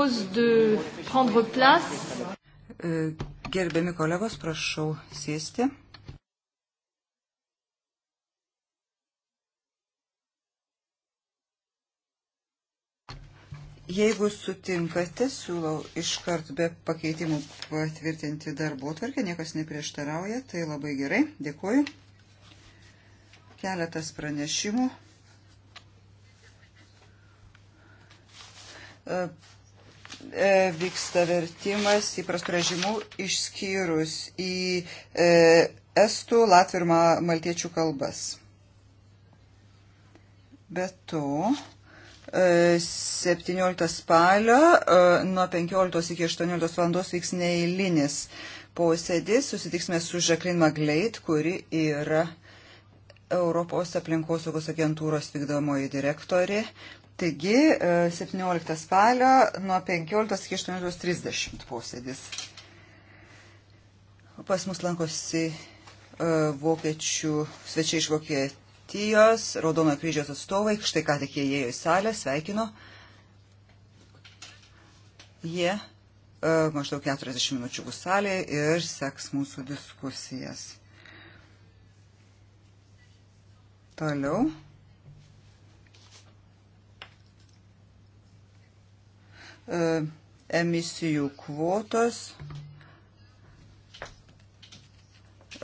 propose de prendre place. E, gerbiami kolegos, prašau sėsti. Jeigu sutinkate, siūlau iškart be pakeitimų patvirtinti darbo tvarkę, niekas neprieštarauja, tai labai gerai, dėkuoju. Keletas pranešimų. E, E, vyksta vertimas įprastų režimų išskyrus į e, estų, latvių ir maltiečių kalbas. Be to, 17 e, spalio nuo 15 iki 18 valandos vyks neįlinis posėdis. Susitiksime su Žaklin Magleit, kuri yra Europos aplinkosaugos agentūros vykdomoji direktorė. Taigi, 17 e, spalio nuo 15 iki 18.30 posėdis. Pas mus lankosi e, vokiečių svečiai iš Vokietijos, Raudono kryžiaus atstovai, štai ką tik jie įėjo į salę, sveikino. Jie e, maždaug 40 minučių bus salėje ir seks mūsų diskusijas. Toliau. E, emisijų kvotos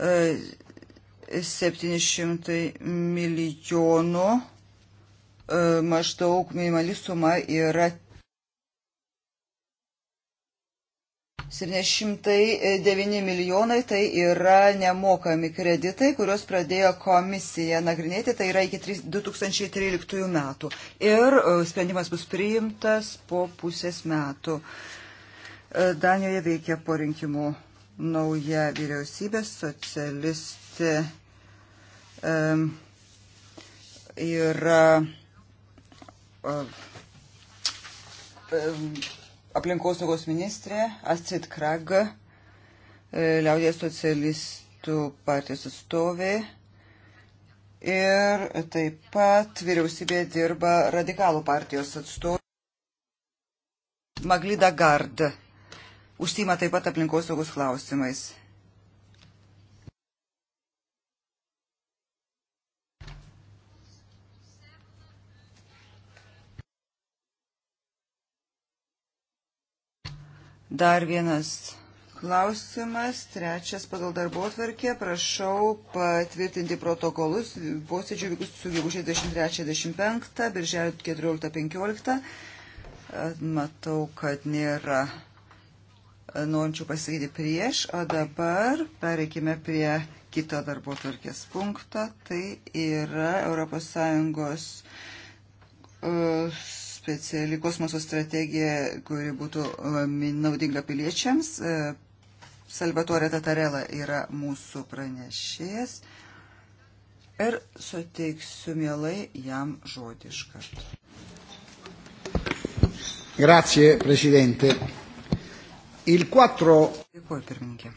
e, 700 milijonų e, maždaug minimali suma yra 709 milijonai tai yra nemokami kreditai, kuriuos pradėjo komisija nagrinėti, tai yra iki 2013 metų. Ir e, sprendimas bus priimtas po pusės metų. E, Danijoje veikia po rinkimų nauja vyriausybė, socialistė um, yra um, aplinkosaugos ministrė Astrid Krag, e, liaudės socialistų partijos atstovė. Ir taip pat vyriausybėje dirba radikalų partijos atstovė Maglida Gard. Užsima taip pat aplinkosaugos klausimais. Dar vienas klausimas, trečias pagal darbo atvarkė. Prašau patvirtinti protokolus posėdžių vykusių gegužės 23-25, birželio 14-15. Matau, kad nėra norinčių pasakyti prieš, o dabar pereikime prie kito darbo atvarkės punkto. Tai yra ES speciali kosmoso strategija, kuri būtų um, naudinga piliečiams. E, Salvatore Tatarela yra mūsų pranešėjas ir suteiksiu mielai jam žodį iš karto. Grazie, prezidente. Il 4. Quattro... Dėkuoju, pirmininkė.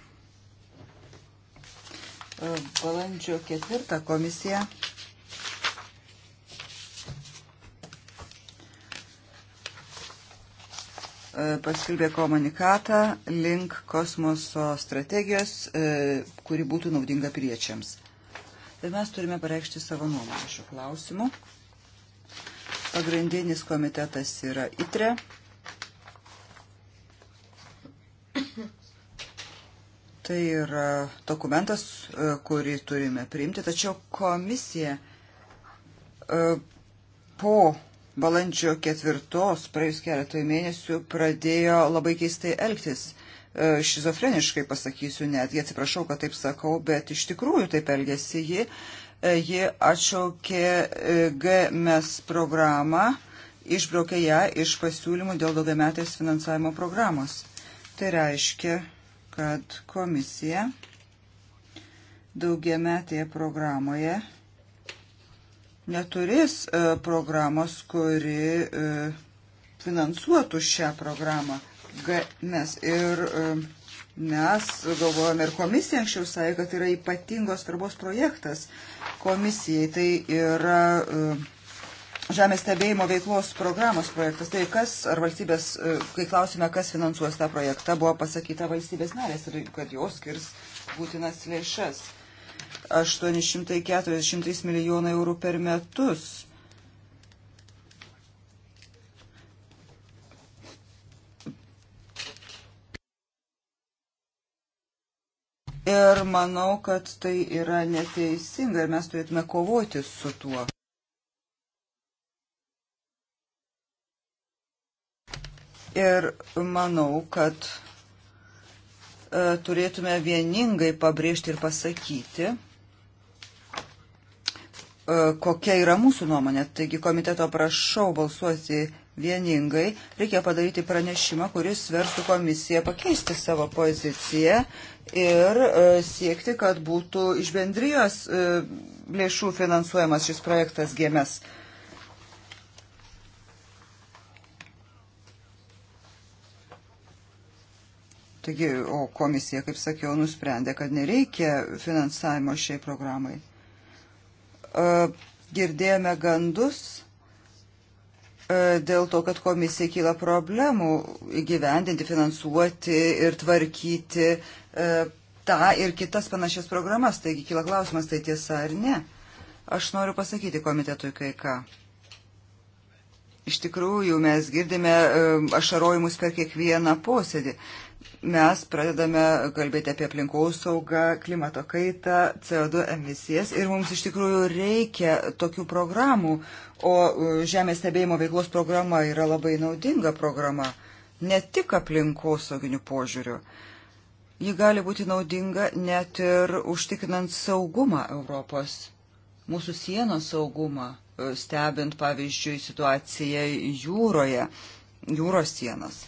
E, balandžio ketvirtą komisija E, paskelbė komunikatą link kosmoso strategijos, e, kuri būtų naudinga piliečiams. Ir mes turime pareikšti savo nuomonę šiuo klausimu. Pagrindinis komitetas yra ITRE. Tai yra dokumentas, e, kurį turime priimti, tačiau komisija po balandžio ketvirtos, praėjus keletoj mėnesių, pradėjo labai keistai elgtis. E, šizofreniškai pasakysiu netgi, atsiprašau, kad taip sakau, bet iš tikrųjų taip elgėsi ji. E, ji atšaukė e, GMS programą, išbraukė ją iš pasiūlymų dėl daugiametės finansavimo programos. Tai reiškia, kad komisija daugiametėje programoje neturės e, programos, kuri e, finansuotų šią programą. Nes ir e, mes galvojame ir komisija anksčiau sakė, kad yra ypatingos svarbos projektas komisijai. Tai yra žemės stebėjimo veiklos programos projektas. Tai kas, ar valstybės, kai klausime, kas finansuos tą projektą, buvo pasakyta valstybės narės ir kad jos skirs būtinas lėšas. 840 milijonų eurų per metus. Ir manau, kad tai yra neteisinga ir mes turėtume kovoti su tuo. Ir manau, kad e, turėtume vieningai pabrėžti ir pasakyti, E, kokia yra mūsų nuomonė. Taigi komiteto prašau balsuoti vieningai. Reikia padaryti pranešimą, kuris verstų komisiją pakeisti savo poziciją ir e, siekti, kad būtų iš bendrijos e, lėšų finansuojamas šis projektas gėmes. Taigi, o komisija, kaip sakiau, nusprendė, kad nereikia finansavimo šiai programai. E, girdėjome gandus e, dėl to, kad komisija kyla problemų įgyvendinti, finansuoti ir tvarkyti e, tą ir kitas panašias programas. Taigi kyla klausimas, tai tiesa ar ne. Aš noriu pasakyti komitetui kai ką. Iš tikrųjų, mes girdime ašarojimus per kiekvieną posėdį mes pradedame kalbėti apie aplinkaus saugą, klimato kaitą, CO2 emisijas ir mums iš tikrųjų reikia tokių programų, o e, žemės stebėjimo veiklos programa yra labai naudinga programa, ne tik aplinkaus sauginių požiūrių. Ji gali būti naudinga net ir užtikrinant saugumą Europos, mūsų sienos saugumą, e, stebint pavyzdžiui situaciją jūroje, jūros sienos.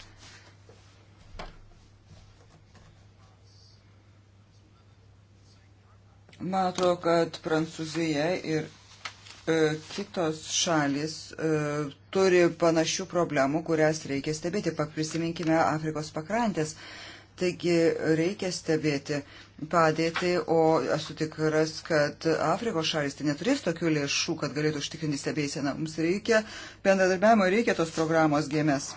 Man atrodo, kad Prancūzija ir e, kitos šalis e, turi panašių problemų, kurias reikia stebėti. Pak prisiminkime Afrikos pakrantės. Taigi reikia stebėti padėtį, o esu tikras, kad Afrikos šalis tai neturės tokių lėšų, kad galėtų užtikrinti stebėseną. Mums reikia bendradarbiavimo, reikia tos programos gėmes.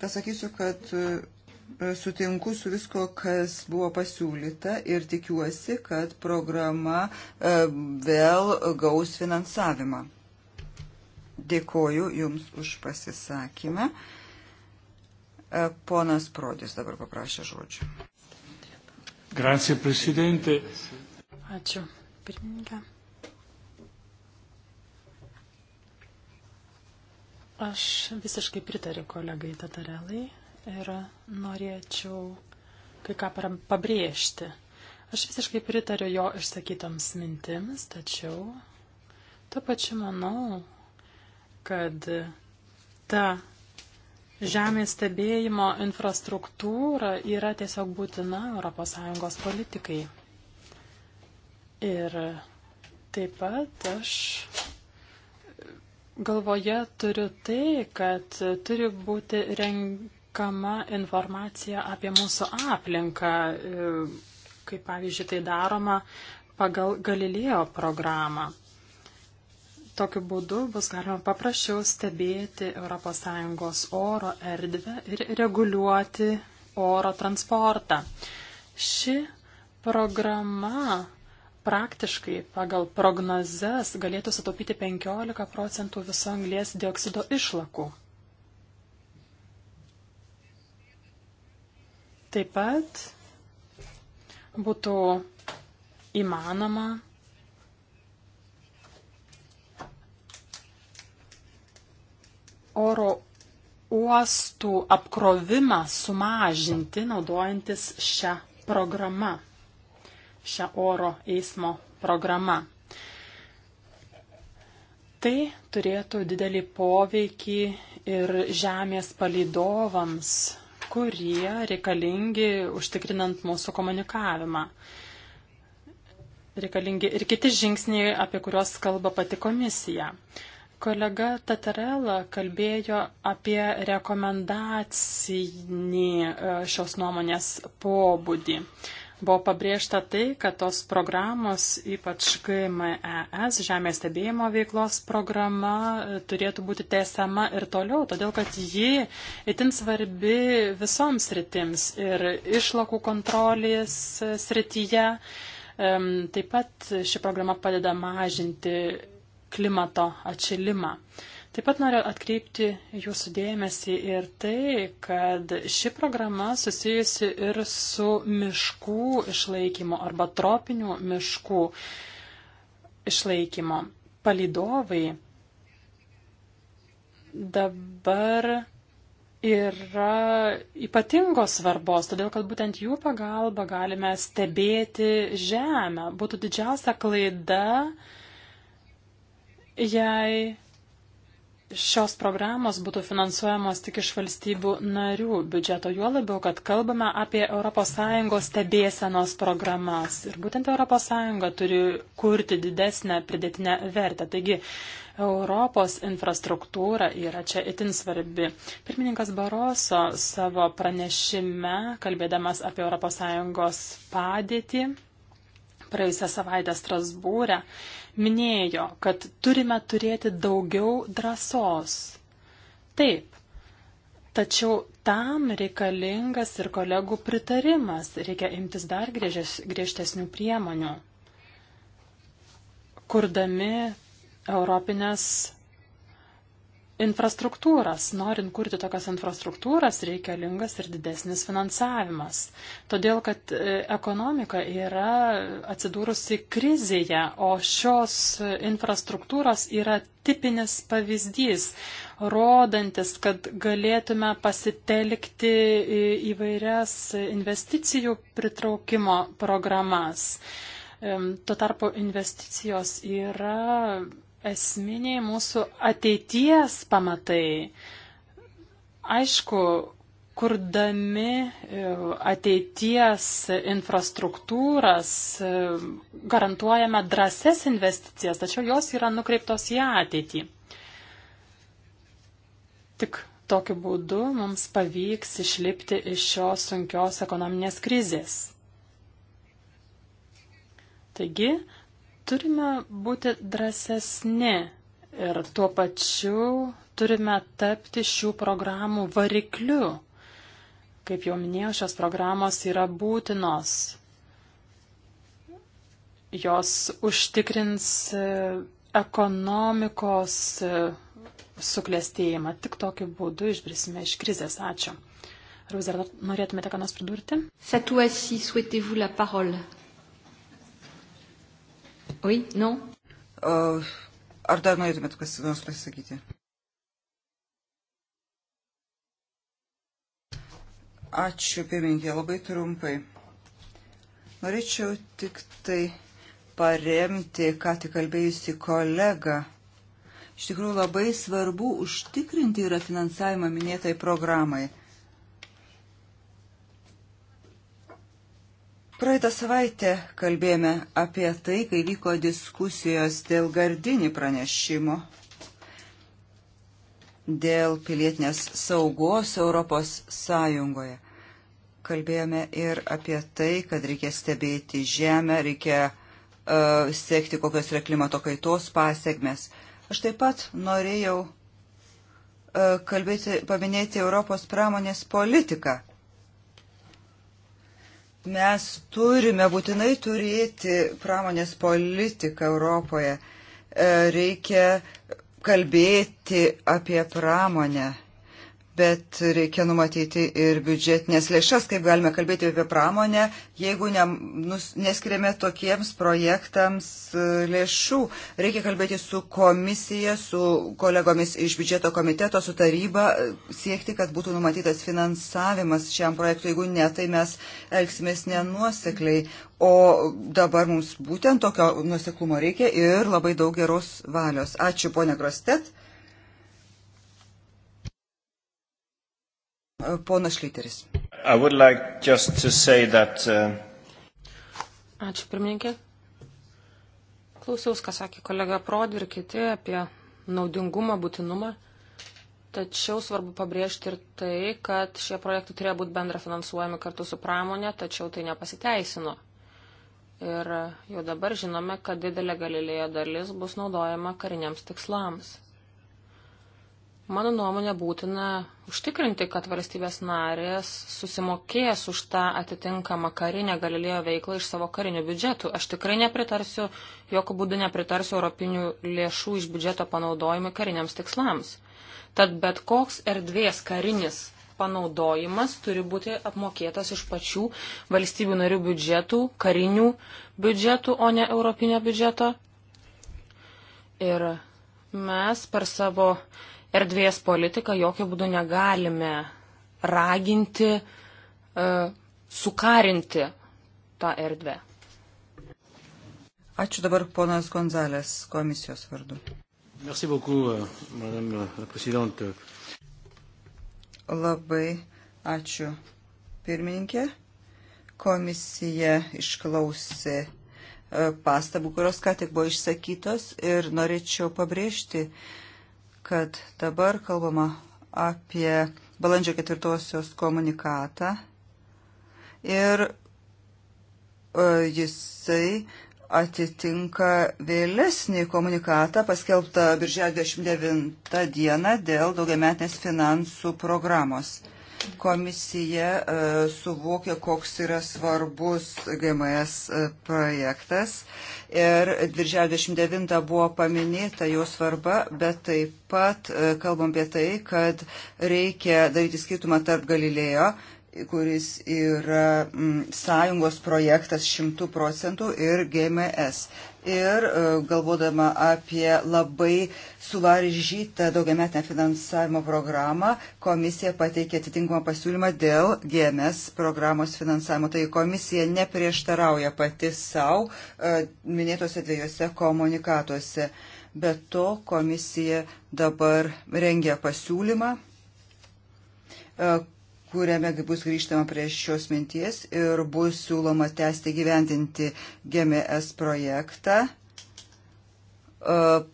Pasakysiu, kad E, sutinku su visko, kas buvo pasiūlyta ir tikiuosi, kad programa e, vėl gaus finansavimą. Dėkoju Jums už pasisakymą. E, ponas Prodis dabar paprašė žodžių. Grazie, prezidentė. Ačiū, pirmininkė. Aš visiškai pritariu kolegai Tatarelai ir norėčiau kai ką pabrėžti. Aš visiškai pritariu jo išsakytoms mintims, tačiau tuo pačiu manau, kad ta žemės stebėjimo infrastruktūra yra tiesiog būtina ES politikai. Ir taip pat aš galvoje turiu tai, kad turi būti rengiami renkama informacija apie mūsų aplinką, e, kaip pavyzdžiui tai daroma pagal Galilėjo programą. Tokiu būdu bus galima paprasčiau stebėti ES oro erdvę ir reguliuoti oro transportą. Ši programa praktiškai pagal prognozes galėtų sutaupyti 15 procentų viso anglės dioksido išlakų Taip pat būtų įmanoma oro uostų apkrovimą sumažinti naudojantis šią programą, šią oro eismo programą. Tai turėtų didelį poveikį ir žemės palydovams kurie reikalingi užtikrinant mūsų komunikavimą. Reikalingi ir kiti žingsniai, apie kuriuos kalba pati komisija. Kolega Tatarela kalbėjo apie rekomendacinį e, šios nuomonės pobūdį buvo pabrėžta tai, kad tos programos, ypač GMES, žemės stebėjimo veiklos programa, turėtų būti tęsiama ir toliau, todėl kad ji itin svarbi visoms sritims ir išlakų kontrolės srityje. Taip pat ši programa padeda mažinti klimato atšilimą. Taip pat noriu atkreipti jūsų dėmesį ir tai, kad ši programa susijusi ir su miškų išlaikymo arba tropinių miškų išlaikymo. Palidovai dabar yra ypatingos svarbos, todėl kad būtent jų pagalba galime stebėti Žemę. Būtų didžiausia klaida, jei šios programos būtų finansuojamos tik iš valstybių narių biudžeto, juo labiau, kad kalbame apie ES stebėsenos programas. Ir būtent ES turi kurti didesnę pridėtinę vertę. Taigi Europos infrastruktūra yra čia itin svarbi. Pirmininkas Baroso savo pranešime, kalbėdamas apie ES padėtį, praėjusią savaitę Strasbūrę minėjo, kad turime turėti daugiau drąsos. Taip, Tačiau tam reikalingas ir kolegų pritarimas, reikia imtis dar griežes, griežtesnių priemonių. Kurdami Europinės infrastruktūras. Norint kurti tokias infrastruktūras, reikalingas ir didesnis finansavimas. Todėl, kad e, ekonomika yra atsidūrusi krizėje, o šios e, infrastruktūros yra tipinis pavyzdys, rodantis, kad galėtume pasitelkti e, įvairias investicijų pritraukimo programas. Tuo tarpu investicijos yra esminiai mūsų ateities pamatai. Aišku, kurdami e, ateities infrastruktūras e, garantuojame drąses investicijas, tačiau jos yra nukreiptos į ateitį. Tik tokiu būdu mums pavyks išlipti iš šios sunkios ekonominės krizės. Taigi, Turime būti drąsesni ir tuo pačiu turime tapti šių programų varikliu. Kaip jau minėjau, šios programos yra būtinos. Jos užtikrins e, ekonomikos e, suklestėjimą. Tik tokiu būdu išbrisime iš krizės. Ačiū. Ar jūs dar norėtumėte ką nors pridurti? Satuasi, souhaitez-vous la parole? Oui, non. Ar dar norėtumėt kas nors pasakyti? Ačiū, pirmininkė, labai trumpai. Norėčiau tik tai paremti, ką tik kalbėjusi kolega. Iš tikrųjų labai svarbu užtikrinti yra finansavimą minėtai programai. Praeitą savaitę kalbėjome apie tai, kai vyko diskusijos dėl gardinį pranešimo, dėl pilietinės saugos Europos Sąjungoje. Kalbėjome ir apie tai, kad reikia stebėti žemę, reikia uh, sekti, kokios yra klimato kaitos pasiekmes. Aš taip pat norėjau uh, kalbėti, paminėti Europos pramonės politiką. Mes turime būtinai turėti pramonės politiką Europoje. E, reikia kalbėti apie pramonę bet reikia numatyti ir biudžetinės lėšas, kaip galime kalbėti apie pramonę, jeigu ne, nus, neskiriame tokiems projektams e, lėšų. Reikia kalbėti su komisija, su kolegomis iš biudžeto komiteto, su taryba, e, siekti, kad būtų numatytas finansavimas šiam projektui. Jeigu ne, tai mes elgsimės nenuosekliai. O dabar mums būtent tokio nuoseklumo reikia ir labai daug geros valios. Ačiū, ponia Grostet. Ponas Šliteris. Like that, uh... Ačiū, pirmininkė. Klausiaus, ką sakė kolega Prodi ir kiti apie naudingumą, būtinumą. Tačiau svarbu pabrėžti ir tai, kad šie projektai turėjo būti bendra finansuojami kartu su pramonė, tačiau tai nepasiteisino. Ir jau dabar žinome, kad didelė galilėjo dalis bus naudojama kariniams tikslams. Mano nuomonė būtina užtikrinti, kad valstybės narės susimokės už tą atitinkamą karinę galilėjo veiklą iš savo karinių biudžetų. Aš tikrai nepritarsiu, jokių būdų nepritarsiu europinių lėšų iš biudžeto panaudojimui kariniams tikslams. Tad bet koks erdvės karinis panaudojimas turi būti apmokėtas iš pačių valstybių narių biudžetų, karinių biudžetų, o ne europinio biudžeto. Ir mes per savo erdvės politiką jokių būdų negalime raginti, uh, sukarinti tą erdvę. Ačiū dabar ponas Gonzalės komisijos vardu. Merci beaucoup, euh, madame la présidente. Labai ačiū, pirmininkė. Komisija išklausė e, pastabų, kurios ką tik buvo išsakytos ir norėčiau pabrėžti, uh, kad dabar kalbama apie balandžio ketvirtosios komunikatą ir e, jisai atitinka vėlesnį komunikatą paskelbtą birželio 29 dieną dėl daugiametės finansų programos. Komisija e, suvokė, koks yra svarbus GMS e, projektas ir dirželio 29 buvo paminėta jo svarba, bet taip pat e, kalbam apie tai, kad reikia daryti skirtumą tarp Galilėjo kuris yra mm, sąjungos projektas šimtų procentų ir GMS. Ir e, galvodama apie labai suvaržytą daugiametinę finansavimo programą, komisija pateikė atitinkamą pasiūlymą dėl GMS programos finansavimo. Tai komisija neprieštarauja pati savo e, minėtose dviejose komunikatuose. Be to komisija dabar rengia pasiūlymą e, kuriame bus grįžtama prie šios minties ir bus siūloma tęsti gyventinti GMS projektą e,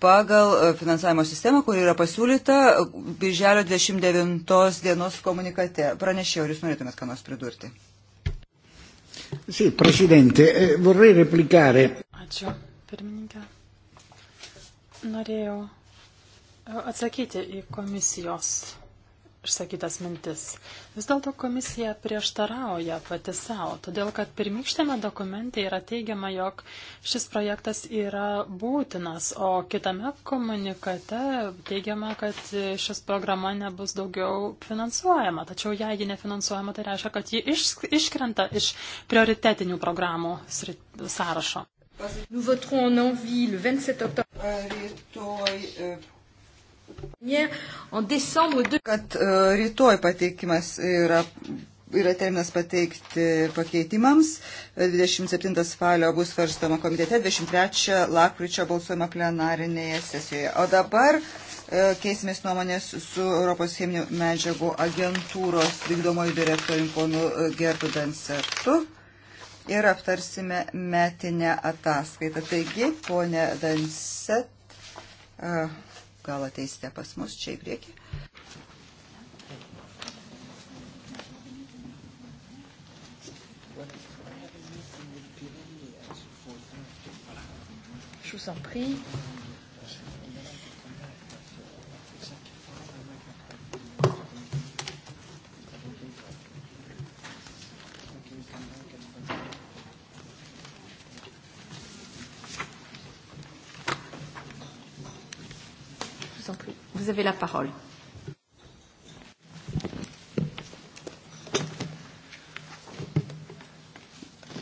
pagal e, finansavimo sistemą, kuri yra pasiūlyta e, birželio 29 dienos komunikate. Pranešėjau, ar jūs norėtumėt ką nors pridurti? Sì, Presidente, vorrei replicare. Ačiū, pirmininkė. Norėjau atsakyti į komisijos išsakytas mintis. Vis dėlto komisija prieštarauja pati savo, todėl kad pirmykštėme dokumente yra teigiama, jog šis projektas yra būtinas, o kitame komunikate teigiama, kad šis programa nebus daugiau finansuojama. Tačiau jei ji nefinansuojama, tai reiškia, kad ji iš, iškrenta iš prioritetinių programų sąrašo. Nous voterons en envie le 27 octobre. Rytoj e, Kad e, rytoj pateikimas yra yra terminas pateikti pakeitimams. 27 spalio bus svarstama komitete, 23 lakryčio balsuojama plenarinėje sesijoje. O dabar e, keisimės nuomonės su Europos cheminių medžiagų agentūros vykdomojo direktoriumi ponu e, Gertu Dansertu. Ir aptarsime metinę ataskaitą. Taigi, ponė Danset. Uh, Gal ateisite pas mus čia į priekį? Je vous en prie. vous avez la parole.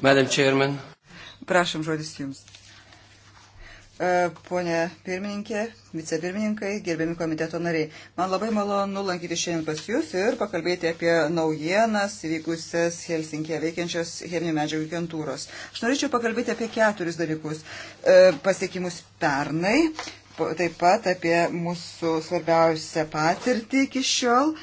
Madam Chairman. Prašom žodis jums. E, Pone pirmininkė, vicepirmininkai, gerbiami komiteto nariai, man labai malonu lankyti šiandien pas Jūs ir pakalbėti apie naujienas įvykusias Helsinkėje veikiančios cheminių medžiagų agentūros. Aš norėčiau pakalbėti apie keturis dalykus. E, pasiekimus pernai, taip pat apie mūsų svarbiausią patirtį iki šiol,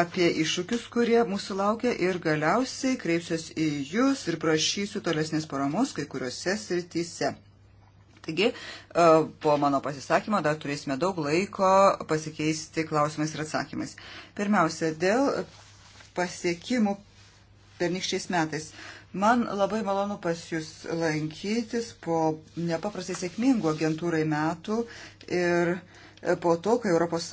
apie iššūkius, kurie mūsų laukia ir galiausiai kreipsiuosi į Jūs ir prašysiu tolesnės paramos kai kuriuose srityse. Taigi, e, po mano pasisakymo dar turėsime daug laiko pasikeisti klausimais ir atsakymais. Pirmiausia, dėl pasiekimų pernykščiais metais. Man labai malonu pas Jūs lankytis po nepaprastai sėkmingų agentūrai metų ir po to, kai ES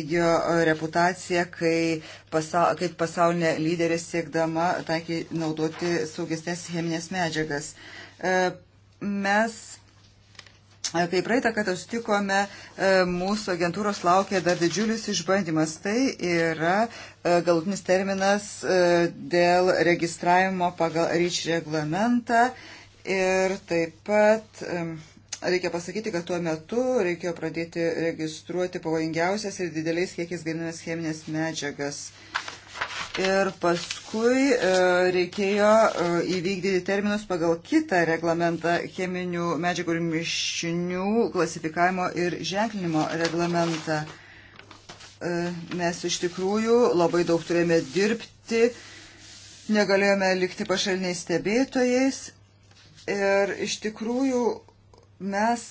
įgijo reputaciją kai pasa, kaip pasaulinė lyderė siekdama taikiai naudoti saugesnės cheminės medžiagas. E, mes Kai praeitą kartą sutikome, e, mūsų agentūros laukia dar didžiulis išbandymas. Tai yra e, galutinis terminas e, dėl registravimo pagal ryč reglamentą. Ir taip pat reikia pasakyti, kad tuo metu reikėjo pradėti registruoti pavojingiausias ir dideliais kiekiais gaminamas cheminės medžiagas. Uh, ir paskui e, reikėjo e, įvykdyti terminus pagal kitą reglamentą cheminių medžiagų ir mišinių klasifikavimo ir ženklinimo reglamentą. E, mes iš tikrųjų labai daug turėjome dirbti, negalėjome likti pašaliniais stebėtojais ir iš tikrųjų mes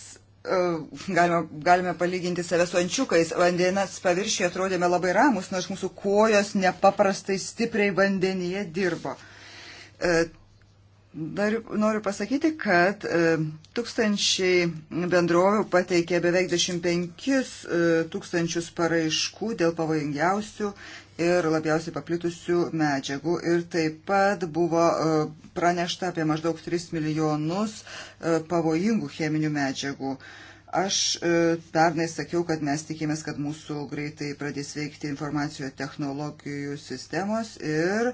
E, galime, galime palyginti save su ančiukais. Vandenas paviršiuje atrodėme labai ramus, nors mūsų kojos nepaprastai stipriai vandenyje dirbo. E, dar noriu pasakyti, kad e, tūkstančiai bendrovių pateikė beveik 25 tūkstančius paraiškų dėl pavojingiausių ir labiausiai paplitusių medžiagų. Ir taip pat buvo e, pranešta apie maždaug 3 milijonus e, pavojingų cheminių medžiagų. Aš e, pernai sakiau, kad mes tikimės, kad mūsų greitai pradės veikti informacijų technologijų sistemos ir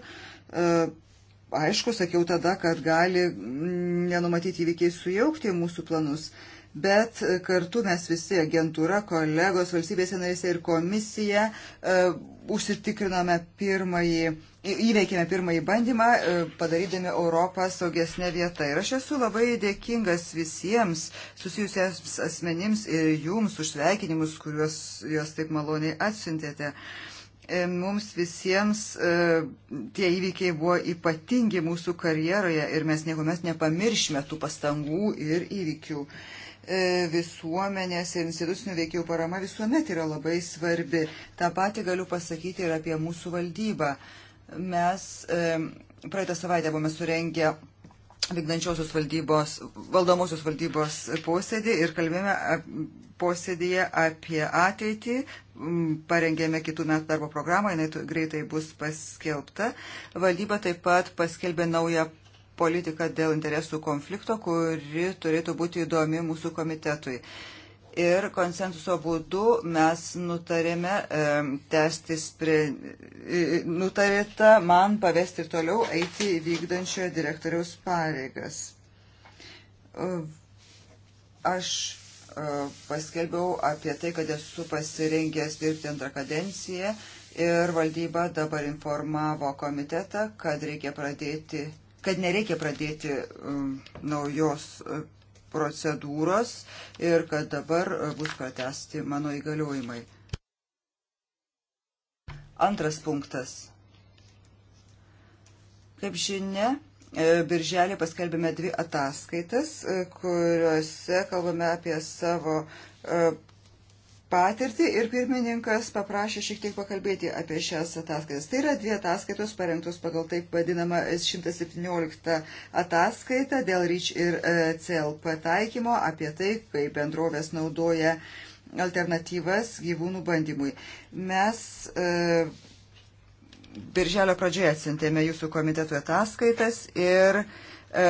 aišku, sakiau tada, kad gali nenumatyti įvykiai sujaukti mūsų planus. Bet kartu mes visi, agentūra, kolegos, valstybėse narėse ir komisija, užsitikrinome pirmąjį, įveikėme pirmąjį bandymą, e, padarydami Europą saugesnė vieta. Ir aš esu labai dėkingas visiems susijusiems asmenims ir jums už sveikinimus, kuriuos jūs taip maloniai atsiuntėte. E, mums visiems e, tie įvykiai buvo ypatingi mūsų karjeroje ir mes niekuomet nepamiršime tų pastangų ir įvykių. E, visuomenės ir institucinių veikėjų parama visuomet yra labai svarbi. Ta pati galiu pasakyti ir apie mūsų valdybą. Mes e, praeitą savaitę buvome surengę vykdančiosios valdybos, valdomosios valdybos posėdį ir kalbėjome posėdėje apie ateitį, parengėme kitų metų darbo programą, jinai greitai bus paskelbta. Valdyba taip pat paskelbė naują politiką dėl interesų konflikto, kuri turėtų būti įdomi mūsų komitetui. Ir konsensuso būdu mes nutarėme e, tęsti, spre, e, nutarėta man pavesti ir toliau eiti vykdančiojo direktoriaus pareigas. Aš e, paskelbiau apie tai, kad esu pasirengęs dirbti antrą kadenciją ir valdyba dabar informavo komitetą, kad reikia pradėti kad nereikia pradėti um, naujos uh, procedūros ir kad dabar uh, bus pratesti mano įgaliojimai. Antras punktas. Kaip žinia, e, Birželį paskelbėme dvi ataskaitas, e, kuriuose kalbame apie savo e, patirtį ir pirmininkas paprašė šiek tiek pakalbėti apie šias ataskaitas. Tai yra dvi ataskaitos parengtos pagal taip vadinamą 117 ataskaitą dėl REACH ir e, CLP taikymo apie tai, kai bendrovės naudoja alternatyvas gyvūnų bandymui. Mes e, Birželio pradžioje atsintėme jūsų komitetų ataskaitas ir e,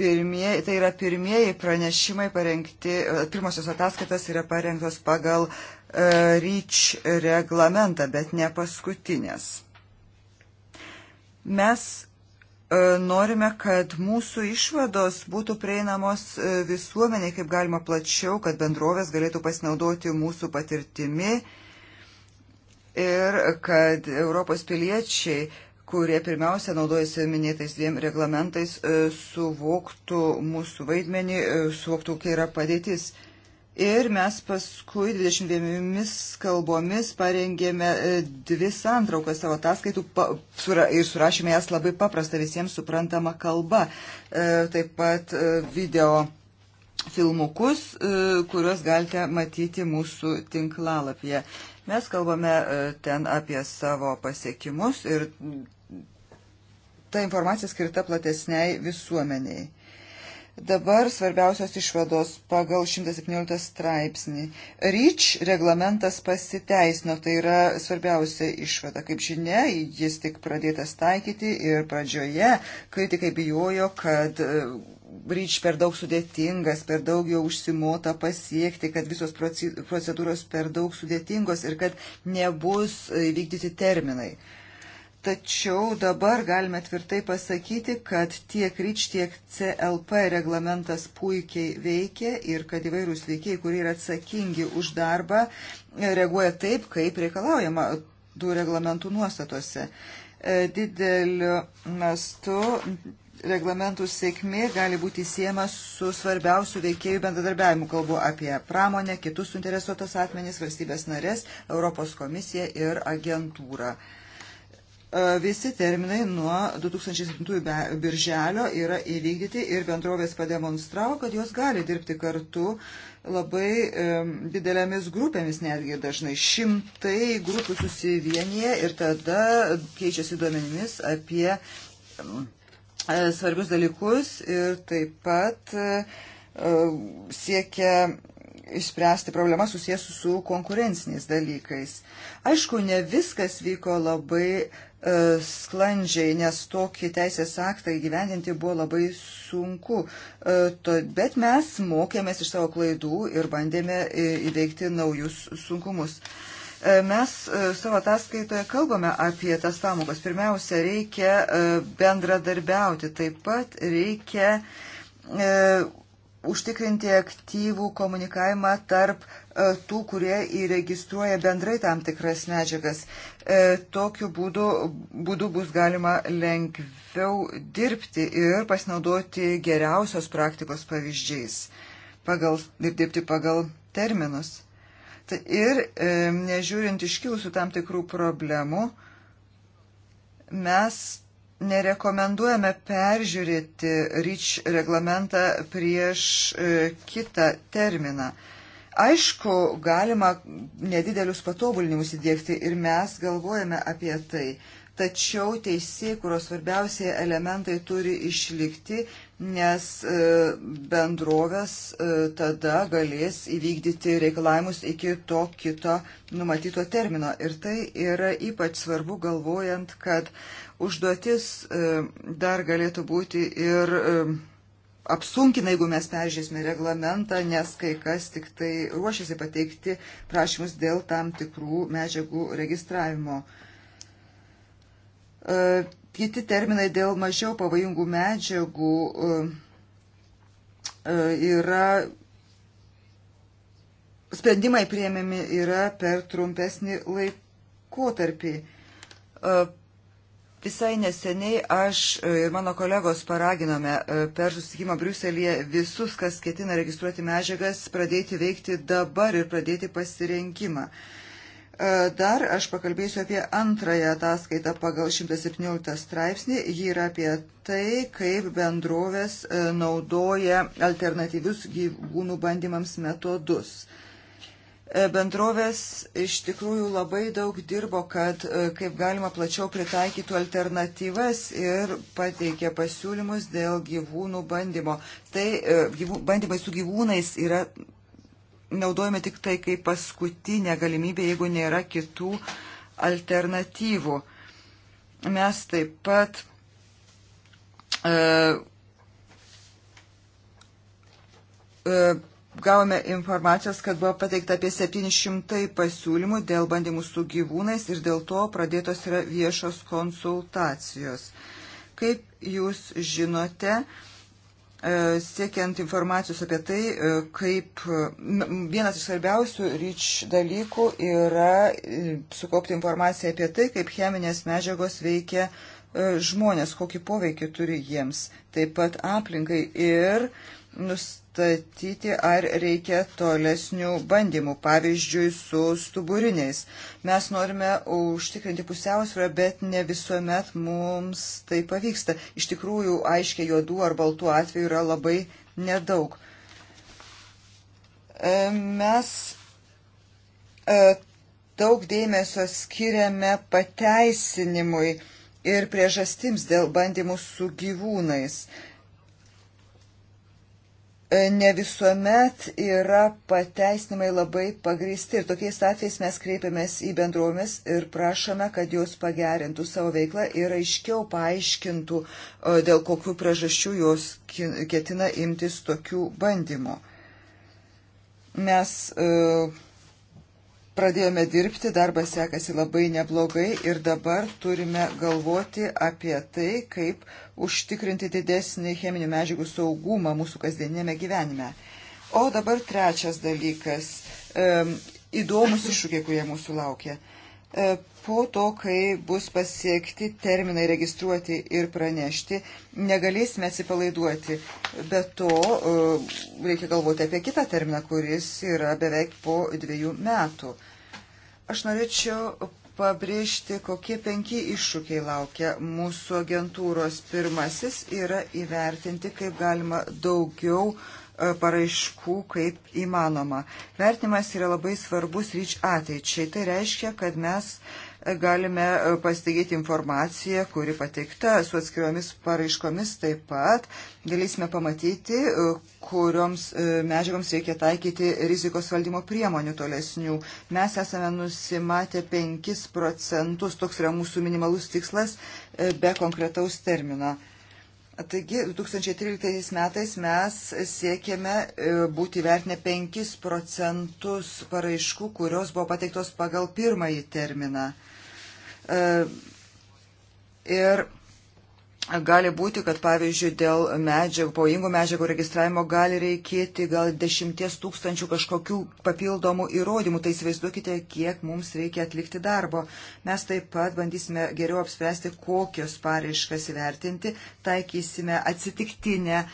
pirmieji, tai yra pirmieji pranešimai parengti, e, pirmosios ataskaitos yra parengtos pagal e, REACH reglamentą, bet ne paskutinės. Mes e, norime, kad mūsų išvados būtų prieinamos e, visuomeniai kaip galima plačiau, kad bendrovės galėtų pasinaudoti mūsų patirtimi ir kad Europos piliečiai kurie pirmiausia naudojasi minėtais dviem reglamentais, e, suvoktų mūsų vaidmenį, e, suvoktų, kokia yra padėtis. Ir mes paskui 22 kalbomis parengėme e, dvi santraukas savo ataskaitų ir surašėme jas labai paprastą visiems suprantamą kalbą. Taip pat video filmukus, kuriuos galite matyti mūsų tinklalapyje. Mes kalbame ten apie savo pasiekimus ir ta informacija skirta platesniai visuomeniai. Dabar svarbiausios išvados pagal 117 straipsnį. REACH reglamentas pasiteisino, tai yra svarbiausia išvada. Kaip žinia, jis tik pradėtas taikyti ir pradžioje kritikai bijojo, kad e, REACH per daug sudėtingas, per daug jo užsimota pasiekti, kad visos procedūros per daug sudėtingos ir kad nebus e, vykdyti terminai. Tačiau dabar galime tvirtai pasakyti, kad tiek RIČ, tiek CLP reglamentas puikiai veikia ir kad įvairūs veikiai, kurie yra atsakingi už darbą, reaguoja taip, kaip reikalaujama du reglamentų nuostatose. E, dideliu mastu reglamentų sėkmė gali būti siejama su svarbiausių veikėjų bendradarbiavimu. Kalbu apie pramonę, kitus suinteresuotas atmenys, valstybės narės, Europos komisiją ir agentūrą. E, visi terminai nuo 2007 birželio yra įvykdyti ir bendrovės pademonstravo, kad jos gali dirbti kartu labai e, didelėmis grupėmis netgi dažnai. Šimtai grupių susivienyje ir tada keičiasi duomenimis apie e, svarbius dalykus ir taip pat siekia išspręsti problemas susijęs su konkurenciniais dalykais. Aišku, ne viskas vyko labai e, sklandžiai, nes tokį teisės aktą įgyvendinti buvo labai sunku. E, to, bet mes mokėmės iš savo klaidų ir bandėme e, įveikti naujus sunkumus. E, mes e, savo ataskaitoje kalbame apie tas pamokas. Pirmiausia, reikia e, bendradarbiauti, taip pat reikia e, užtikrinti aktyvų komunikavimą tarp e, tų, kurie įregistruoja bendrai tam tikras medžiagas. E, tokiu būdu, būdu bus galima lengviau dirbti ir pasinaudoti geriausios praktikos pavyzdžiais pagal, ir dirbti pagal terminus. Ir e, nežiūrint iškilusių tam tikrų problemų, mes nerekomenduojame peržiūrėti REACH reglamentą prieš e, kitą terminą. Aišku, galima nedidelius patobulinimus įdėkti ir mes galvojame apie tai tačiau teisėkuros svarbiausiai elementai turi išlikti, nes e, bendrovės e, tada galės įvykdyti reikalavimus iki to kito numatyto termino. Ir tai yra ypač svarbu galvojant, kad užduotis e, dar galėtų būti ir apsunkina, jeigu mes peržiūrėsime reglamentą, nes kai kas tik tai ruošiasi pateikti prašymus dėl tam tikrų medžiagų registravimo. Uh, E, kiti terminai dėl mažiau pavojingų medžiagų e, e, yra sprendimai prieimiami yra per trumpesnį laikotarpį. Visai neseniai aš ir mano kolegos paraginome per susitikimą Briuselėje visus, kas ketina registruoti medžiagas, pradėti veikti dabar ir pradėti pasirinkimą. Uh, E, dar aš pakalbėsiu apie antrąją ataskaitą pagal 117 straipsnį. Ji yra apie tai, kaip bendrovės e, naudoja alternatyvius gyvūnų bandymams metodus. E, bendrovės iš tikrųjų labai daug dirbo, kad kaip galima plačiau pritaikytų alternatyvas ir pateikė pasiūlymus dėl gyvūnų bandymo. Tai bandymai su gyvūnais yra naudojame tik tai kaip paskutinę galimybę, jeigu nėra kitų alternatyvų. Mes taip pat e, e, gavome informacijos, kad buvo pateikta apie 700 pasiūlymų dėl bandymų su gyvūnais ir dėl to pradėtos yra viešos konsultacijos. Kaip jūs žinote, e, E, siekiant informacijos apie tai, e, kaip vienas iš svarbiausių ryč dalykų yra e, sukaupti informaciją apie tai, kaip cheminės medžiagos veikia žmonės, kokį poveikį turi jiems, taip pat aplinkai ir uh, nustatyti, ar reikia tolesnių bandymų, pavyzdžiui, su stuburiniais. Mes norime užtikrinti pusiausvyrą, bet ne visuomet mums tai pavyksta. Iš tikrųjų, aiškiai juodų ar baltų atvejų yra labai nedaug. E, mes e, daug dėmesio skiriame pateisinimui ir priežastims dėl bandymų su gyvūnais ne visuomet yra pateisinimai labai pagristi ir tokiais atvejais mes kreipiamės į bendruomis ir prašome, kad jos pagerintų savo veiklą ir aiškiau paaiškintų, dėl kokių priežasčių jos ketina imtis tokių bandymų. Mes uh, pradėjome dirbti, darbas sekasi labai neblogai ir dabar turime galvoti apie tai, kaip užtikrinti didesnį cheminių medžiagų saugumą mūsų kasdienėme gyvenime. O dabar trečias dalykas. E, įdomus iššūkiai, kurie mūsų laukia. E, po to, kai bus pasiekti terminai registruoti ir pranešti, negalėsime atsipalaiduoti. Be to, e, reikia galvoti apie kitą terminą, kuris yra beveik po dviejų metų. Aš norėčiau pabrėžti, kokie penki iššūkiai laukia mūsų agentūros. Pirmasis yra įvertinti, kaip galima daugiau e, paraiškų kaip įmanoma. Vertimas yra labai svarbus ryč ateičiai. Tai reiškia, kad mes uh, galime e, pasitikėti informaciją, kuri pateikta su atskiromis paraiškomis taip pat. Galėsime pamatyti, e, kurioms e, medžiagoms reikia taikyti rizikos valdymo priemonių tolesnių. Mes esame nusimatę 5 procentus, toks yra mūsų minimalus tikslas, be konkretaus termino. Taigi 2013 metais mes siekėme e, būti vertinę 5 procentus paraiškų, kurios buvo pateiktos pagal pirmąjį terminą. E, ir Gali būti, kad pavyzdžiui dėl medžiagų, pavojingų medžiagų registravimo gali reikėti gal dešimties tūkstančių kažkokių papildomų įrodymų. Tai įsivaizduokite, kiek mums reikia atlikti darbo. Mes taip pat bandysime geriau apspręsti, kokios pareiškas įvertinti, taikysime atsitiktinę e,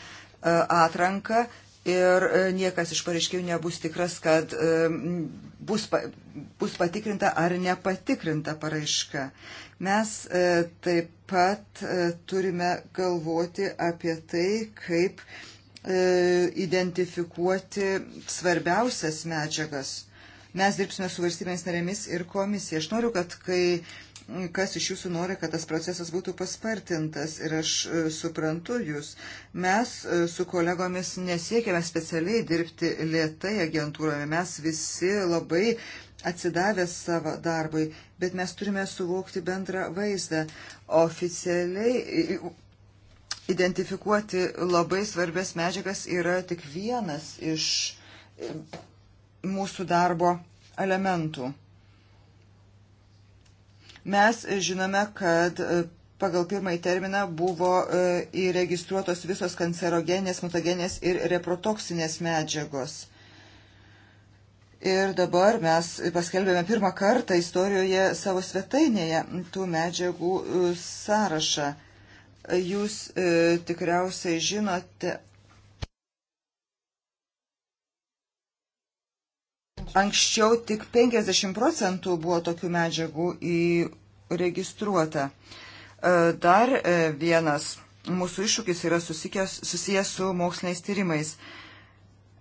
atranką ir e, niekas iš pareiškėjų nebus tikras, kad e, bus, bus patikrinta ar nepatikrinta paraiška. Mes e, taip pat e, turime galvoti apie tai, kaip e, identifikuoti svarbiausias medžiagas. Mes dirbsime su valstybėmis narėmis ir komisija. Aš noriu, kad kai kas iš jūsų nori, kad tas procesas būtų paspartintas ir aš suprantu jūs. Mes su kolegomis nesiekėme specialiai dirbti lietai agentūroje, mes visi labai atsidavęs savo darbui, bet mes turime suvokti bendrą vaizdą. Oficialiai identifikuoti labai svarbės medžiagas yra tik vienas iš e, mūsų darbo elementų. Mes žinome, kad e, pagal pirmąjį terminą buvo e, įregistruotos visos kancerogenės, mutagenės ir reprotoksinės medžiagos Ir dabar mes paskelbėme pirmą kartą istorijoje savo svetainėje tų medžiagų e, sąrašą. Jūs e, tikriausiai žinote. Anksčiau tik 50 procentų buvo tokių medžiagų įregistruota. E, dar e, vienas mūsų iššūkis yra susikęs, susijęs su moksliniais tyrimais.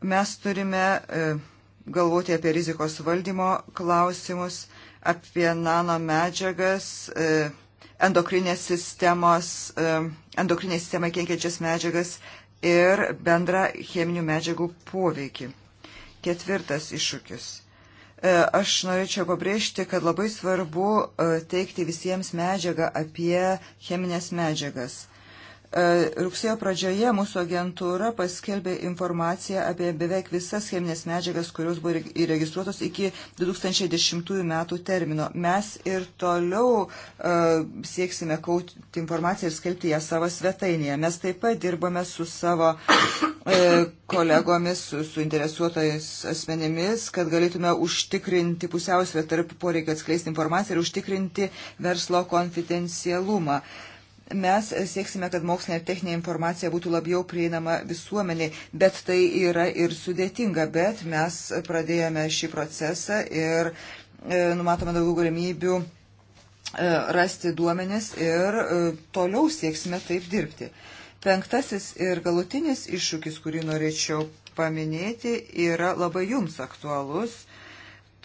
Mes turime. E, galvoti apie rizikos valdymo klausimus, apie nano medžiagas, e, endokrinės sistemos, e, endokrinės sistemai kenkiančias medžiagas ir bendrą cheminių medžiagų poveikį. Ketvirtas iššūkis. E, aš norėčiau pabrėžti, kad labai svarbu teikti visiems medžiagą apie cheminės medžiagas E, rugsėjo pradžioje mūsų agentūra paskelbė informaciją apie beveik visas cheminės medžiagas, kurios buvo įregistruotos iki 2010 metų termino. Mes ir toliau uh, sieksime kauti informaciją ir skelbti ją savo svetainėje. Mes taip pat dirbame su savo uh, kolegomis, su, su interesuotais asmenėmis, kad galėtume užtikrinti pusiausvę tarp poreikio atskleisti informaciją ir užtikrinti verslo konfidencialumą. Uh, Mes sieksime, kad mokslinė ir techninė informacija būtų labiau prieinama visuomeniai, bet tai yra ir sudėtinga, bet mes pradėjome šį procesą ir e, numatome daugiau galimybių e, rasti duomenis ir e, toliau sieksime taip dirbti. Penktasis ir galutinis iššūkis, kurį norėčiau paminėti, yra labai jums aktualus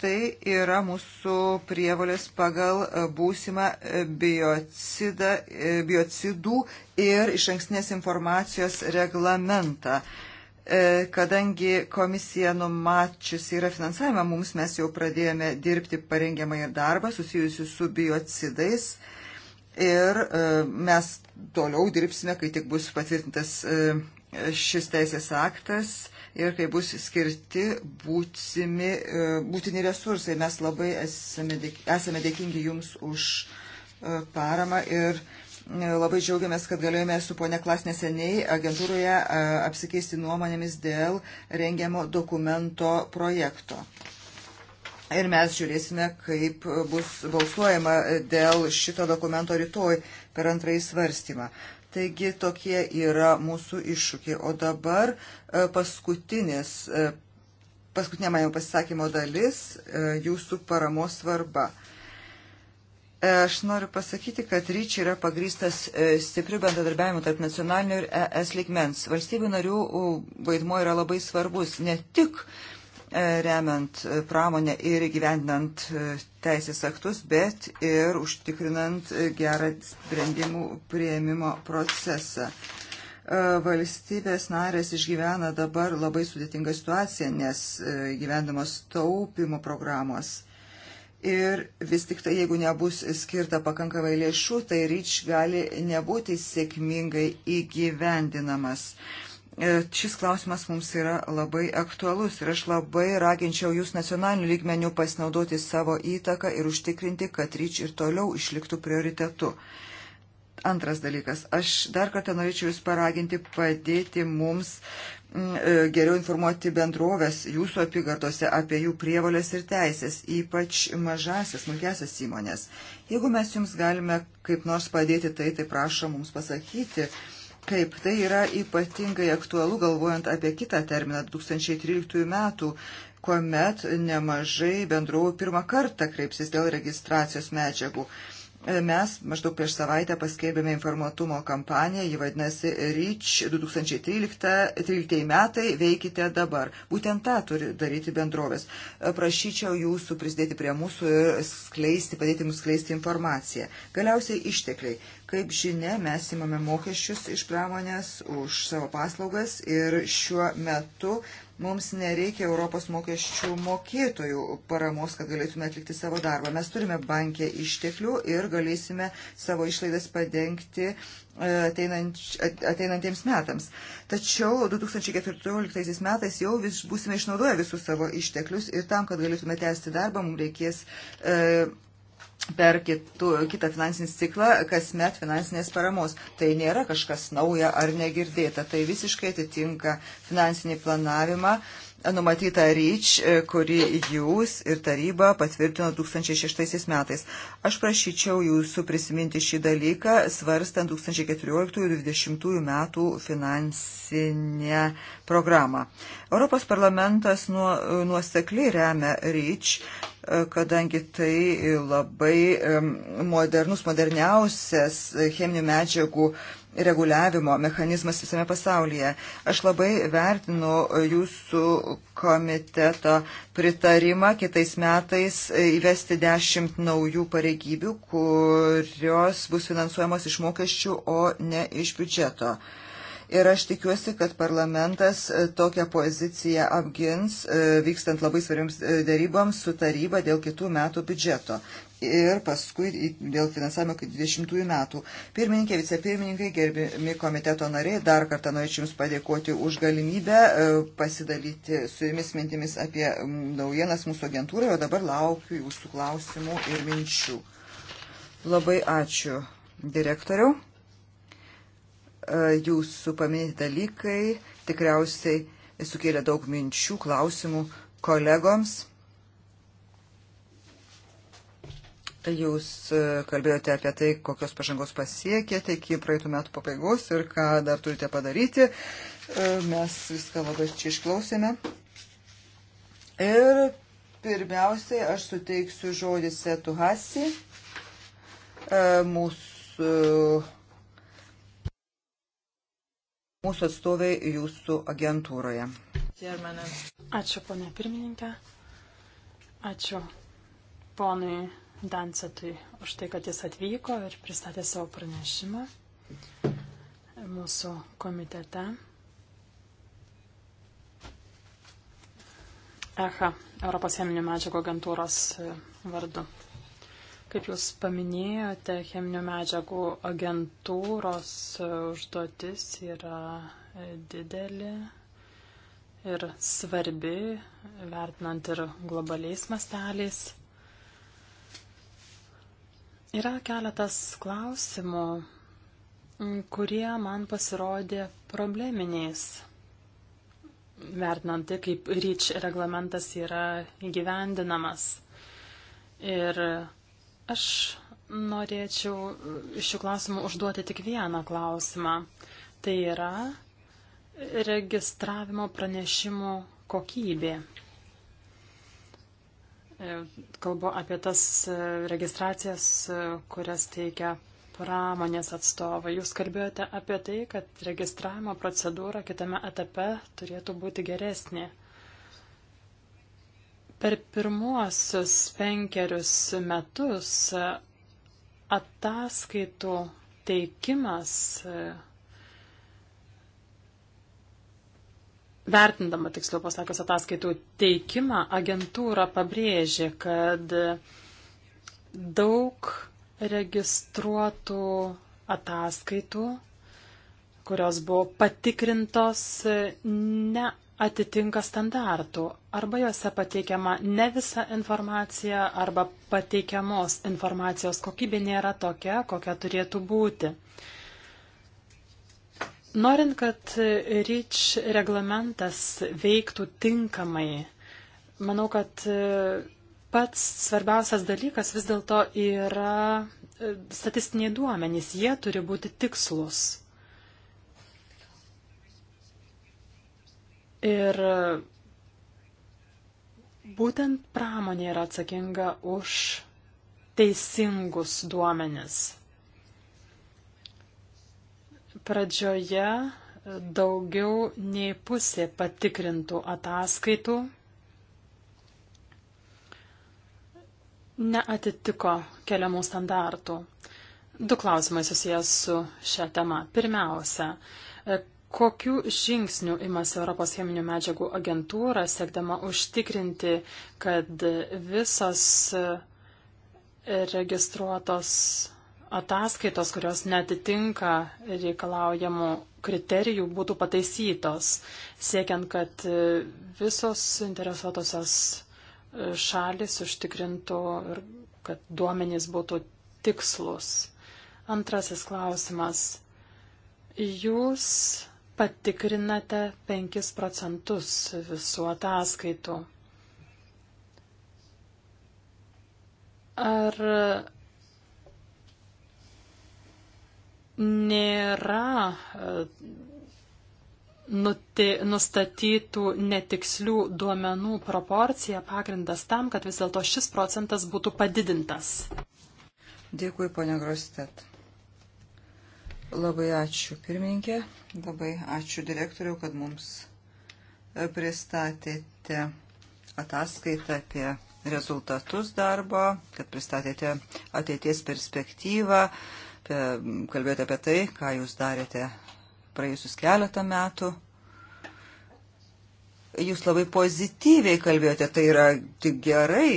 tai yra mūsų prievalės pagal e, būsimą e, biocidą, e, biocidų ir iš ankstinės informacijos reglamentą. Kadangi komisija numačius yra finansavimą, mums mes jau pradėjome dirbti parengiamąjį darbą susijusiu su biocidais ir mes toliau dirbsime, kai tik bus patvirtintas šis teisės aktas ir kai bus skirti būsimi, e, būtini resursai. Mes labai esame dėkingi Jums už e, paramą ir e, labai džiaugiamės, kad galėjome su ponia Klas neseniai agentūroje apsikeisti nuomonėmis dėl rengiamo dokumento projekto. Ir mes žiūrėsime, kaip bus balsuojama dėl šito dokumento rytoj per antrąjį svarstymą. Taigi tokie yra mūsų iššūkiai. O dabar e, paskutinis, e, paskutinė mano pasisakymo dalis e, - jūsų paramos svarba. Aš noriu pasakyti, kad ryč yra pagrįstas stipriu bendradarbiavimu tarp nacionalinio ir ES ligmens. Valstybių narių vaidmo yra labai svarbus ne tik uh, E, remiant e, pramonę ir gyvendinant e, teisės aktus, bet ir užtikrinant gerą sprendimų prieimimo procesą. Valstybės narės išgyvena dabar labai sudėtingą situaciją, nes gyvendamos taupimo programos. Ir vis tik tai, jeigu nebus skirta pakankamai lėšų, tai ryč gali nebūti sėkmingai įgyvendinamas. Uh, E, šis klausimas mums yra labai aktualus ir aš labai raginčiau jūs nacionaliniu lygmeniu pasinaudoti savo įtaką ir užtikrinti, kad ryč ir toliau išliktų prioritetu. Antras dalykas. Aš dar kartą norėčiau jūs paraginti padėti mums mm, e, geriau informuoti bendrovės jūsų apygardose apie jų prievalės ir teisės, ypač mažasias, smulkesias įmonės. Jeigu mes jums galime kaip nors padėti tai, tai prašom mums pasakyti, Taip, tai yra ypatingai aktualu galvojant apie kitą terminą 2013 metų, kuomet nemažai bendrovų pirmą kartą kreipsis dėl registracijos medžiagų. E, mes maždaug prieš savaitę paskelbėme informatumo kampaniją, ji vadinasi REACH 2013 metai, veikite dabar. Būtent tą turi daryti bendrovės. E, prašyčiau jūsų prisidėti prie mūsų ir skleisti, padėti mums skleisti informaciją. Galiausiai ištekliai. Kaip žinia, mes įmame mokesčius iš pramonės už savo paslaugas ir šiuo metu mums nereikia Europos mokesčių mokėtojų paramos, kad galėtume atlikti savo darbą. Mes turime bankę išteklių ir galėsime savo išlaidas padengti e, ateinant, ateinantiems metams. Tačiau 2014 metais jau vis, būsime išnaudoję visus savo išteklius ir tam, kad galėtume tęsti darbą, mums reikės. E, per kitų, kitą finansinį ciklą kasmet finansinės paramos. Tai nėra kažkas nauja ar negirdėta, tai visiškai atitinka finansinį planavimą, uh, numatyta ryč, e, kuri jūs ir taryba patvirtino 2006 metais. Aš prašyčiau jūsų prisiminti šį dalyką, svarstant 2014-2020 metų finansinę programą. Europos parlamentas nuo, nuosekliai remia ryč, e, kadangi tai labai modernus, moderniausias e, cheminių medžiagų uh, reguliavimo mechanizmas visame pasaulyje. Aš labai vertinu jūsų komiteto pritarimą kitais metais įvesti dešimt naujų pareigybių, kurios bus finansuojamos iš mokesčių, o ne iš biudžeto. Ir aš tikiuosi, kad parlamentas tokią poziciją apgins, vykstant labai svarbiams daryboms su taryba dėl kitų metų biudžeto ir paskui dėl finansavimo iki 20 metų. Pirmininkė, vicepirmininkai, gerbimi komiteto nariai, dar kartą norėčiau Jums padėkoti už galimybę e, pasidalyti su Jumis mintimis apie naujienas mūsų agentūrai, o dabar laukiu Jūsų klausimų ir minčių. Labai ačiū, direktoriau. E, Jūsų paminėti dalykai tikriausiai sukėlė daug minčių, klausimų kolegoms. Jūs e, kalbėjote apie tai, kokios pažangos pasiekėte iki praeitų metų pabaigos ir ką dar turite padaryti. E, mes viską labai čia išklausėme. Ir pirmiausiai aš suteiksiu žodį Setuhasi, e, mūsų, mūsų atstoviai jūsų agentūroje. Ačiū, ponė pirmininkė. Ačiū ponui Dancetui už tai, kad jis atvyko ir pristatė savo pranešimą mūsų komitete. EHA, Europos cheminių medžiagų agentūros e, vardu. Kaip Jūs paminėjote, cheminių medžiagų agentūros e, užduotis yra e, didelė ir svarbi, vertinant ir globaliais masteliais. Yra keletas klausimų, kurie man pasirodė probleminiais, vertinant tai, kaip ryč reglamentas yra įgyvendinamas. Ir aš norėčiau iš šių klausimų užduoti tik vieną klausimą. Tai yra registravimo pranešimų kokybė. E, kalbu apie tas e, registracijas, e, kurias teikia pramonės atstovai. Jūs kalbėjote apie tai, kad registravimo procedūra kitame etape turėtų būti geresnė. Per pirmuosius penkerius metus ataskaitų teikimas Vertindama, tiksliau pasakius, ataskaitų teikimą, agentūra pabrėžė, kad daug registruotų ataskaitų, kurios buvo patikrintos, neatitinka standartų. Arba juose pateikiama ne visa informacija, arba pateikiamos informacijos kokybė nėra tokia, kokia turėtų būti. Norint, kad REACH reglamentas veiktų tinkamai, manau, kad e, pats svarbiausias dalykas vis dėlto yra e, statistiniai duomenys. Jie turi būti tikslus. Ir e, būtent pramonė yra atsakinga už teisingus duomenis pradžioje daugiau nei pusė patikrintų ataskaitų neatitiko keliamų standartų. Du klausimai susijęs su šią temą. Pirmiausia, kokių žingsnių imasi Europos cheminių medžiagų agentūra, siekdama užtikrinti, kad visos registruotos ataskaitos, kurios netitinka reikalaujamų kriterijų, būtų pataisytos, siekiant, kad e, visos interesuotosios e, šalis užtikrintų ir kad duomenys būtų tikslus. Antrasis klausimas. Jūs patikrinate 5 procentus visų ataskaitų. Ar nėra e, nuti, nustatytų netikslių duomenų proporcija pagrindas tam, kad vis dėlto šis procentas būtų padidintas. Dėkui, ponia Grostet. Labai ačiū pirmininkė, labai ačiū direktoriau, kad mums e, pristatėte ataskaitą apie rezultatus darbo, kad pristatėte ateities perspektyvą kalbėjote apie tai, ką jūs darėte praėjusius keletą metų. Jūs labai pozityviai kalbėjote, tai yra tik gerai.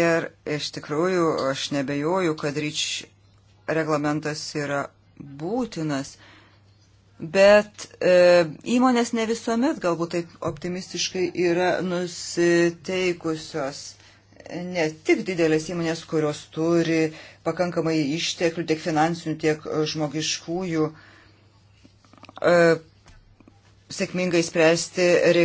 Ir iš tikrųjų aš nebejoju, kad ryč reglamentas yra būtinas. Bet e, įmonės ne visuomet galbūt taip optimistiškai yra nusiteikusios ne tik didelės įmonės, kurios turi pakankamai išteklių tiek finansinių, tiek e, žmogiškųjų, e, sėkmingai spręsti e,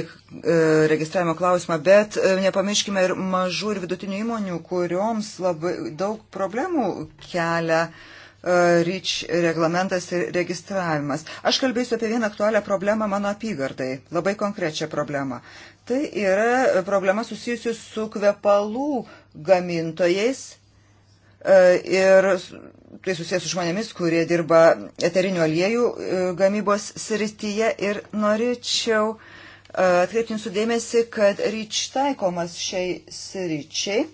registravimo klausimą, bet nepamirškime ir mažų ir vidutinių įmonių, kurioms labai daug problemų kelia uh, E, REACH reglamentas ir registravimas. Aš kalbėsiu apie vieną aktualią problemą mano apygardai, labai konkrečią problemą. Tai yra problema susijusi su kvepalų gamintojais e, ir tai susijęs su žmonėmis, kurie dirba eterinių aliejų e, gamybos srityje ir norėčiau atkreipti jūsų dėmesį, kad ryč taikomas šiai sričiai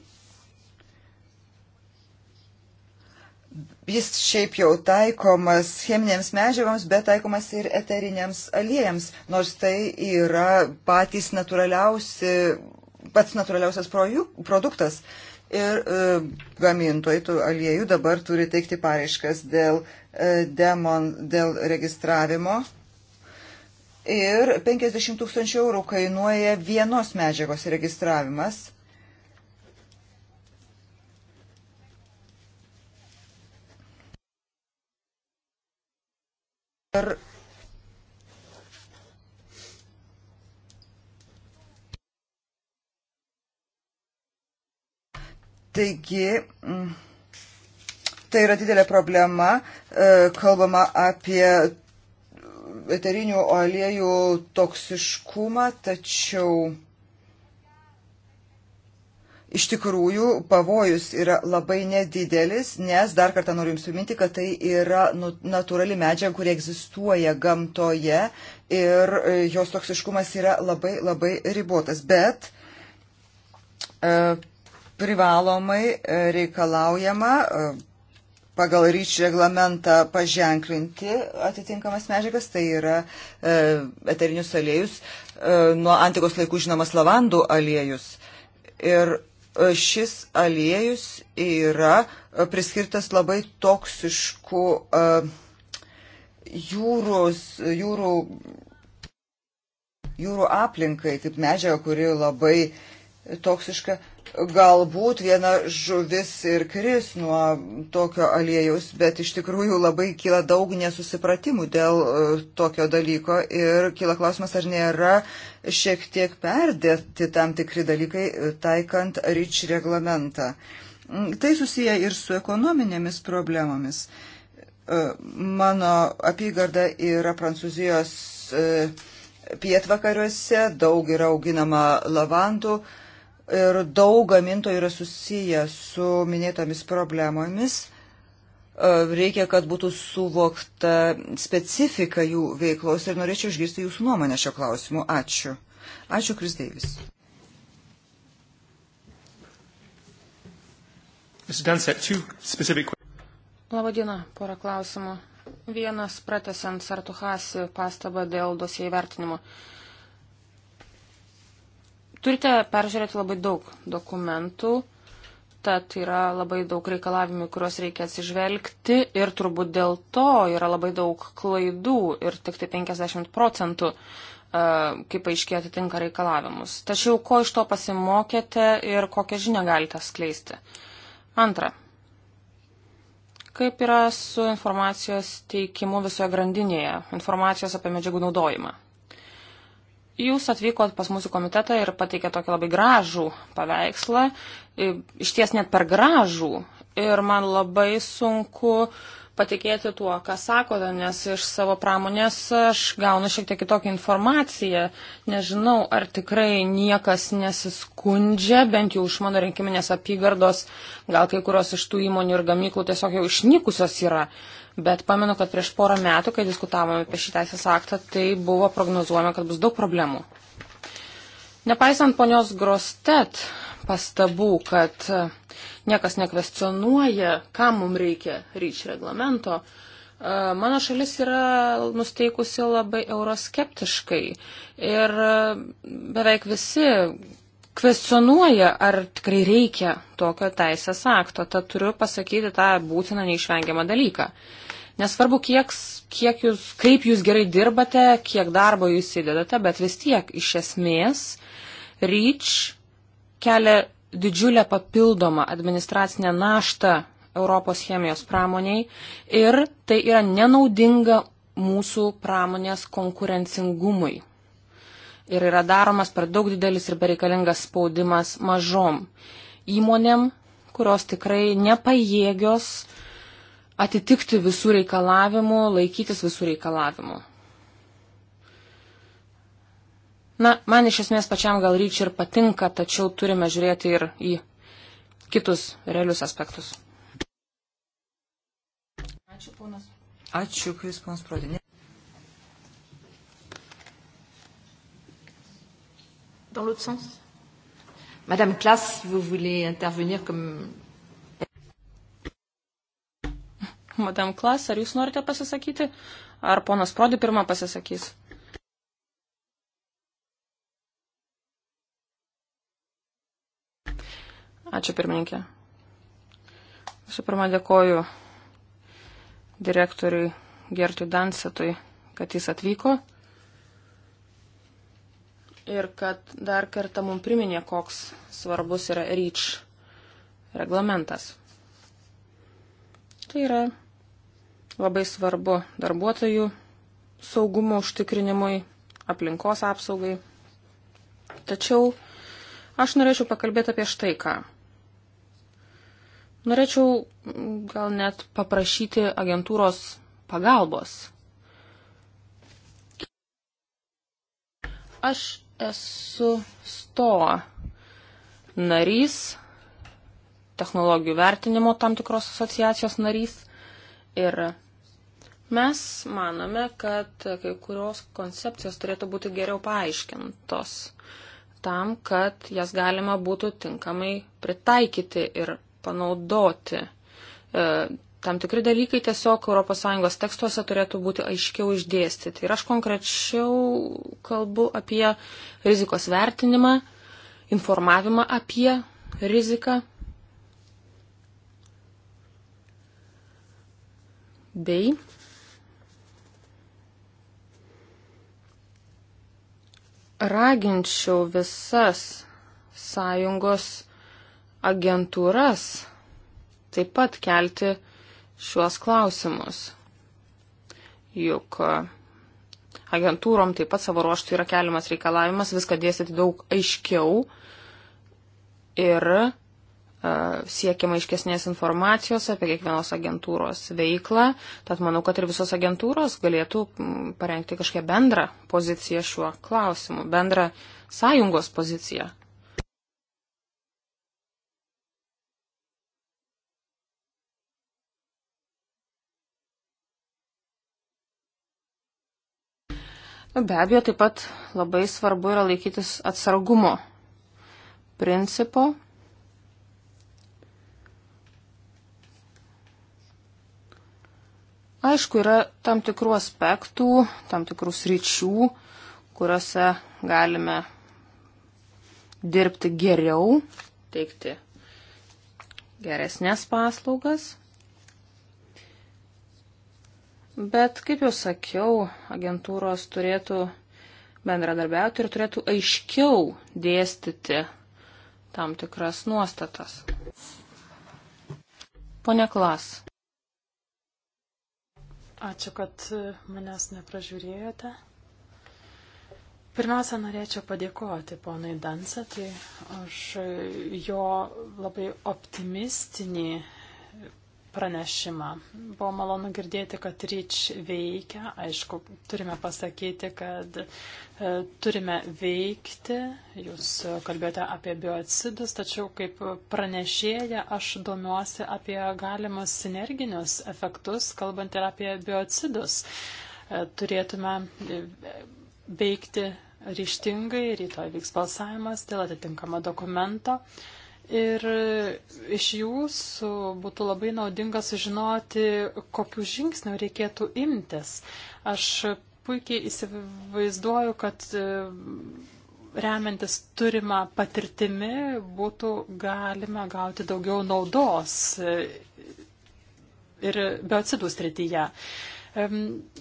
Jis šiaip jau taikomas cheminėms medžiagoms, bet taikomas ir eteriniams aliejams, nors tai yra patys natūraliausi, pats natūraliausias produktas. Ir e, gamintojai tų aliejų dabar turi teikti paraiškas dėl, e, demon, dėl registravimo. Ir 50 tūkstančių eurų kainuoja vienos medžiagos registravimas Ar Taigi, mm, tai yra didelė problema, e, kalbama apie eterinių aliejų toksiškumą, tačiau iš tikrųjų pavojus yra labai nedidelis, nes dar kartą noriu Jums priminti, kad tai yra nu, natūrali medžiaga, kuri egzistuoja gamtoje ir e, jos toksiškumas yra labai labai ribotas. Bet e, privalomai e, reikalaujama e, pagal ryčių reglamentą paženklinti atitinkamas medžiagas, tai yra e, eterinius aliejus, e, nuo antikos laikų žinomas lavandų aliejus. E, ir šis aliejus yra e, priskirtas labai toksiškų e, jūros, jūrų, jūrų aplinkai, kaip medžiaga, kuri labai toksiška galbūt viena žuvis ir kris nuo tokio aliejaus, bet iš tikrųjų labai kyla daug nesusipratimų dėl e, tokio dalyko ir kyla klausimas, ar nėra šiek tiek perdėti tam tikri dalykai e, taikant ryč reglamentą. Mm, tai susiję ir su ekonominėmis problemomis. E, mano apygarda yra Prancūzijos pietvakariuose, daug yra auginama lavandų ir daug gamintojų yra susiję su minėtomis problemomis. E, reikia, kad būtų suvokta specifika jų veiklos ir norėčiau išgirsti jūsų nuomonę šio klausimu. Ačiū. Ačiū, Kris Deivis. Labadiena, pora klausimų. Vienas pratesiant Sartuhasi pastabą dėl dosijai vertinimo. Uh, turite peržiūrėti labai daug dokumentų, tad yra labai daug reikalavimų, kuriuos reikia atsižvelgti ir turbūt dėl to yra labai daug klaidų ir tik tai 50 procentų e, kaip aiškiai atitinka reikalavimus. Tačiau ko iš to pasimokėte ir kokią žinią galite skleisti? Antra. Kaip yra su informacijos teikimu visoje grandinėje, informacijos apie medžiagų naudojimą? Jūs atvykot pas mūsų komitetą ir pateikė tokį labai gražų paveikslą, iš ties net per gražų. Ir man labai sunku patikėti tuo, ką sakote, nes iš savo pramonės aš gaunu šiek tiek kitokią informaciją. Nežinau, ar tikrai niekas nesiskundžia, bent jau iš mano rinkiminės apygardos, gal kai kurios iš tų įmonių ir gamyklų tiesiog jau išnykusios yra bet pamenu, kad prieš porą metų, kai diskutavome apie šį teisės aktą, tai buvo prognozuojama, kad bus daug problemų. Nepaisant ponios Grostet pastabų, kad e, niekas nekvestionuoja, kam mums reikia ryč reglamento, e, mano šalis yra nusteikusi labai euroskeptiškai ir e, beveik visi kvestionuoja, ar tikrai reikia tokio teisės akto, tad turiu pasakyti tą būtiną neišvengiamą dalyką. Nesvarbu, kiek, kiek jūs, kaip jūs gerai dirbate, kiek darbo jūs įdedate, bet vis tiek iš esmės REACH kelia didžiulę papildomą administracinę naštą Europos chemijos pramoniai ir tai yra nenaudinga mūsų pramonės konkurencingumui. Ir yra daromas per daug didelis ir bereikalingas spaudimas mažom įmonėm, kurios tikrai nepajėgios atitikti visų reikalavimų, laikytis visų reikalavimų. Na, man iš esmės pačiam gal ryčiai ir patinka, tačiau turime žiūrėti ir į kitus realius aspektus. Ačiū, ponas. Ačiū, kuris ponas Prodinė. Dans l'autre sens. Madame Klaas, si vous voulez intervenir comme Madam Klas, ar jūs norite pasisakyti? Ar ponas Prodi pirmą pasisakys? Ačiū pirmininkė. Visų pirma, dėkoju direktoriui Gertui Dansetui, kad jis atvyko ir kad dar kartą mums priminė, koks svarbus yra REACH reglamentas. Tai yra Labai svarbu darbuotojų saugumo užtikrinimui, aplinkos apsaugai. Tačiau aš norėčiau pakalbėti apie štai ką. Norėčiau gal net paprašyti agentūros pagalbos. Aš esu stoa narys, technologijų vertinimo tam tikros asociacijos narys ir Mes manome, kad kai kurios koncepcijos turėtų būti geriau paaiškintos tam, kad jas galima būtų tinkamai pritaikyti ir panaudoti. E, tam tikri dalykai tiesiog ES tekstuose turėtų būti aiškiau išdėstyti. Ir aš konkrečiau kalbu apie rizikos vertinimą, informavimą apie riziką bei raginčiau visas sąjungos agentūras taip pat kelti šiuos klausimus. Juk agentūrom taip pat savo ruoštų yra keliamas reikalavimas viską dėstyti daug aiškiau ir siekiama iškesnės informacijos apie kiekvienos agentūros veiklą, tad manau, kad ir visos agentūros galėtų parengti kažkokią bendrą poziciją šiuo klausimu, bendrą sąjungos poziciją. Nu, be abejo, taip pat labai svarbu yra laikytis atsargumo principo Aišku, yra tam tikrų aspektų, tam tikrų sričių, kuriuose galime dirbti geriau, teikti geresnės paslaugas. Bet, kaip jau sakiau, agentūros turėtų bendradarbiauti ir turėtų aiškiau dėstyti tam tikras nuostatas. Pone Klas. Ačiū, kad manęs nepražiūrėjote. Pirmiausia, norėčiau padėkoti ponai Dansetai už jo labai optimistinį pranešimą. Buvo malonu girdėti, kad ryč veikia. Aišku, turime pasakyti, kad e, turime veikti. Jūs kalbėjote apie biocidus, tačiau kaip pranešėja aš domiuosi apie galimus sinerginius efektus, kalbant ir apie biocidus. E, turėtume e, veikti ryštingai, rytoj vyks balsavimas dėl atitinkamo dokumento. E, Ir iš jūsų būtų labai naudinga sužinoti, kokiu žingsniu reikėtų imtis. Aš puikiai įsivaizduoju, kad e, remiantis turimą patirtimi būtų galima gauti daugiau naudos e, ir biocidų srityje.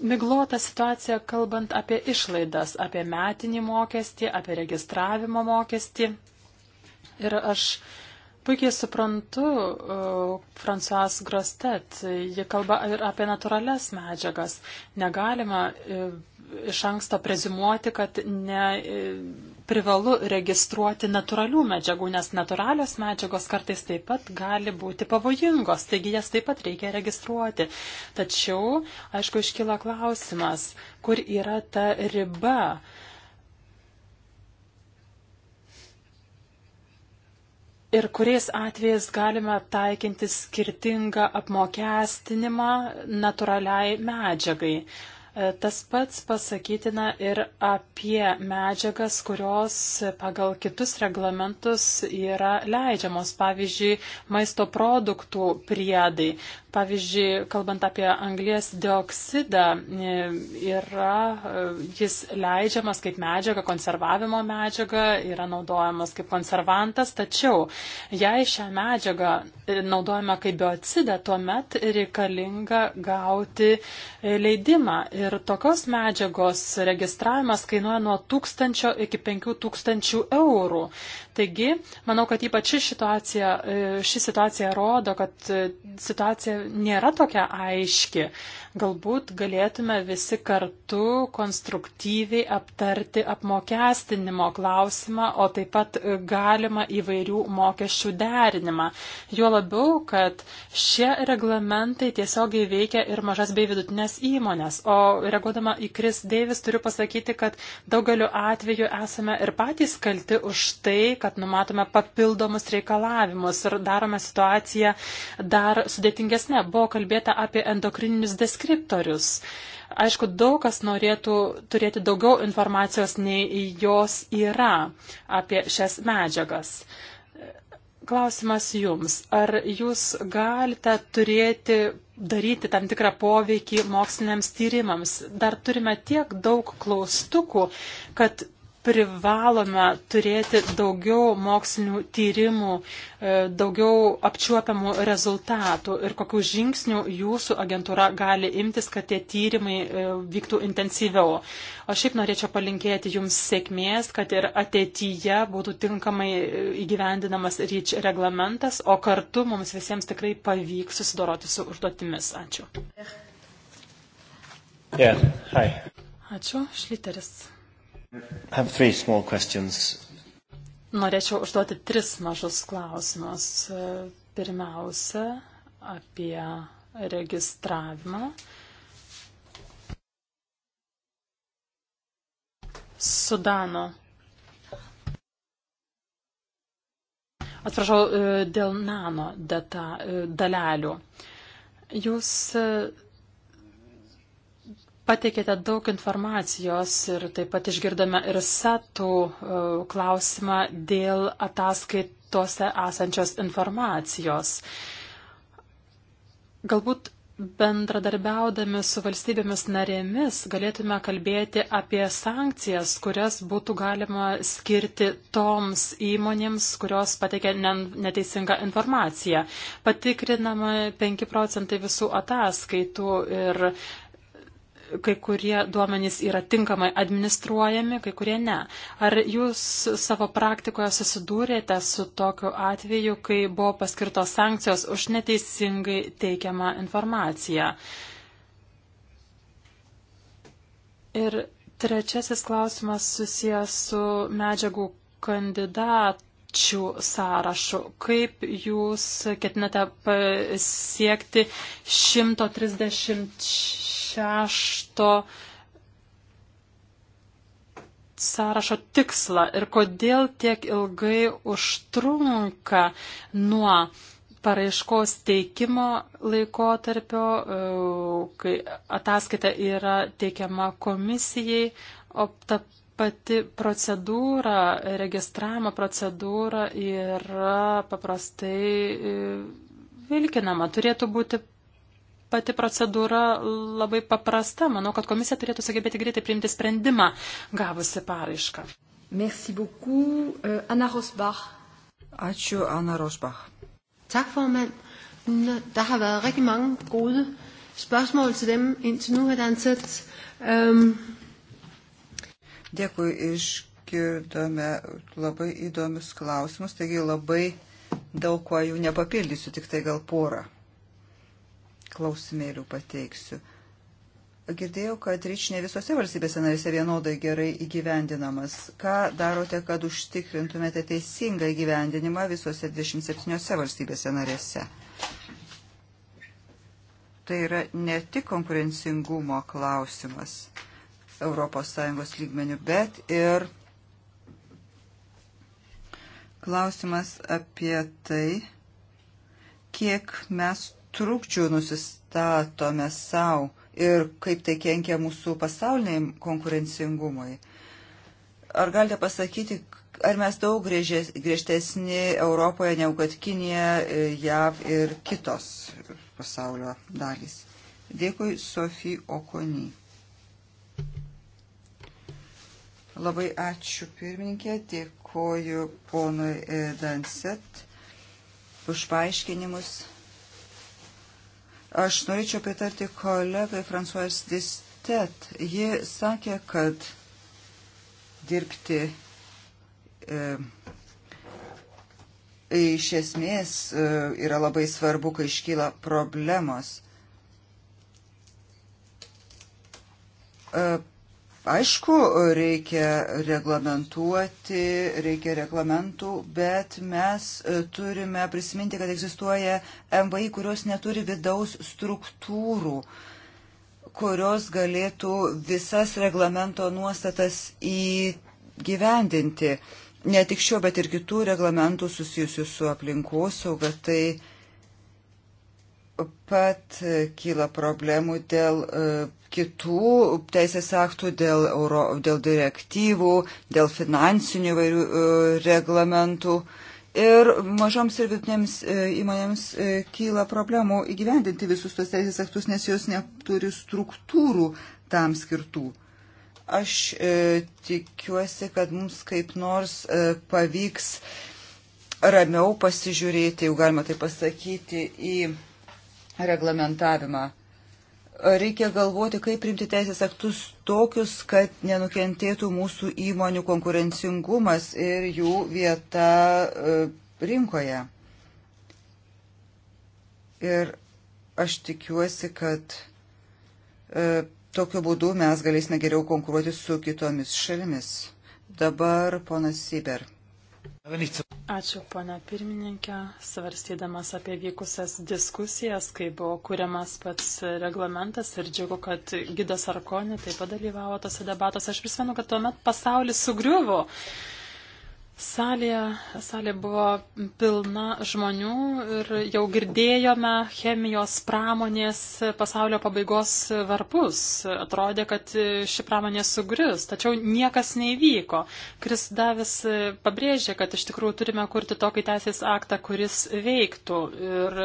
Miglota situacija, kalbant apie išlaidas, apie metinį mokestį, apie registravimo mokestį. Ir aš puikiai suprantu uh, Fransuas Grostet, ji kalba ir apie natūrales medžiagas. Negalima uh, iš anksto prezimuoti, kad ne uh, privalu registruoti natūralių medžiagų, nes natūralios medžiagos kartais taip pat gali būti pavojingos, taigi jas taip pat reikia registruoti. Tačiau, aišku, iškyla klausimas, kur yra ta riba, ir kuriais atvejais galime taikinti skirtingą apmokestinimą natūraliai medžiagai. E, tas pats pasakytina ir apie medžiagas, kurios pagal kitus reglamentus yra leidžiamos, pavyzdžiui, maisto produktų priedai. Pavyzdžiui, kalbant apie anglės dioksidą, e, yra, e, jis leidžiamas kaip medžiaga, konservavimo medžiaga, yra naudojamas kaip konservantas, tačiau jei šią medžiagą e, naudojame kaip biocidą, tuomet reikalinga gauti leidimą. Ir tokios medžiagos registravimas kainuoja nuo 1000 iki 5000 eurų. Taigi, manau, kad ypač ši situacija, e, ši situacija rodo, kad e, situacija nėra tokia aiški. Galbūt galėtume visi kartu konstruktyviai aptarti apmokestinimo klausimą, o taip pat galima įvairių mokesčių derinimą. Juo labiau, kad šie reglamentai tiesiogiai veikia ir mažas bei vidutinės įmonės. O reaguodama į Kris Deivis turiu pasakyti, kad daugeliu atveju esame ir patys kalti už tai, kad numatome papildomus reikalavimus ir darome situaciją dar sudėtingesnė. Buvo kalbėta apie endokrininius deskriptorius. Aišku, daug kas norėtų turėti daugiau informacijos, nei jos yra apie šias medžiagas. Klausimas jums, ar jūs galite turėti, daryti tam tikrą poveikį moksliniams tyrimams? Dar turime tiek daug klaustukų, kad privalome turėti daugiau mokslinių tyrimų, e, daugiau apčiuopiamų rezultatų ir kokių žingsnių jūsų agentūra gali imtis, kad tie tyrimai e, vyktų intensyviau. Aš šiaip norėčiau palinkėti jums sėkmės, kad ir ateityje būtų tinkamai e, įgyvendinamas ryč reglamentas, o kartu mums visiems tikrai pavyks susidoroti su užduotimis. Ačiū. Yeah. Hi. Ačiū, Šliteris. Norėčiau užduoti tris mažus klausimus. Pirmiausia, apie registravimą. Sudano. Atsiprašau, e, dėl nano data, e, dalelių. Jūs e, Pateikėte daug informacijos ir taip pat išgirdome ir satų e, klausimą dėl ataskaitose esančios informacijos. Galbūt bendradarbiaudami su valstybėmis narėmis galėtume kalbėti apie sankcijas, kurias būtų galima skirti toms įmonėms, kurios pateikia neteisingą informaciją. Patikrinama 5 procentai visų ataskaitų ir kai kurie duomenys yra tinkamai administruojami, kai kurie ne. Ar jūs savo praktikoje susidūrėte su tokiu atveju, kai buvo paskirtos sankcijos už neteisingai teikiamą informaciją? Ir trečiasis klausimas susijęs su medžiagų kandidatų krypčių sąrašu. Kaip jūs ketinate pasiekti 130 šešto sąrašo tikslą ir kodėl tiek ilgai užtrunka nuo paraiškos teikimo laikotarpio, e, kai ataskaita yra teikiama komisijai, o ta pati procedūra, registravimo procedūra yra paprastai e, vilkinama, turėtų būti pati procedūra labai paprasta. Manau, kad komisija turėtų sugebėti greitai priimti sprendimą gavusi paraišką. Merci beaucoup, euh, Anna Rosbach. Ačiū, Anna Rosbach. Tak, formand. Der har været rigtig mange gode spørgsmål til dem indtil nu, har han sat. Um... Dėkui, išgirdome labai įdomius klausimus, taigi labai daug ko jų nepapildysiu, tik tai gal porą klausimėlių pateiksiu. Girdėjau, kad ryč ne visose valstybėse narėse vienodai gerai įgyvendinamas. Ką darote, kad užtikrintumėte teisingą įgyvendinimą visose 27 valstybėse narėse? Tai yra ne tik konkurencingumo klausimas ES lygmenių, bet ir klausimas apie tai, kiek mes trukdžių nusistatome savo ir kaip tai kenkia mūsų pasauliniai konkurencingumui. Ar galite pasakyti, ar mes daug griežės, griežtesni Europoje negu kad Kinija, e, JAV ir kitos pasaulio dalys? Dėkui, Sofija Okony. Labai ačiū pirmininkė, dėkoju ponui e, Danset už paaiškinimus. Aš norėčiau pritarti kolegai Fransuas Distet. Ji sakė, kad dirbti e, iš esmės e, yra labai svarbu, kai iškyla problemos. E, Aišku, reikia reglamentuoti, reikia reglamentų, bet mes e, turime prisiminti, kad egzistuoja MVI, kurios neturi vidaus struktūrų, kurios galėtų visas reglamento nuostatas įgyvendinti. Ne tik šio, bet ir kitų reglamentų susijusių su aplinkosauga. Tai pat kyla problemų dėl e, kitų teisės aktų, dėl, euro, dėl direktyvų, dėl finansinių vairių e, reglamentų. Ir mažoms ir vidutinėms e, įmonėms kyla problemų įgyvendinti visus tos teisės aktus, nes jos neturi struktūrų tam skirtų. Aš e, tikiuosi, kad mums kaip nors e, pavyks ramiau pasižiūrėti, jau galima tai pasakyti, į reglamentavimą. Reikia galvoti, kaip primti teisės aktus tokius, kad nenukentėtų mūsų įmonių konkurencingumas ir jų vieta e, rinkoje. Ir aš tikiuosi, kad e, tokiu būdu mes galėsime geriau konkuruoti su kitomis šalimis. Dabar ponas Siber. Ačiū, ponia pirmininkė. Svarstydamas apie vykusias diskusijas, kai buvo kuriamas pats reglamentas ir džiugu, kad Gidas Arkonė taip pat dalyvavo tose debatuose, aš prisimenu, kad tuomet pasaulis sugriuvo. Salė, salė buvo pilna žmonių ir jau girdėjome chemijos pramonės pasaulio pabaigos varpus. Atrodė, kad ši pramonė sugrius, tačiau niekas neįvyko. Kris Davis pabrėžė, kad iš tikrųjų turime kurti tokį teisės aktą, kuris veiktų ir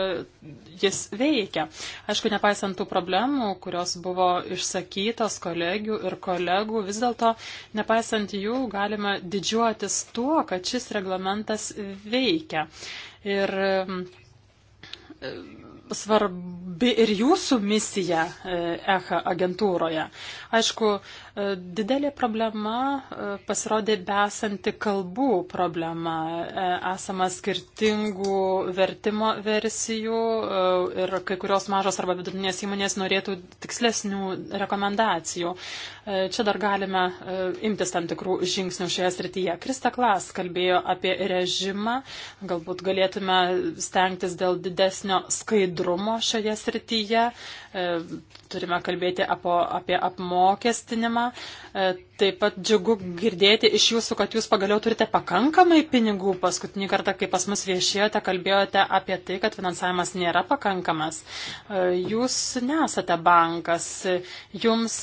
jis veikia. Aišku, nepaisant tų problemų, kurios buvo išsakytos kolegių ir kolegų, vis dėlto, nepaisant jų, galime didžiuotis tuo, to, kad šis reglamentas veikia. Ir mm, svarbi ir jūsų misija e, EHA agentūroje. Aišku, E, didelė problema e, pasirodė besanti kalbų problema. E, esama skirtingų vertimo versijų ir kai kurios mažos arba vidutinės įmonės norėtų tikslesnių rekomendacijų. Čia dar galime imtis tam tikrų žingsnių šioje srityje. Krista Klas kalbėjo apie režimą. Galbūt galėtume stengtis dėl didesnio skaidrumo šioje srityje. Turime kalbėti apie apmokestinimą temą. E, taip pat džiugu girdėti iš jūsų, kad jūs pagaliau turite pakankamai pinigų. Paskutinį kartą, kai pas mus viešėjote, kalbėjote apie tai, kad finansavimas nėra pakankamas. E, jūs nesate bankas. Jums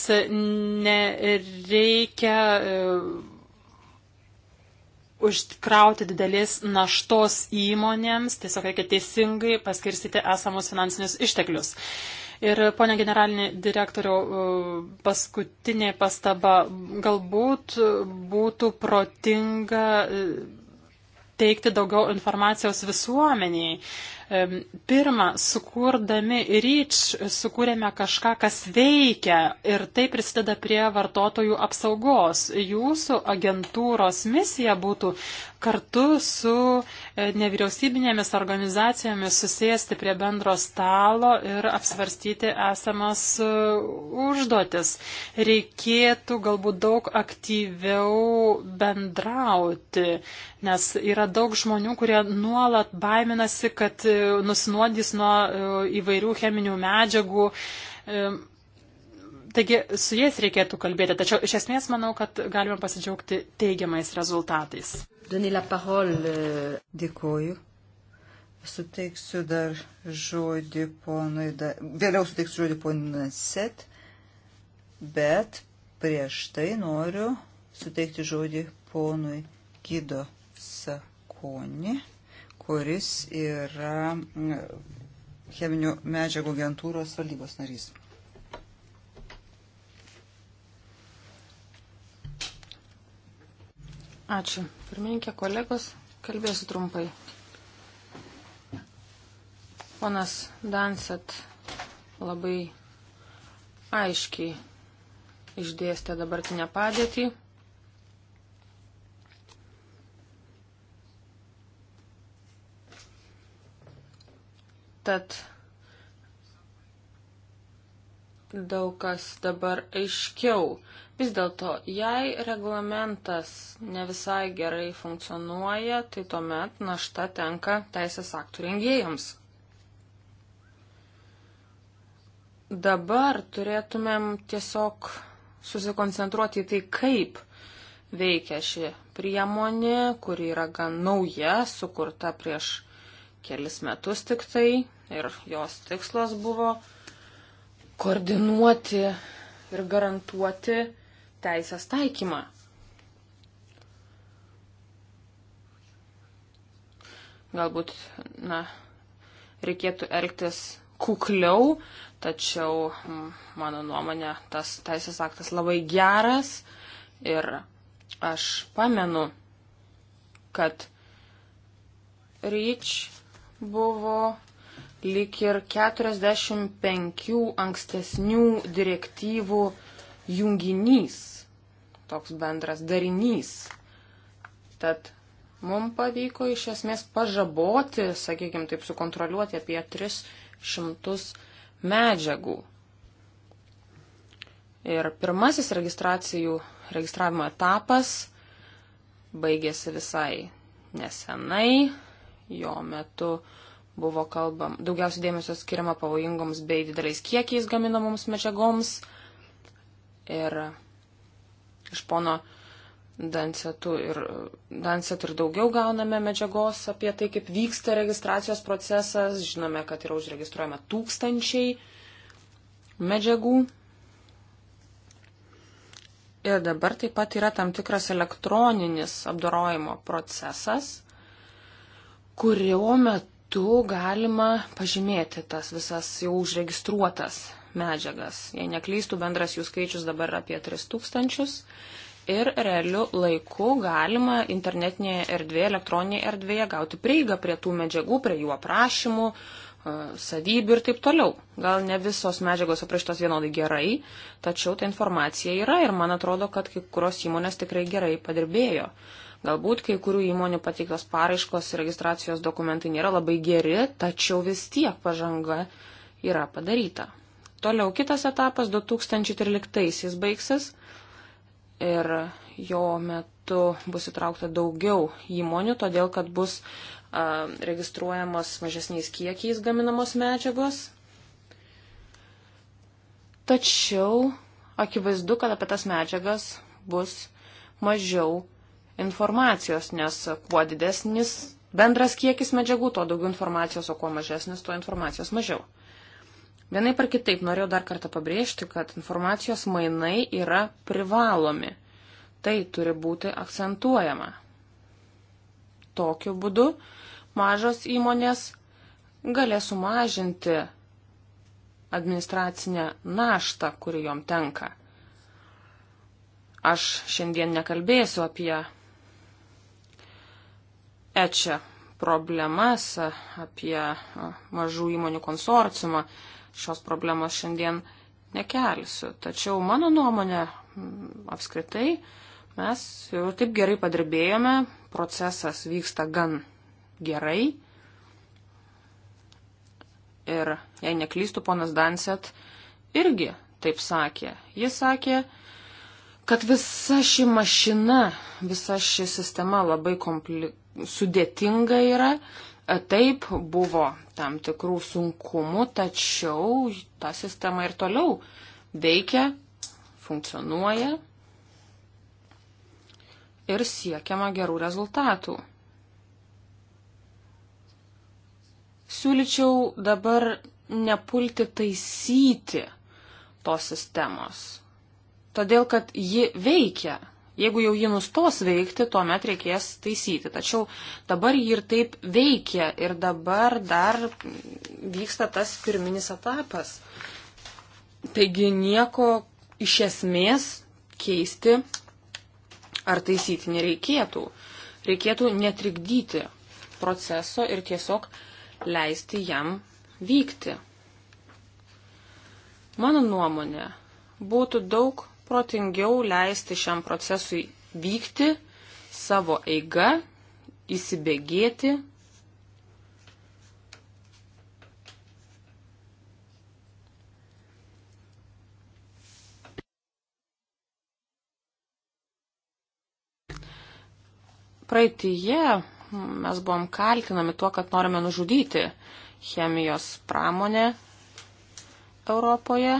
nereikia e, užkrauti didelės naštos įmonėms, tiesiog reikia teisingai paskirstyti esamus finansinius išteklius. Ir, ponia generalinė direktoriau, e, paskutinė pastaba. Galbūt būtų protinga e, teikti daugiau informacijos visuomeniai. E, pirma, sukurdami REACH sukūrėme kažką, kas veikia ir tai prisideda prie vartotojų apsaugos. Jūsų agentūros misija būtų kartu su e, nevyriausybinėmis organizacijomis susėsti prie bendro stalo ir apsvarstyti esamas e, užduotis. Reikėtų galbūt daug aktyviau bendrauti, nes yra daug žmonių, kurie nuolat baiminasi, kad e, nusinuodys nuo įvairių cheminių medžiagų. Taigi su jais reikėtų kalbėti, tačiau iš esmės manau, kad galime pasidžiaugti teigiamais rezultatais. Euh, Dėkuoju. Suteiksiu dar žodį ponui, da... vėliau suteiksiu žodį ponui Set, bet prieš tai noriu suteikti žodį ponui Gido Sakoni, kuris yra mm, cheminių medžiagų agentūros valdybos narys. Ačiū. Pirmininkė, kolegos, kalbėsiu trumpai. Ponas Danset labai aiškiai išdėstė dabartinę padėtį. Tad daug kas dabar aiškiau Vis dėlto, jei reglamentas ne visai gerai funkcionuoja, tai tuomet našta tenka teisės aktų rengėjams. Dabar turėtumėm tiesiog susikoncentruoti į tai, kaip veikia ši priemonė, kuri yra gan nauja, sukurta prieš kelis metus tik tai ir jos tikslas buvo koordinuoti ir garantuoti teisės taikymą. Galbūt, na, reikėtų elgtis kukliau, tačiau mano nuomonė tas teisės aktas labai geras ir aš pamenu, kad REACH buvo lik ir 45 ankstesnių direktyvų junginys, toks bendras darinys. Tad mums pavyko iš esmės pažaboti, sakykime taip, sukontroliuoti apie 300 medžiagų. Ir pirmasis registracijų registravimo etapas baigėsi visai nesenai. Jo metu buvo kalbam, daugiausiai dėmesio skiriama pavojingoms bei dideliais kiekiais gaminamoms medžiagoms ir iš pono Dansetų ir, Danset ir daugiau gauname medžiagos apie tai, kaip vyksta registracijos procesas. Žinome, kad yra užregistruojama tūkstančiai medžiagų. Ir dabar taip pat yra tam tikras elektroninis apdorojimo procesas, kurio metu galima pažymėti tas visas jau užregistruotas medžiagas. Jei neklystų, bendras jų skaičius dabar yra apie 3000 ir realiu laiku galima internetinėje erdvėje, elektroninėje erdvėje gauti prieigą prie tų medžiagų, prie jų aprašymų, e, savybių ir taip toliau. Gal ne visos medžiagos aprašytos vienodai gerai, tačiau ta informacija yra ir man atrodo, kad kai kurios įmonės tikrai gerai padirbėjo. Galbūt kai kurių įmonių pateiktos paraiškos ir registracijos dokumentai nėra labai geri, tačiau vis tiek pažanga yra padaryta. Toliau kitas etapas 2013-aisiais baigsis ir jo metu bus įtraukta daugiau įmonių, todėl kad bus a, registruojamos mažesniais kiekiais gaminamos medžiagos. Tačiau akivaizdu, kad apie tas medžiagas bus mažiau informacijos, nes kuo didesnis bendras kiekis medžiagų, tuo daugiau informacijos, o kuo mažesnis, tuo informacijos mažiau. Vienai par kitaip norėjau dar kartą pabrėžti, kad informacijos mainai yra privalomi. Tai turi būti akcentuojama. Tokiu būdu mažos įmonės galės sumažinti administracinę naštą, kuri jom tenka. Aš šiandien nekalbėsiu apie ečia problemas, apie mažų įmonių konsorciumą, šios problemos šiandien nekelsiu. Tačiau mano nuomonė mm, apskritai mes jau taip gerai padirbėjome, procesas vyksta gan gerai. Ir jei neklystų, ponas Danset irgi taip sakė. Jis sakė, kad visa ši mašina, visa ši sistema labai kompli... sudėtinga yra E, taip buvo tam tikrų sunkumų, tačiau ta sistema ir toliau veikia, funkcionuoja ir siekiama gerų rezultatų. Siūlyčiau dabar nepulti taisyti tos sistemos, todėl kad ji veikia Jeigu jau ji nustos veikti, tuomet reikės taisyti. Tačiau dabar ji ir taip veikia ir dabar dar vyksta tas pirminis etapas. Taigi nieko iš esmės keisti ar taisyti nereikėtų. Reikėtų netrikdyti proceso ir tiesiog leisti jam vykti. Mano nuomonė, būtų daug protingiau leisti šiam procesui vykti savo eiga, įsibėgėti. Praeitįje mes buvom kaltinami tuo, kad norime nužudyti chemijos pramonę Europoje,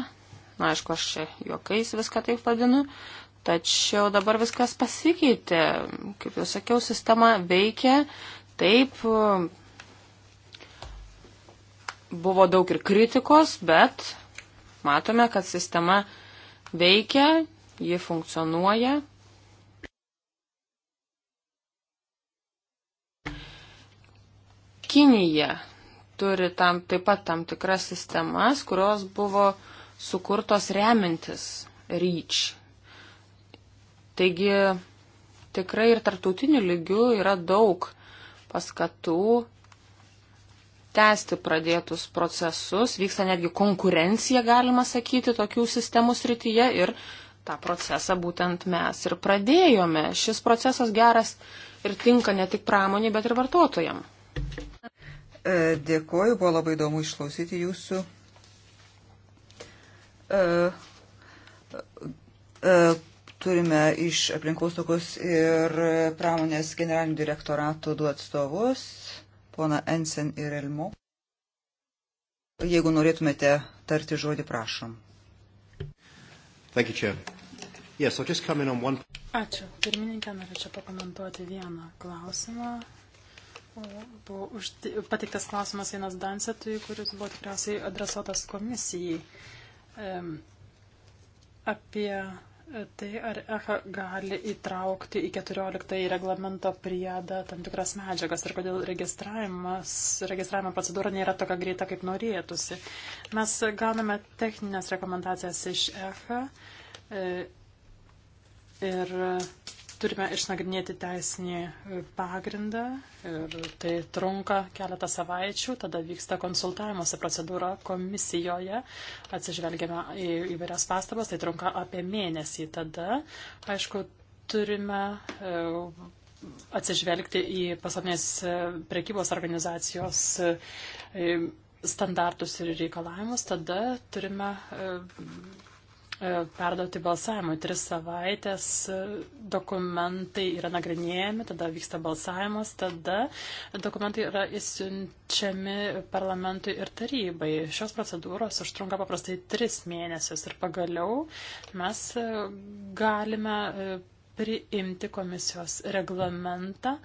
Na, aišku, aš čia juokais viską taip vadinu, tačiau dabar viskas pasikeitė. Kaip jau sakiau, sistema veikia taip. Buvo daug ir kritikos, bet matome, kad sistema veikia, ji funkcionuoja. Kinija turi tam, taip pat tam tikras sistemas, kurios buvo sukurtos remintis ryč. Taigi tikrai ir tartutiniu lygiu yra daug paskatų tęsti pradėtus procesus, vyksta netgi konkurencija, galima sakyti, tokių sistemų srityje ir tą procesą būtent mes ir pradėjome. Šis procesas geras ir tinka ne tik pramoniai, bet ir vartotojam. E, dėkoju, buvo labai įdomu išklausyti jūsų E, e, turime iš aplinkos tokius ir pramonės generalinių direktoratų du atstovus, pona Ensen ir Elmo. Jeigu norėtumėte tarti žodį, prašom. Thank you, Chair. Yes, I'll just come in on one... Ačiū. Pirmininkė, norėčiau pakomentuoti vieną klausimą. Buvo užti... pateiktas klausimas vienas Dansetui, kuris buvo tikriausiai adresuotas komisijai. Uh, apie tai, ar ECHA gali įtraukti į 14 reglamento priedą tam tikras medžiagas ir kodėl registravimo procedūra nėra tokia greita, kaip norėtųsi. Mes gauname techninės rekomendacijas iš ECHA ir turime išnagrinėti teisinį e, pagrindą ir tai trunka keletą savaičių, tada vyksta konsultavimuose procedūra komisijoje, atsižvelgiame į įvairias pastabas, tai trunka apie mėnesį. Tada, aišku, turime e, atsižvelgti į pasaulinės e, prekybos organizacijos standartus ir reikalavimus, tada turime E, perduoti balsavimui. Tris savaitės e, dokumentai yra nagrinėjami, tada vyksta balsavimas, tada dokumentai yra įsiunčiami parlamentui ir tarybai. Šios procedūros užtrunka paprastai tris mėnesius ir pagaliau mes e, galime priimti komisijos reglamentą,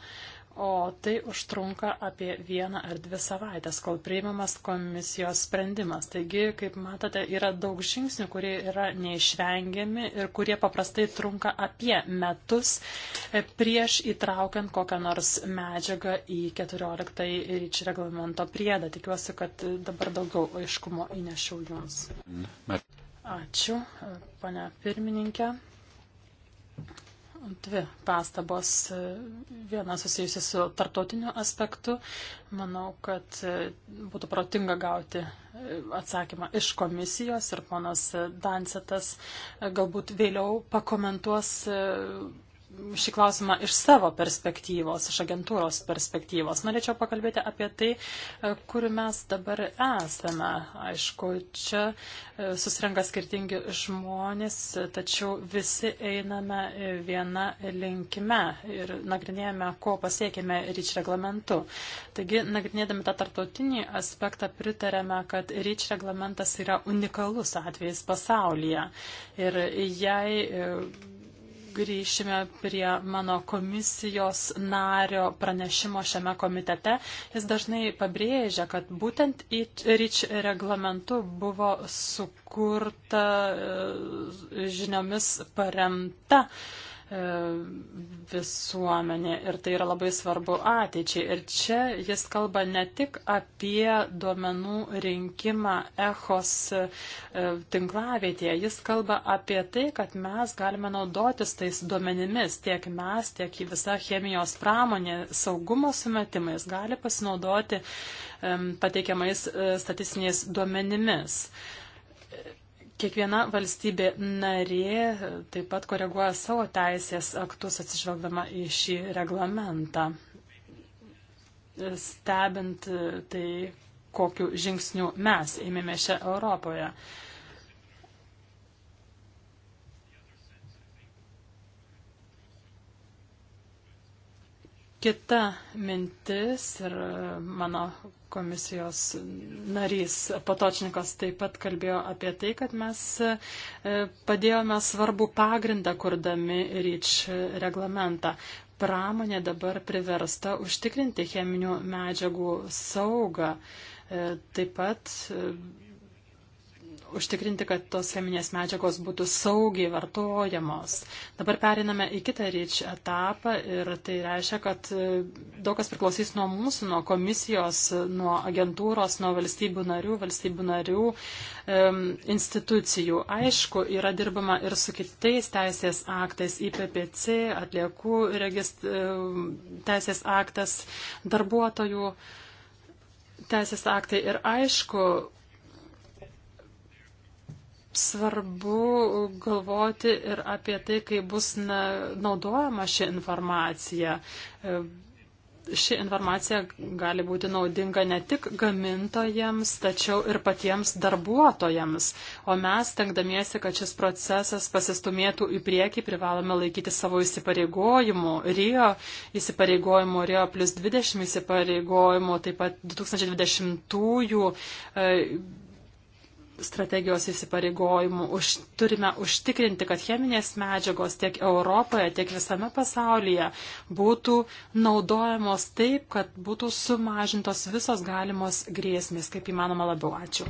o tai užtrunka apie vieną ar dvi savaitės, kol priimamas komisijos sprendimas. Taigi, kaip matote, yra daug žingsnių, kurie yra neišvengiami ir kurie paprastai trunka apie metus e, prieš įtraukiant kokią nors medžiagą į 14 ryčių reglamento priedą. Tikiuosi, kad dabar daugiau aiškumo įnešiau jums. Mm, Ačiū, e, ponia pirmininkė dvi pastabos. Viena susijusi su tartotiniu aspektu. Manau, kad e, būtų protinga gauti e, atsakymą iš komisijos ir ponas Dansetas e, galbūt vėliau pakomentuos šį klausimą iš savo perspektyvos, iš agentūros perspektyvos. Norėčiau pakalbėti apie tai, e, kur mes dabar esame. Aišku, čia e, susirenka skirtingi žmonės, tačiau visi einame e, vieną linkime ir nagrinėjame, ko pasiekėme ryč reglamentu. Taigi, nagrinėdami tą tarptautinį aspektą, pritarėme, kad ryč reglamentas yra unikalus atvejis pasaulyje. Ir jei grįšime prie mano komisijos nario pranešimo šiame komitete. Jis dažnai pabrėžia, kad būtent REACH reglamentu buvo sukurta e, žiniomis paremta uh, E, visuomenė ir tai yra labai svarbu ateičiai. Ir čia jis kalba ne tik apie duomenų rinkimą ECHOS e, tinklavietėje, jis kalba apie tai, kad mes galime naudotis tais duomenimis, tiek mes, tiek visa chemijos pramonė saugumo sumetimais gali pasinaudoti pateikiamais e, statistiniais duomenimis. Um, Kiekviena valstybė narė e, taip pat koreguoja savo teisės aktus atsižvelgdama į šį reglamentą, e, stebint e, tai, kokiu žingsniu mes ėmėme šią Europoje. Kita mintis ir mano komisijos narys Patočnikas taip pat kalbėjo apie tai, kad mes e, padėjome svarbų pagrindą, kurdami ryč reglamentą. Pramonė dabar priversta užtikrinti cheminių medžiagų saugą. E, taip pat e, užtikrinti, kad tos cheminės medžiagos būtų saugiai vartojamos. Dabar periname į kitą ryč etapą ir tai reiškia, kad e, daug kas priklausys nuo mūsų, nuo komisijos, nuo agentūros, nuo valstybių narių, valstybių narių um, institucijų. Aišku, yra dirbama ir su kitais teisės aktais, IPPC, atliekų regist, e, teisės aktas, darbuotojų teisės aktai ir aišku, svarbu galvoti ir apie tai, kaip bus na, naudojama ši informacija. E, ši informacija gali būti naudinga ne tik gamintojams, tačiau ir patiems darbuotojams. O mes, tenkdamiesi, kad šis procesas pasistumėtų į priekį, privalome laikyti savo įsipareigojimų. Rio įsipareigojimų, Rio plus 20 įsipareigojimų, taip pat 2020-ųjų. E, strategijos įsipareigojimų už, turime užtikrinti, kad cheminės medžiagos tiek Europoje, tiek visame pasaulyje būtų naudojamos taip, kad būtų sumažintos visos galimos grėsmės, kaip įmanoma labiau. Ačiū.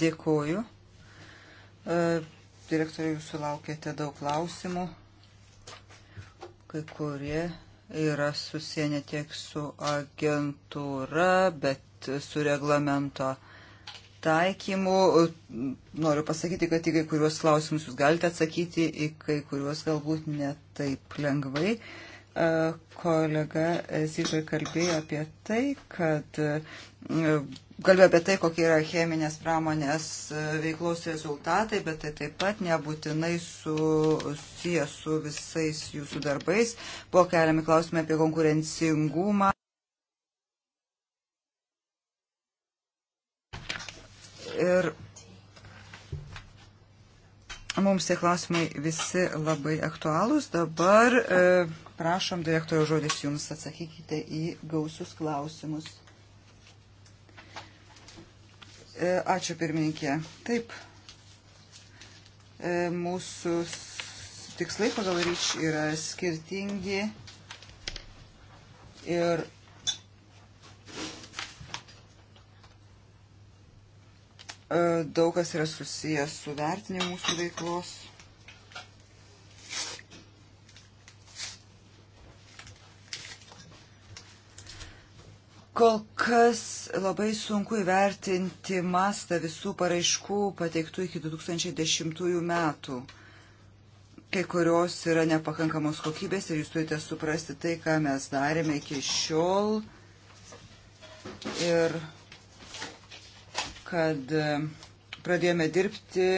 Dėkuoju. Direktoriai, jūs sulaukėte daug klausimų, kai kurie yra susiję ne tiek su agentūra, bet su reglamento taikymu. Noriu pasakyti, kad į kai kuriuos klausimus jūs galite atsakyti, į kai kuriuos galbūt netaip lengvai. Kolega Zyžai kalbėjo apie tai, kad kalbėjo apie tai, kokie yra cheminės pramonės veiklos rezultatai, bet tai taip pat nebūtinai susiję su visais jūsų darbais. Buvo keliami klausimai apie konkurencingumą. ir mums tie klausimai visi labai aktualūs. Dabar e, prašom direktorio žodis jums atsakykite į gausius klausimus. E, ačiū pirmininkė. Taip, e, mūsų tikslai pagal ryč yra skirtingi ir E, daug kas yra susijęs su vertinimu mūsų veiklos. Kol kas labai sunku įvertinti mastą visų paraiškų pateiktų iki 2010 metų. Kai kurios yra nepakankamos kokybės ir jūs turite suprasti tai, ką mes darėme iki šiol. Ir kad e, pradėjome dirbti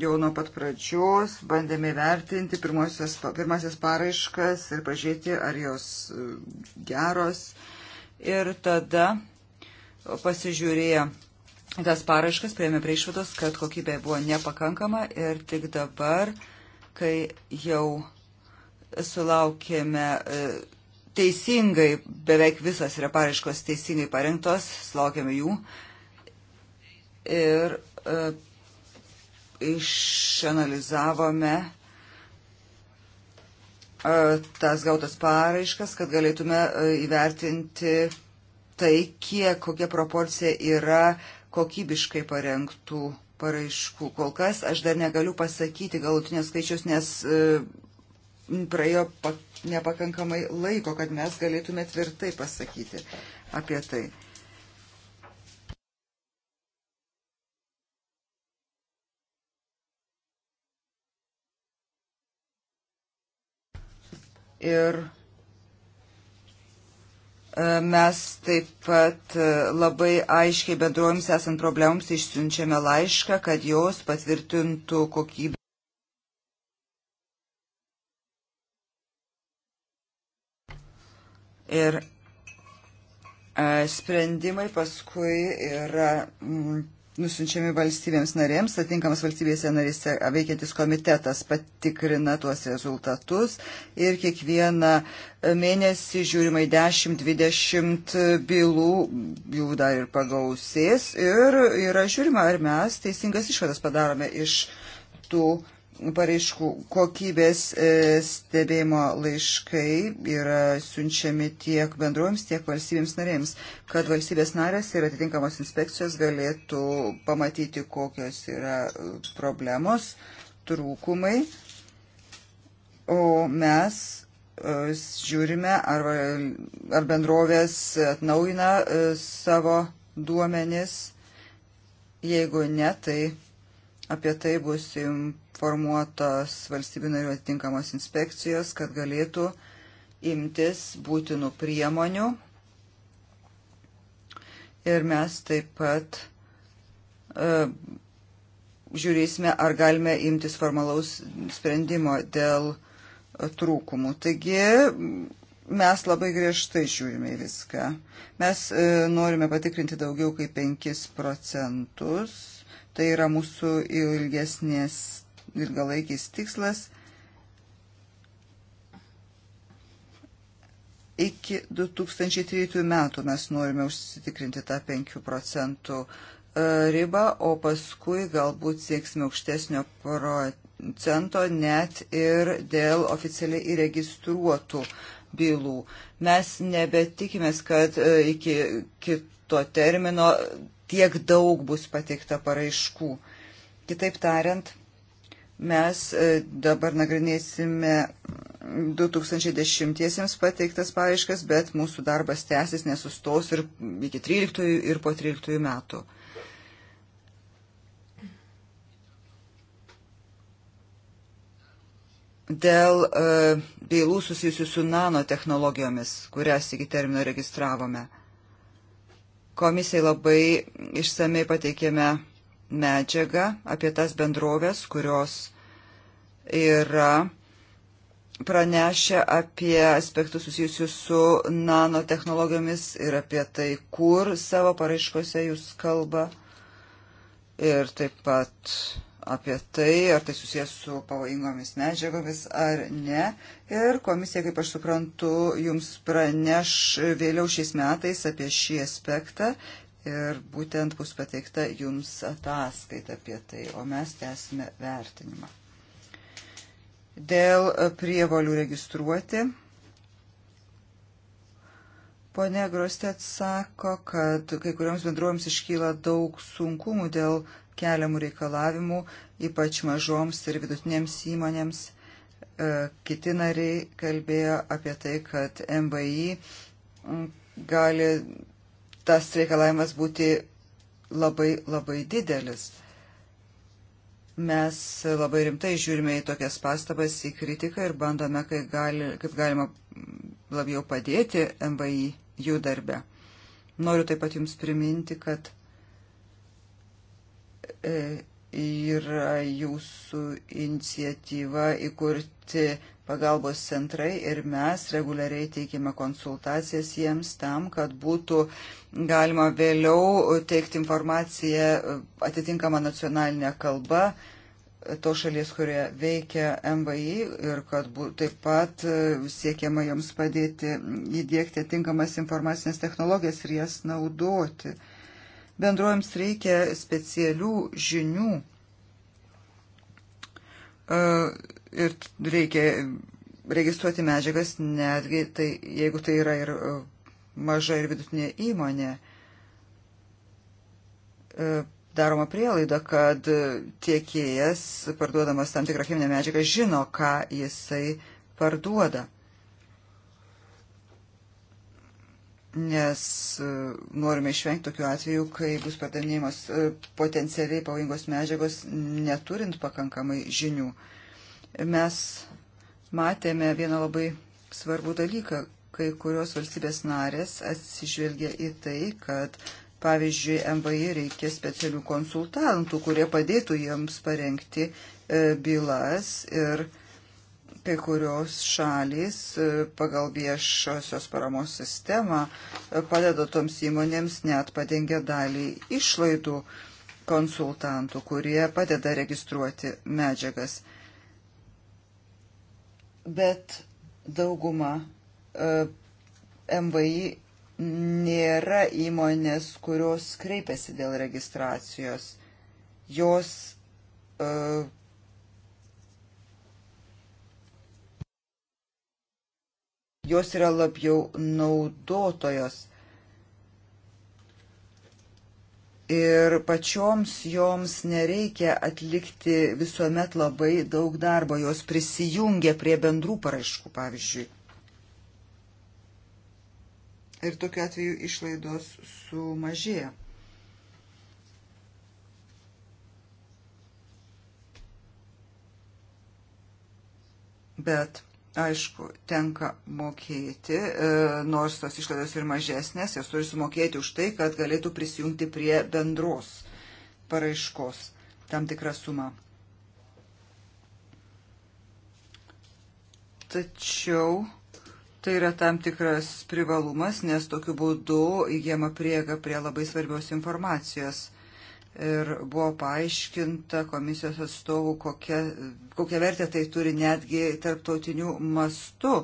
jau nuo pat pradžios, bandėme vertinti pirmasis paraiškas ir pažiūrėti, ar jos e, geros. Ir tada pasižiūrėję tas paraiškas, prieėmė prie išvados, kad kokybė buvo nepakankama ir tik dabar, kai jau sulaukėme e, teisingai, beveik visas yra paraiškos teisingai parengtos, sulaukėme jų ir e, išanalizavome e, tas gautas paraiškas, kad galėtume e, įvertinti tai, kiek, kokia proporcija yra kokybiškai parengtų paraiškų. Kol kas aš dar negaliu pasakyti galutinės skaičius, nes e, praėjo nepakankamai laiko, kad mes galėtume tvirtai pasakyti apie tai. E, Ir e, mes taip pat e, labai aiškiai bendruoms esant problemams išsiunčiame laišką, kad jos patvirtintų kokybę. Ir e, sprendimai paskui yra. Mm, nusinčiami valstybėms narėms, atinkamas valstybėse narėse veikiantis komitetas patikrina tuos rezultatus ir kiekvieną mėnesį žiūrima į 10-20 bylų, jų dar ir pagausės ir yra žiūrima, ar mes teisingas išvadas padarome iš tų bylų paraiškų kokybės e, stebėjimo laiškai yra siunčiami tiek bendruoms, tiek valstybėms narėms, kad valstybės narės ir atitinkamos inspekcijos galėtų pamatyti, kokios yra e, problemos, trūkumai. O mes e, žiūrime, ar, ar bendrovės atnaujina savo duomenis. Jeigu ne, tai Apie tai bus informuotos valstybių narių atitinkamos inspekcijos, kad galėtų imtis būtinų priemonių. Ir mes taip pat e, žiūrėsime, ar galime imtis formalaus sprendimo dėl trūkumų. Taigi, mes labai griežtai žiūrime į viską. Mes e, norime patikrinti daugiau kaip 5 procentus Tai yra mūsų ilgesnės ilgalaikis tikslas. Iki 2003 metų mes norime užsitikrinti tą 5 procentų e, ribą, o paskui galbūt sieksime aukštesnio procento net ir dėl oficialiai įregistruotų bylų. Mes nebetikimės, kad e, iki kito termino tiek daug bus pateikta paraiškų. Kitaip tariant, mes e, dabar nagrinėsime 2010-iesiems pateiktas paraiškas, bet mūsų darbas tęsis nesustos ir iki 13 ir po 13 metų. dėl e, bylų susijusių su nanotehnologijomis, kurias iki termino registravome. Komisijai labai išsamei pateikėme medžiagą apie tas bendrovės, kurios yra pranešę apie aspektus susijusius su nanotehnologijomis ir apie tai, kur savo paraiškose jūs kalba. Ir taip pat apie tai, ar tai susijęs su pavojingomis medžiagomis ar ne. Ir komisija, kaip aš suprantu, jums praneš vėliau šiais metais apie šį aspektą ir būtent bus pateikta jums ataskaita apie tai, o mes tęsime vertinimą. Dėl prievalių registruoti. Pone Grostė atsako, kad kai kuriuoms bendruoms iškyla daug sunkumų dėl keliamų reikalavimų, ypač mažoms ir vidutinėms įmonėms. E, kiti nariai kalbėjo apie tai, kad MVI gali tas reikalavimas būti labai labai didelis. Mes labai rimtai žiūrime į tokias pastabas, į kritiką ir bandome, kaip, gali, kaip galima labiau padėti MVI jų darbe. Noriu taip pat Jums priminti, kad E, yra jūsų iniciatyva įkurti pagalbos centrai ir mes reguliariai teikime konsultacijas jiems tam, kad būtų galima vėliau teikti informaciją e, atitinkamą nacionalinę kalbą to šalies, kurioje veikia MVI ir kad bū, taip pat e, siekiama joms padėti įdėkti atitinkamas informacinės technologijas ir jas naudoti. Bendruojams reikia specialių žinių e, ir reikia registruoti medžiagas, netgi tai, jeigu tai yra ir e, maža ir vidutinė įmonė. E, daroma prielaida, kad tiekėjas, parduodamas tam tikrą cheminę medžiagą, žino, ką jisai parduoda. nes e, norime išvengti tokių atvejų, kai bus pardavinėjimas e, potencialiai pavojingos medžiagos neturint pakankamai žinių. Mes matėme vieną labai svarbų dalyką, kai kurios valstybės narės atsižvelgia į tai, kad pavyzdžiui MVI reikia specialių konsultantų, kurie padėtų jiems parengti e, bylas ir bylas kai kurios šalys e, pagal viešosios paramos sistemą e, padeda toms įmonėms net padengia dalį išlaidų konsultantų, kurie padeda registruoti medžiagas. Bet dauguma e, MVI nėra įmonės, kurios kreipiasi dėl registracijos. Jos jos yra labiau naudotojos. Ir pačioms joms nereikia atlikti visuomet labai daug darbo, jos prisijungia prie bendrų paraiškų, pavyzdžiui. Ir tokiu atveju išlaidos sumažėja. bet aišku, tenka mokėti, e, nors tos išlaidos ir mažesnės, jos turi sumokėti už tai, kad galėtų prisijungti prie bendros paraiškos tam tikrą sumą. Tačiau tai yra tam tikras privalumas, nes tokiu būdu įgėma priega prie labai svarbios informacijos ir buvo paaiškinta komisijos atstovų, kokia, kokia vertė tai turi netgi tarptautinių mastų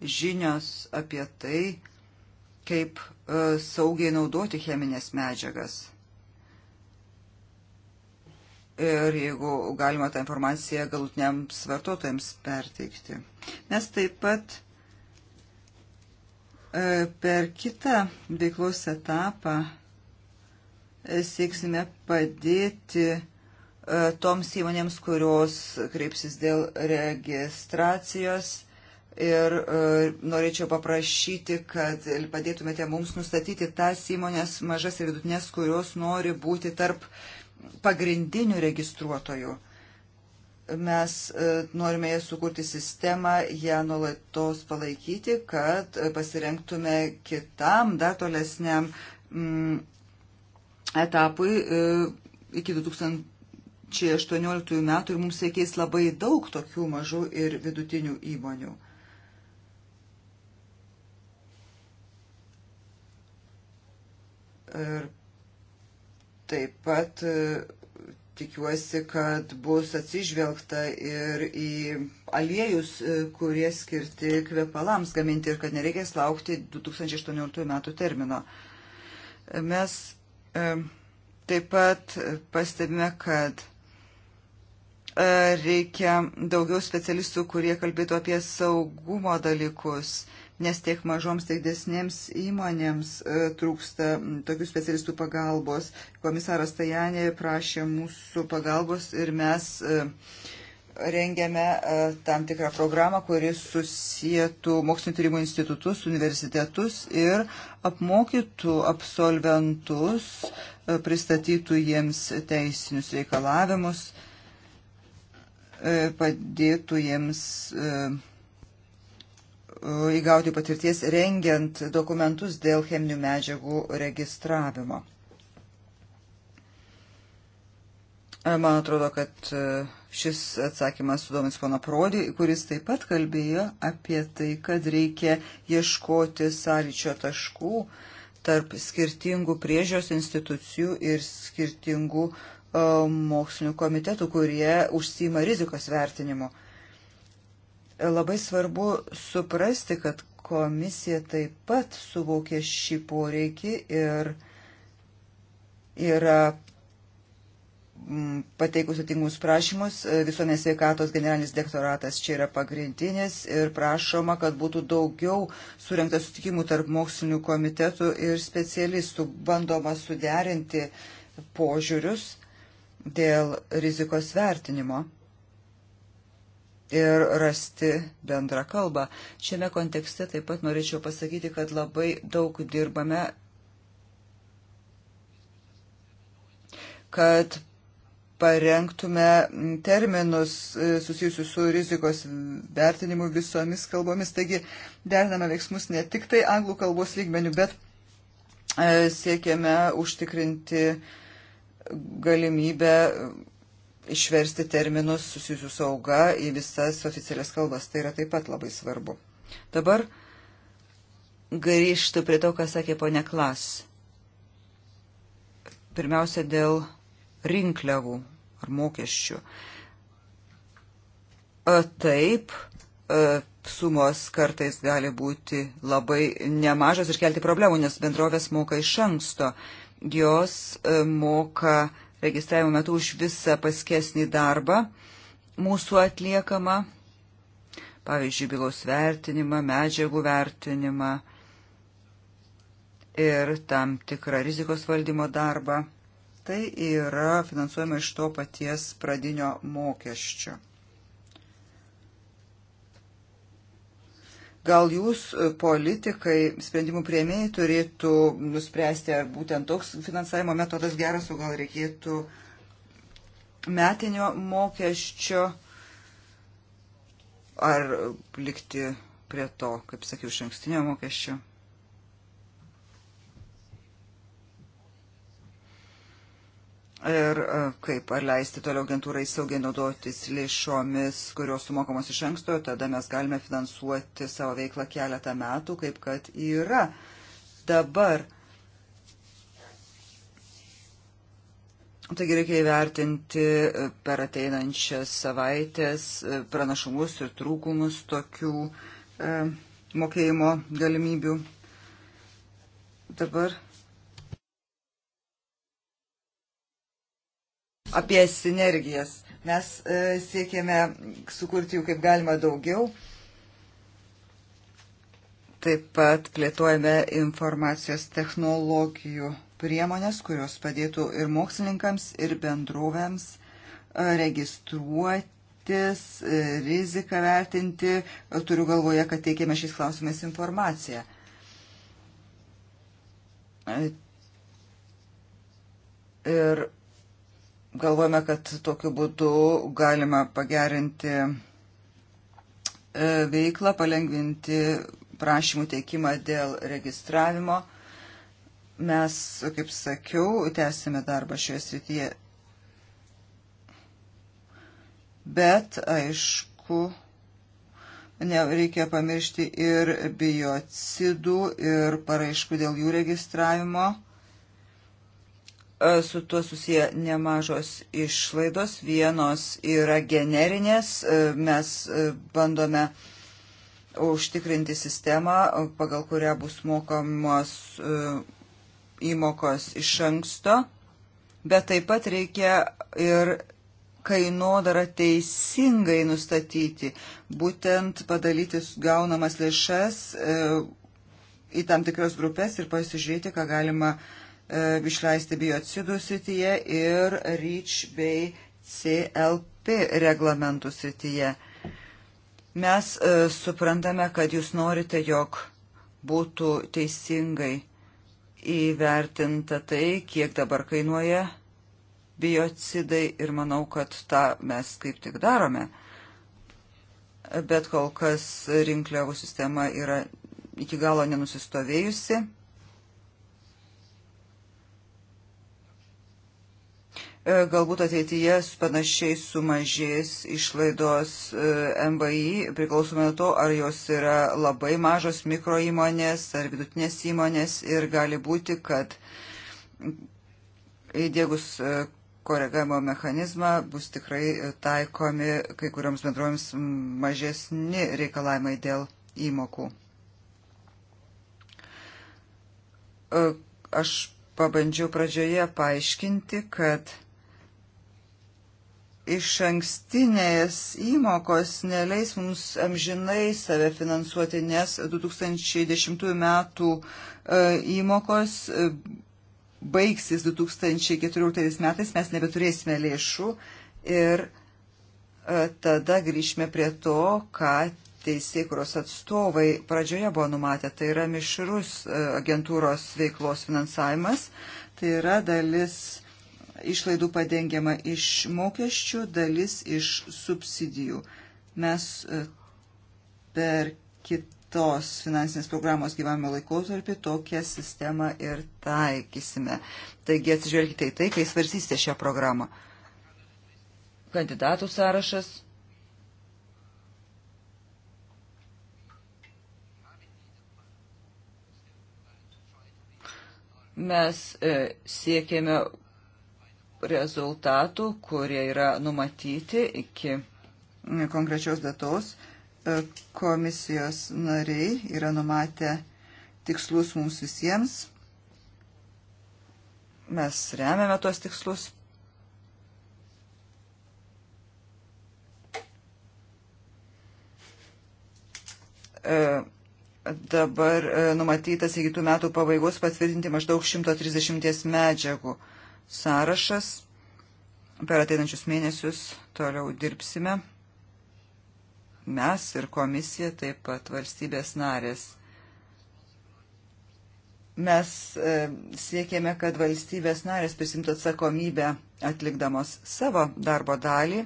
žinios apie tai, kaip e, saugiai naudoti cheminės medžiagas. Ir jeigu galima tą informaciją galutiniams vartotojams perteikti. Mes taip pat e, per kitą veiklos etapą sieksime padėti e, toms įmonėms, kurios kreipsis dėl registracijos. Ir e, norėčiau paprašyti, kad padėtumėte mums nustatyti tas įmonės mažas ir vidutinės, kurios nori būti tarp pagrindinių registruotojų mes e, norime sukurti sistemą, ją nuolatos palaikyti, kad pasirenktume kitam dar tolesniam mm, etapui e, iki 2018 metų ir mums reikės labai daug tokių mažų ir vidutinių įmonių. Ir taip pat e, tikiuosi, kad bus atsižvelgta ir į aliejus, e, kurie skirti kvepalams gaminti ir kad nereikės laukti 2018 metų termino. Mes E, taip pat pastebime, kad e, reikia daugiau specialistų, kurie kalbėtų apie saugumo dalykus, nes tiek mažoms, tiek desnėms įmonėms e, trūksta tokių specialistų pagalbos. Komisaras Tajanė prašė mūsų pagalbos ir mes uh, rengiame e, tam tikrą programą, kuris susijėtų mokslinio tyrimų institutus, universitetus ir apmokytų absolventus, e, pristatytų jiems teisinius reikalavimus, e, padėtų jiems įgauti patirties rengiant dokumentus dėl cheminių medžiagų registravimo. Man atrodo, kad Šis atsakymas sudomins pana Prodį, kuris taip pat kalbėjo apie tai, kad reikia ieškoti sąlyčio taškų tarp skirtingų priežios institucijų ir skirtingų uh, mokslinių komitetų, kurie užsima rizikos vertinimu. E, labai svarbu suprasti, kad komisija taip pat suvokė šį poreikį ir yra Mm, pateikus atingus prašymus, e, visuomenės sveikatos generalinis dektoratas čia yra pagrindinis ir prašoma, kad būtų daugiau surinkta sutikimų tarp mokslinių komitetų ir specialistų, bandoma suderinti požiūrius dėl rizikos vertinimo ir rasti bendrą kalbą. Šiame kontekste taip pat norėčiau pasakyti, kad labai daug dirbame kad parengtume terminus e, susijusius su rizikos vertinimu visomis kalbomis. Taigi deriname veiksmus ne tik tai anglų kalbos lygmenių, bet e, siekiame užtikrinti galimybę išversti terminus susijusius sauga į visas oficialias kalbas. Tai yra taip pat labai svarbu. Dabar grįžtų prie to, ką sakė ponia Klas. Pirmiausia, dėl rinkliavų ar mokesčių. Taip, sumos kartais gali būti labai nemažas ir kelti problemų, nes bendrovės moka iš anksto. Jos moka registravimo metu už visą paskesnį darbą mūsų atliekamą, pavyzdžiui, bylos vertinimą, medžiagų vertinimą ir tam tikrą rizikos valdymo darbą tai yra finansuojama iš to paties pradinio mokesčio. Gal jūs, e, politikai, sprendimų prieimėjai turėtų nuspręsti, ar būtent toks finansavimo metodas geras, o gal reikėtų metinio mokesčio, ar likti prie to, kaip sakiau, iš ankstinio mokesčio. ir e, kaip ar leisti toliau agentūrai saugiai naudotis lėšomis, kurios sumokamos iš anksto, tada mes galime finansuoti savo veiklą keletą metų, kaip kad yra dabar. Taigi reikia įvertinti e, per ateinančias savaitės e, pranašumus ir trūkumus tokių e, mokėjimo galimybių. Dabar apie sinergijas. Mes e, siekėme sukurti jų kaip galima daugiau. Taip pat plėtojame informacijos technologijų priemonės, kurios padėtų ir mokslininkams, ir bendrovėms e, registruotis, e, riziką vertinti. Turiu galvoje, kad teikėme šiais klausimais informaciją. Ir galvojame, kad tokiu būdu galima pagerinti e, veiklą, palengvinti prašymų teikimą dėl registravimo. Mes, kaip sakiau, tęsime darbą šioje srityje. Bet, aišku, nereikia pamiršti ir biocidų, ir paraiškų dėl jų registravimo E, su tuo susiję nemažos išlaidos. Vienos yra generinės, e, mes e, bandome užtikrinti sistemą, pagal kurią bus mokamos įmokos iš anksto, bet taip pat reikia ir kainodarą teisingai nustatyti, būtent padalyti gaunamas lėšas į tam tikras grupės ir pasižiūrėti, ką galima uh, E, išleisti biocidų srityje ir REACH bei CLP reglamentų srityje. Mes e, suprantame, kad jūs norite, jog būtų teisingai įvertinta tai, kiek dabar kainuoja biocidai ir manau, kad tą mes kaip tik darome. Bet kol kas rinkliavų sistema yra iki galo nenusistovėjusi E, galbūt ateityje panašiai sumažės išlaidos e, MVI, priklausomai nuo to, ar jos yra labai mažos mikro įmonės ar vidutinės įmonės ir gali būti, kad įdėgus e, koregavimo mechanizmą bus tikrai taikomi kai kuriams bendrovėms mažesni reikalavimai dėl įmokų. Aš pabandžiau pradžioje paaiškinti, kad iš ankstinės įmokos neleis mums amžinai save finansuoti, nes 2010 metų e, įmokos e, baigsis 2014 metais, mes nebeturėsime lėšų ir e, tada grįžime prie to, ką teisėkuros atstovai pradžioje buvo numatę, tai yra mišrus agentūros veiklos finansavimas, tai yra dalis išlaidų padengiama iš mokesčių, dalis iš subsidijų. Mes e, per kitos finansinės programos gyvenimo laikotarpį tokią sistemą ir taikysime. Taigi atsižvelgite į tai, kai svarsysite šią programą. Kandidatų sąrašas. Mes e, siekėme rezultatų, kurie yra numatyti iki konkrečios datos. E, komisijos nariai yra numatę tikslus mums visiems. Mes remiame tuos tikslus, e, dabar e, numatytas iki tų metų pabaigos patvirtinti maždaug 130 medžiagų sąrašas. Per ateinančius mėnesius toliau dirbsime. Mes ir komisija, taip pat valstybės narės. Mes e, siekėme, kad valstybės narės prisimtų atsakomybę atlikdamos savo darbo dalį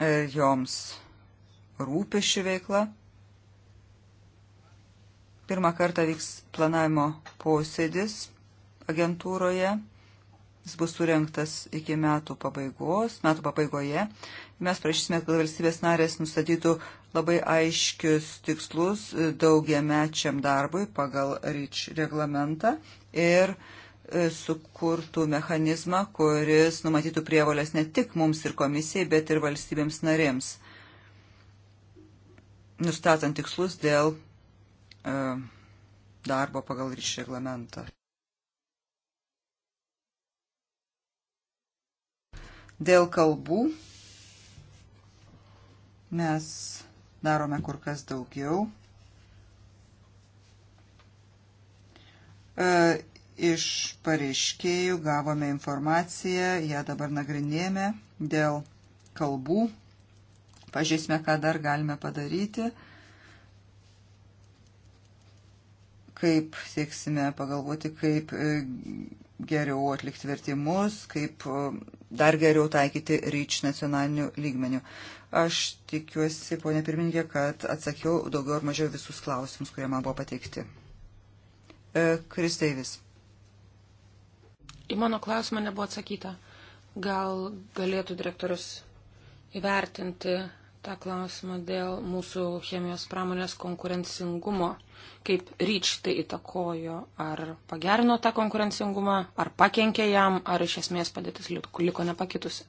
e, joms rūpešių veikla. Pirmą kartą vyks planavimo posėdis agentūroje. Jis bus surinktas iki metų pabaigos, metų pabaigoje. Mes prašysime, kad valstybės narės nustatytų labai aiškius tikslus daugiamečiam darbui pagal REACH reglamentą ir e, sukurtų mechanizmą, kuris numatytų prievalės ne tik mums ir komisijai, bet ir valstybėms narėms, nustatant tikslus dėl E, darbo pagal ryšį reglamentą. Dėl kalbų mes darome kur kas daugiau. E, iš pareiškėjų gavome informaciją, ją dabar nagrinėjame dėl kalbų. Pažiūrėsime, ką dar galime padaryti. kaip sieksime pagalvoti, kaip e, geriau atlikti vertimus, kaip e, dar geriau taikyti ryč nacionalinių lygmenių. Aš tikiuosi, ponė pirmininkė, kad atsakiau daugiau ar mažiau visus klausimus, kurie man buvo pateikti. Kris e, Deivis. Į mano klausimą nebuvo atsakyta. Gal galėtų direktorius įvertinti tą klausimą dėl mūsų chemijos pramonės konkurencingumo kaip ryč tai įtakojo, ar pagerino tą konkurencingumą, ar pakenkė jam, ar iš esmės padėtis liko nepakitusi.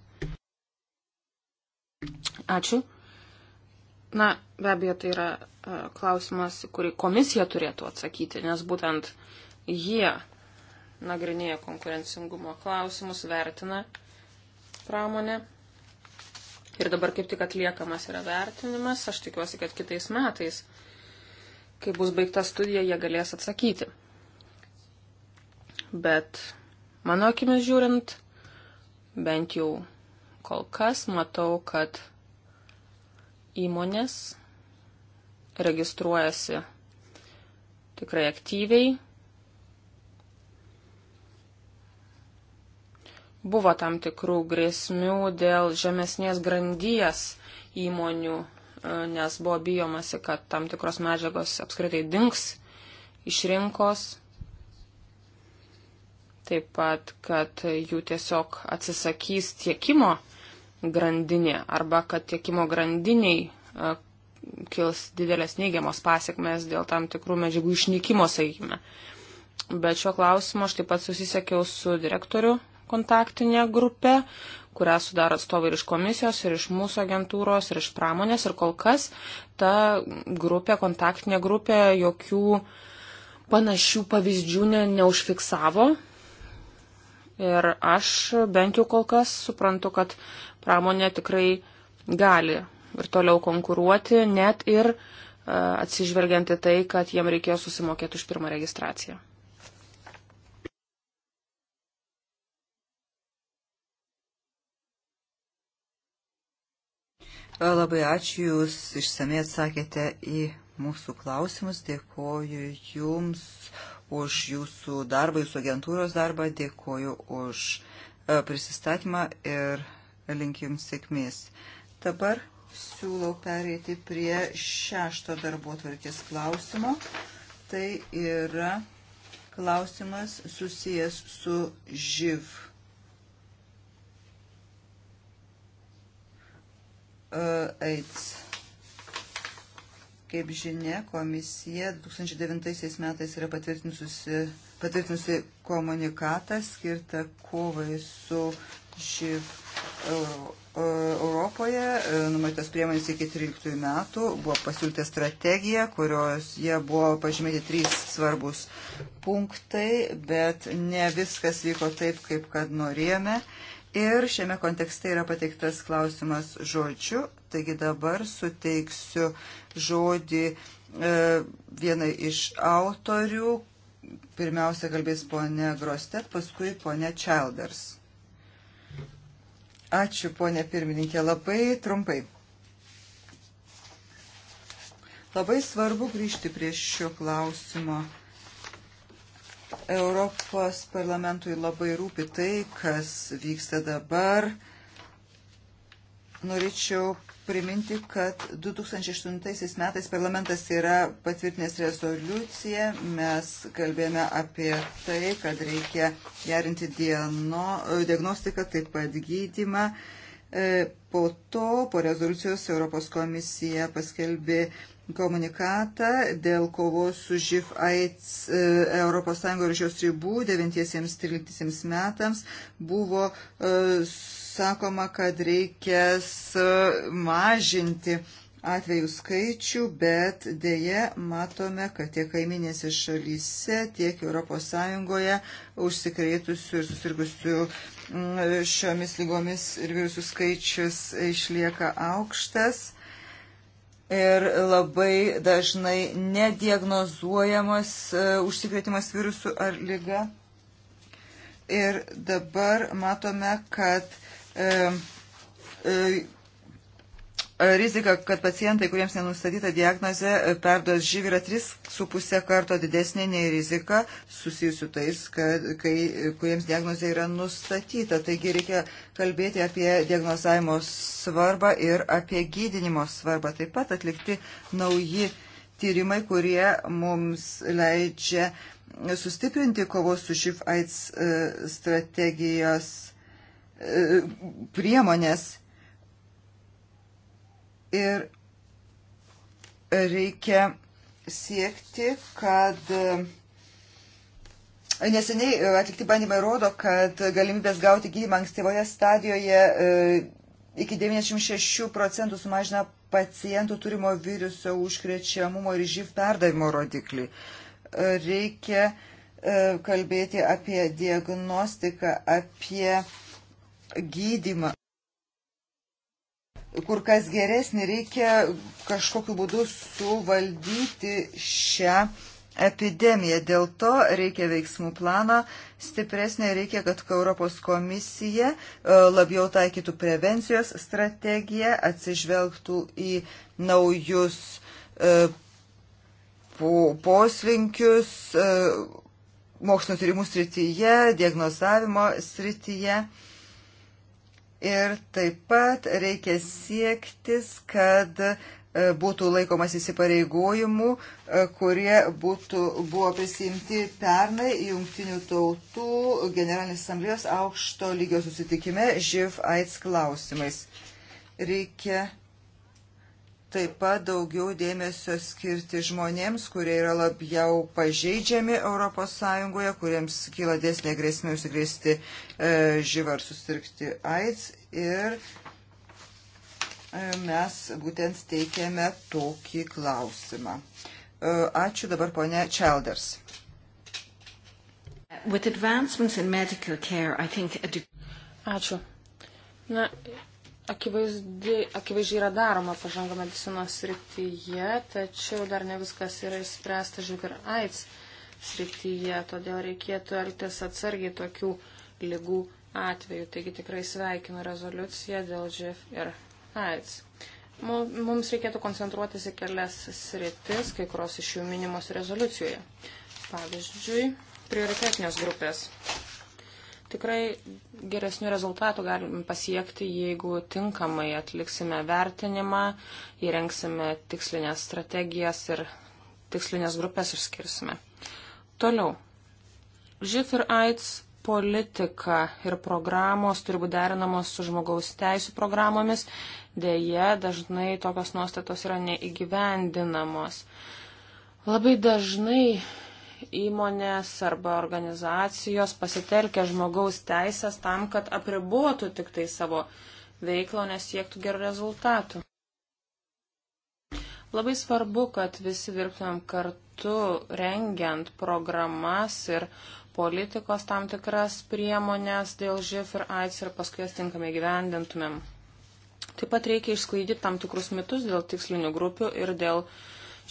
Ačiū. Na, be abejo, tai yra e, klausimas, kurį komisija turėtų atsakyti, nes būtent jie nagrinėja konkurencingumo klausimus, vertina pramonę. Ir dabar kaip tik atliekamas yra vertinimas. Aš tikiuosi, kad kitais metais kai bus baigta studija, jie galės atsakyti. Bet mano akimis žiūrint, bent jau kol kas matau, kad įmonės registruojasi tikrai aktyviai. Buvo tam tikrų grėsmių dėl žemesnės grandyjas įmonių nes buvo bijomasi, kad tam tikros medžiagos apskritai dinks iš rinkos. Taip pat, kad jų tiesiog atsisakys tiekimo grandinė arba kad tiekimo grandiniai kils didelės neigiamos pasiekmes dėl tam tikrų medžiagų išnykimo, sakykime. Bet šiuo klausimu aš taip pat susisiekiau su direktoriu kontaktinė grupė, kurią sudaro atstovai ir iš komisijos, ir iš mūsų agentūros, ir iš pramonės. Ir kol kas ta grupė, kontaktinė grupė, jokių panašių pavyzdžių ne, neužfiksavo. Ir aš bent jau kol kas suprantu, kad pramonė tikrai gali ir toliau konkuruoti, net ir uh, atsižvelgiant į tai, kad jiem reikėjo susimokėti už pirmą registraciją. Labai ačiū, Jūs išsamei atsakėte į mūsų klausimus. Dėkoju Jums už Jūsų darbą, Jūsų agentūros darbą. Dėkoju už prisistatymą ir linkim sėkmės. Dabar siūlau pereiti prie šešto darbo tvarkės klausimo. Tai yra klausimas susijęs su živ AIDS. Kaip žinia, komisija 2009 metais yra patvirtinusi, patvirtinusi komunikatą skirtą kovai su živ e, e, Europoje. E, Numatytas priemonės iki 13 metų buvo pasiūlyta strategija, kurios jie buvo pažymėti trys svarbus punktai, bet ne viskas vyko taip, kaip kad norėjome. Uh, Ir šiame kontekste yra pateiktas klausimas žodžiu, taigi dabar suteiksiu žodį e, vienai iš autorių. Pirmiausia kalbės ponė Grostet, paskui ponė Childers. Ačiū, ponė pirmininkė, labai trumpai. Labai svarbu grįžti prie šio klausimo Europos parlamentui labai rūpi tai, kas vyksta dabar. Norėčiau priminti, kad 2008 metais parlamentas yra patvirtinęs rezoliuciją. Mes kalbėjome apie tai, kad reikia gerinti dieno, diagnostiką, taip pat gydimą. E, po to, po rezoliucijos, Europos komisija paskelbė komunikatą dėl kovos su živ AIDS ES ir šios ribų 9-13 metams buvo e, sakoma, kad reikia e, mažinti atvejų skaičių, bet dėje matome, kad tiek kaiminėse šalyse, tiek ES užsikrėtusių ir susirgusių mm, šiomis lygomis ir virusų skaičius išlieka aukštas ir labai dažnai nediagnozuojamas e, užsikrėtimas virusų ar lyga. Ir dabar matome, kad e, e, Rizika, kad pacientai, kuriems nenustatyta diagnozė, perduos živ yra 3,5 karto didesnė nei rizika susijusiu tais, kad, kai, kuriems diagnozė yra nustatyta. Taigi reikia kalbėti apie diagnozavimo svarbą ir apie gydinimo svarbą. Taip pat atlikti nauji tyrimai, kurie mums leidžia sustiprinti kovos su živ AIDS e, strategijos e, priemonės Ir reikia siekti, kad e, Neseniai e, atlikti bandymai rodo, kad galimybės gauti gydymą ankstyvoje stadijoje e, iki 96 procentų sumažina pacientų turimo viruso užkrečiamumo ir živ perdavimo rodiklį. Reikia kalbėti apie diagnostiką, apie gydymą kur kas geresnį, reikia kažkokiu būdu suvaldyti šią epidemiją. Dėl to reikia veiksmų plano stipresnė, reikia, kad Europos komisija e, labiau taikytų prevencijos strategiją, atsižvelgtų į naujus e, poslinkius e, mokslo tyrimų srityje, diagnozavimo srityje ir taip pat reikia siektis, kad e, būtų laikomas įsipareigojimų, e, kurie būtų, buvo prisimti pernai Jungtinių tautų Generalinės asamblėjos aukšto lygio susitikime živ AIDS klausimais. Reikia taip pat daugiau dėmesio skirti žmonėms, kurie yra labiau pažeidžiami ES, kuriems kyla dėsnė grėsmė užsikrėsti e, živ ar susirgti AIDS. Ir e, mes būtent teikėme tokį klausimą. E, ačiū dabar ponė Čelders. Care, think... Ačiū. Na, akivaizdžiai yra daroma pažanga medicinos srityje, tačiau dar ne viskas yra išspręsta žiūk ir AIDS srityje, todėl reikėtų elgtis atsargiai tokių lygų atveju. Taigi tikrai sveikinu rezoliuciją dėl živ ir AIDS. Mums reikėtų koncentruotis į kelias sritis, kai kurios iš jų minimos rezoliucijoje. Pavyzdžiui, prioritetinės grupės tikrai geresnių rezultatų galim pasiekti, jeigu tinkamai atliksime vertinimą, įrengsime tikslinės strategijas ir tikslinės grupės išskirsime. Toliau. ŽIF ir AIDS politika ir programos turi būti derinamos su žmogaus teisų programomis. Deja, dažnai tokios nuostatos yra neįgyvendinamos. Labai dažnai įmonės arba organizacijos pasitelkia žmogaus teisės tam, kad apribuotų tik tai savo veiklą, nes siektų gerų rezultatų. Labai svarbu, kad visi dirbtumėm kartu rengiant programas ir politikos tam tikras priemonės dėl živ ir AIDS ir paskui jas tinkamai gyvendintumėm. Taip pat reikia išsklaidyti tam tikrus mitus dėl tikslinių grupių ir dėl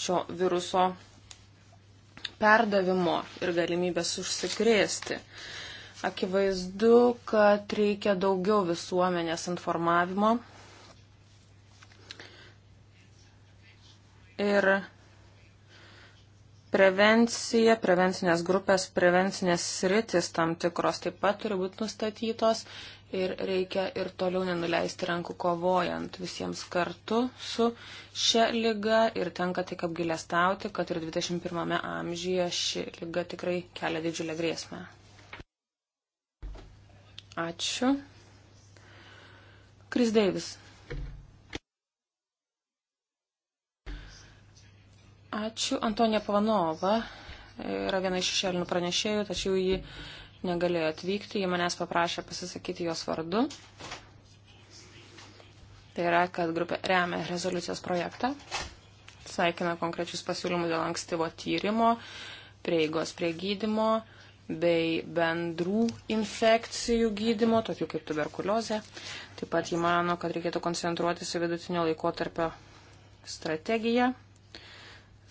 šio viruso perdavimo ir galimybės užsikrėsti. Akivaizdu, kad reikia daugiau visuomenės informavimo. Ir prevencija, prevencinės grupės, prevencinės sritis tam tikros taip pat turi būti nustatytos ir reikia ir toliau nenuleisti rankų kovojant visiems kartu su šia lyga ir tenka tik apgilestauti, kad ir 21 amžyje ši lyga tikrai kelia didžiulę grėsmę. Ačiū. Kris Deivis. Ačiū. Antonija Pavanova yra viena iš šešėlinių pranešėjų, tačiau ji jį negalėjo atvykti, jie manęs paprašė pasisakyti jos vardu. Tai yra, kad grupė remia rezoliucijos projektą, sveikina konkrečius pasiūlymus dėl ankstyvo tyrimo, prieigos prie gydimo bei bendrų infekcijų gydimo, tokių kaip tuberkuliozė. Taip pat jį mano, kad reikėtų koncentruotis į vidutinio laikotarpio strategiją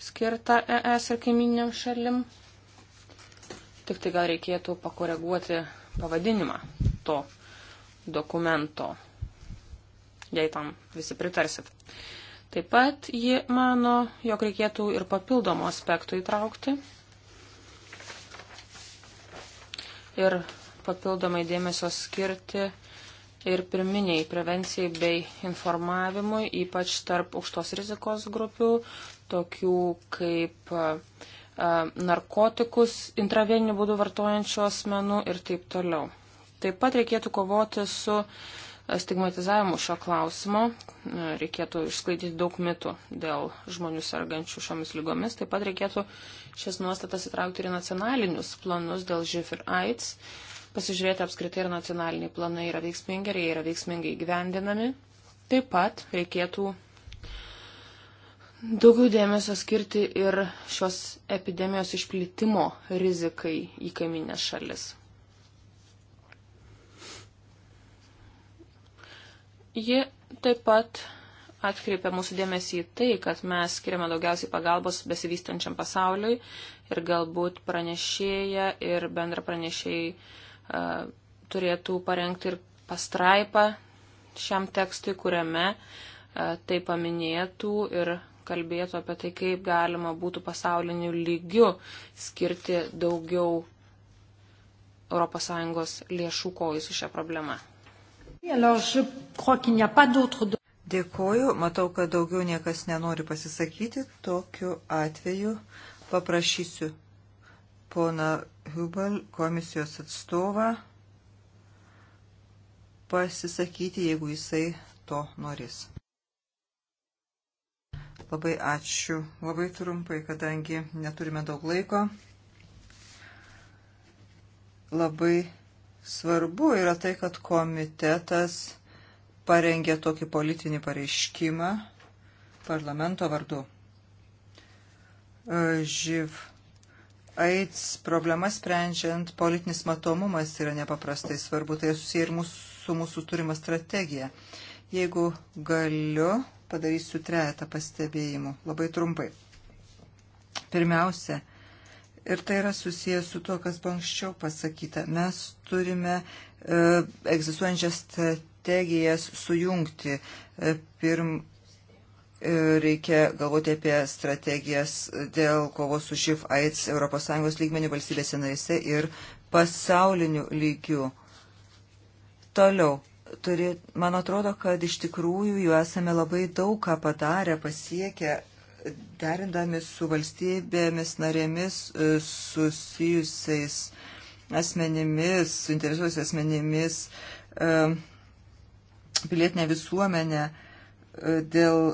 skirtą ES ir kaiminėm šalim. Tik tai gal reikėtų pakoreguoti pavadinimą to dokumento, jei tam visi pritarsit. Taip pat ji mano, jog reikėtų ir papildomų aspektų įtraukti ir papildomai dėmesio skirti ir pirminiai prevencijai bei informavimui, ypač tarp aukštos rizikos grupių, tokių kaip E, narkotikus intraveniniu būdu vartojančių asmenų ir taip toliau. Taip pat reikėtų kovoti su e, stigmatizavimu šio klausimo, e, reikėtų išsklaidyti daug mitų dėl žmonių sergančių šiomis lygomis, taip pat reikėtų šias nuostatas įtraukti ir nacionalinius planus dėl živ ir AIDS, pasižiūrėti apskritai ir nacionaliniai planai yra veiksmingi, ar jie yra veiksmingai gyvendinami. Taip pat reikėtų daugiau dėmesio skirti ir šios epidemijos išplitimo rizikai į kaiminės šalis. Ji taip pat atkreipia mūsų dėmesį į tai, kad mes skiriame daugiausiai pagalbos besivystančiam pasauliui ir galbūt pranešėja ir bendra pranešėjai uh, turėtų parengti ir pastraipą šiam tekstui, kuriame uh, tai paminėtų ir kalbėtų apie tai, kaip galima būtų pasauliniu lygiu skirti daugiau ES lėšų kovai su šią problemą. Dėkoju, matau, kad daugiau niekas nenori pasisakyti. Tokiu atveju paprašysiu pona Hubel, komisijos atstovą, pasisakyti, jeigu jisai to norės. Labai ačiū, labai trumpai, kadangi neturime daug laiko. Labai svarbu yra tai, kad komitetas parengė tokį politinį pareiškimą parlamento vardu. Živ AIDS problemas sprendžiant politinis matomumas yra nepaprastai svarbu, tai susiję ir mūsų, su mūsų turima strategija. Jeigu galiu, padarysiu trejata pastebėjimų, labai trumpai. Pirmiausia, ir tai yra susijęs su to, kas buvo anksčiau pasakyta, mes turime e, egzistuojančias strategijas sujungti. E, pirm, e, reikia galvoti apie strategijas dėl kovos su živ AIDS ES lygmenių valstybėse narėse ir pasauliniu lygiu. Toliau, turi, man atrodo, kad iš tikrųjų jau esame labai daug ką padarę, pasiekę, derindami su valstybėmis narėmis e, susijusiais asmenimis, suinteresuojais asmenimis, e, pilietinė visuomenė e, dėl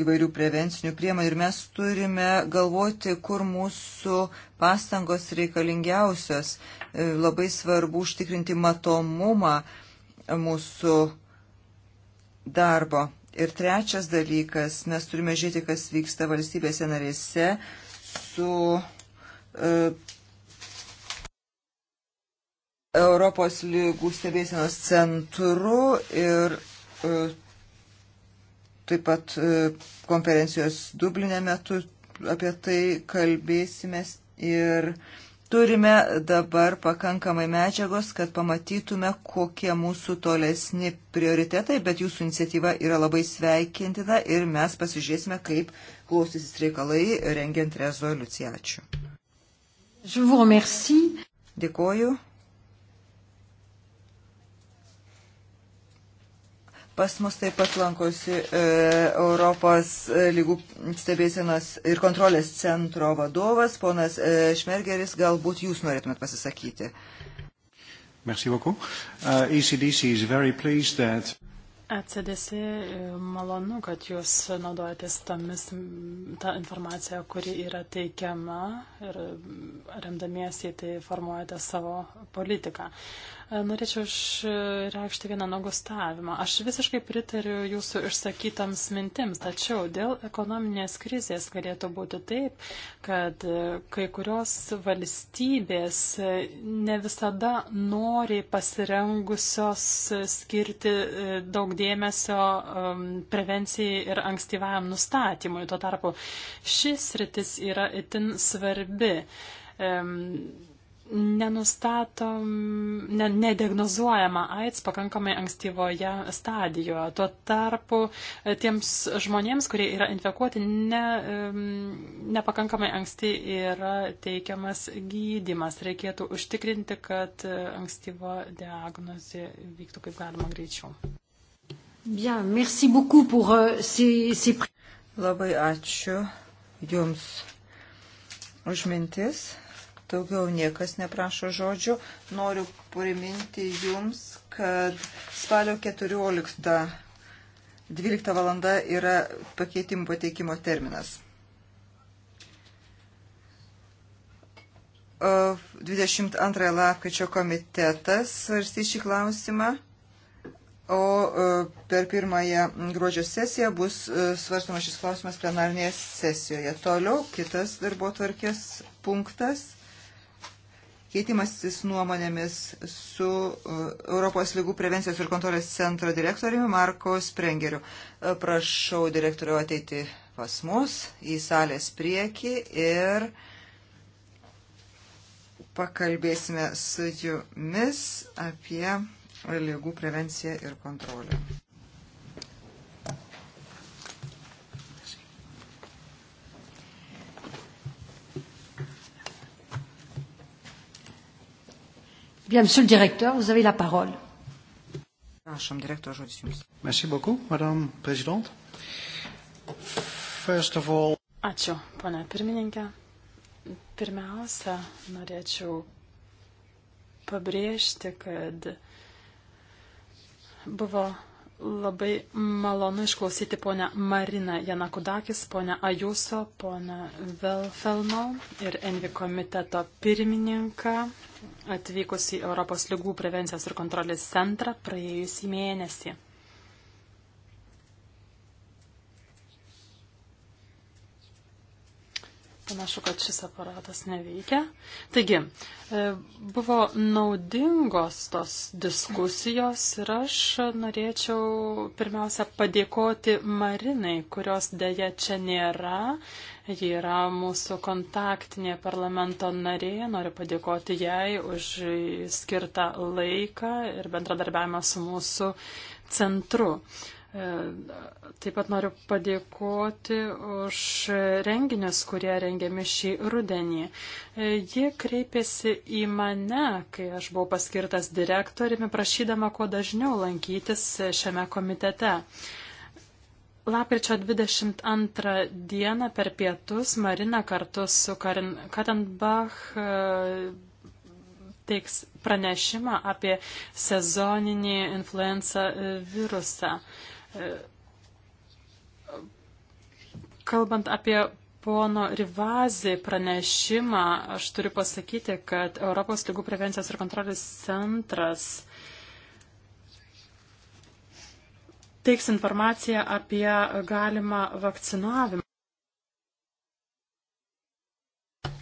įvairių prevencinių priemonių ir mes turime galvoti, kur mūsų pastangos reikalingiausios. Labai svarbu užtikrinti matomumą, uh, mūsų darbo. Ir trečias dalykas, mes turime žiūrėti, kas vyksta valstybėse narėse su uh, Europos lygų stebėsienos centru ir uh, taip pat uh, konferencijos Dublinė metu apie tai kalbėsime ir uh, Turime dabar pakankamai medžiagos, kad pamatytume, kokie mūsų tolesni prioritetai, bet jūsų iniciatyva yra labai sveikintina ir mes pasižiūrėsime, kaip klausysis reikalai rengiant rezoliuciją. Ačiū. Dėkoju. Pas mus taip pat lankosi e, Europos e, lygų stebėsienos ir kontrolės centro vadovas, ponas e, Šmergeris, galbūt jūs norėtumėt pasisakyti. Merci beaucoup. Uh, ECDC is very pleased that ECDC e, malonu, kad jūs naudojatės tomis, tą informaciją, kuri yra teikiama ir remdamiesi tai formuojate savo politiką. E, norėčiau išreikšti vieną nuogustavimą. Aš visiškai pritariu jūsų išsakytams mintims, tačiau dėl ekonominės krizės galėtų būti taip, kad e, kai kurios valstybės e, ne visada nori pasirengusios skirti daug dėmesio prevencijai ir ankstyvajam nustatymui. Tuo tarpu šis rytis yra itin svarbi. Um, nenustatom, ne, nediagnozuojama AIDS pakankamai ankstyvoje stadijoje. Tuo tarpu e, tiems žmonėms, kurie yra infekuoti, ne, nepakankamai anksti yra teikiamas gydimas. Reikėtų užtikrinti, kad e, ankstyvo diagnozė vyktų kaip galima greičiau. Bien, merci beaucoup pour uh, ces, ces... Labai ačiū Jums už mintis. Daugiau niekas neprašo žodžių. Noriu priminti Jums, kad spalio 14. 12 valanda yra pakeitimų pateikimo terminas. 22 lapkričio komitetas svarstys šį klausimą, o per pirmąją gruodžio sesiją bus e, svarstamas šis klausimas plenarnėje sesijoje. Toliau kitas darbo tvarkės punktas keitimasis nuomonėmis su e, Europos lygų prevencijos ir kontrolės centro direktoriumi Marko Sprengeriu. E, prašau direktorių ateiti pas mus į salės priekį ir pakalbėsime su jumis apie lygų prevenciją ir kontrolę. Bien, monsieur le directeur, vous avez la parole. Prašom, direktor, žodis jums. Merci beaucoup, madame prezident. First of all. Ačiū, ponia pirmininkė. Pirmiausia, norėčiau pabrėžti, kad buvo Labai malonu išklausyti ponę Mariną Janakudakis, ponę Ajuso, ponę Velfelno ir Envi komiteto pirmininką atvykus į Europos lygų prevencijos ir kontrolės centrą praėjusį mėnesį. Panašu, kad šis aparatas neveikia. Taigi, e, buvo naudingos tos diskusijos ir aš norėčiau pirmiausia padėkoti Marinai, kurios dėja čia nėra. Ji yra mūsų kontaktinė parlamento narė. Noriu padėkoti jai už skirtą laiką ir bendradarbiavimą su mūsų centru. Uh, E, taip pat noriu padėkoti už renginius, kurie rengiami šį rudenį. E, Ji kreipėsi į mane, kai aš buvau paskirtas direktoriumi, prašydama kuo dažniau lankytis šiame komitete. Lapkričio 22 dieną per pietus Marina kartu su Karin Katenbach e, pateiks pranešimą apie sezoninį influenza e, virusą. E, kalbant apie pono Rivazį pranešimą, aš turiu pasakyti, kad Europos lygų prevencijos ir kontrolės centras teiks informaciją apie galimą vakcinavimą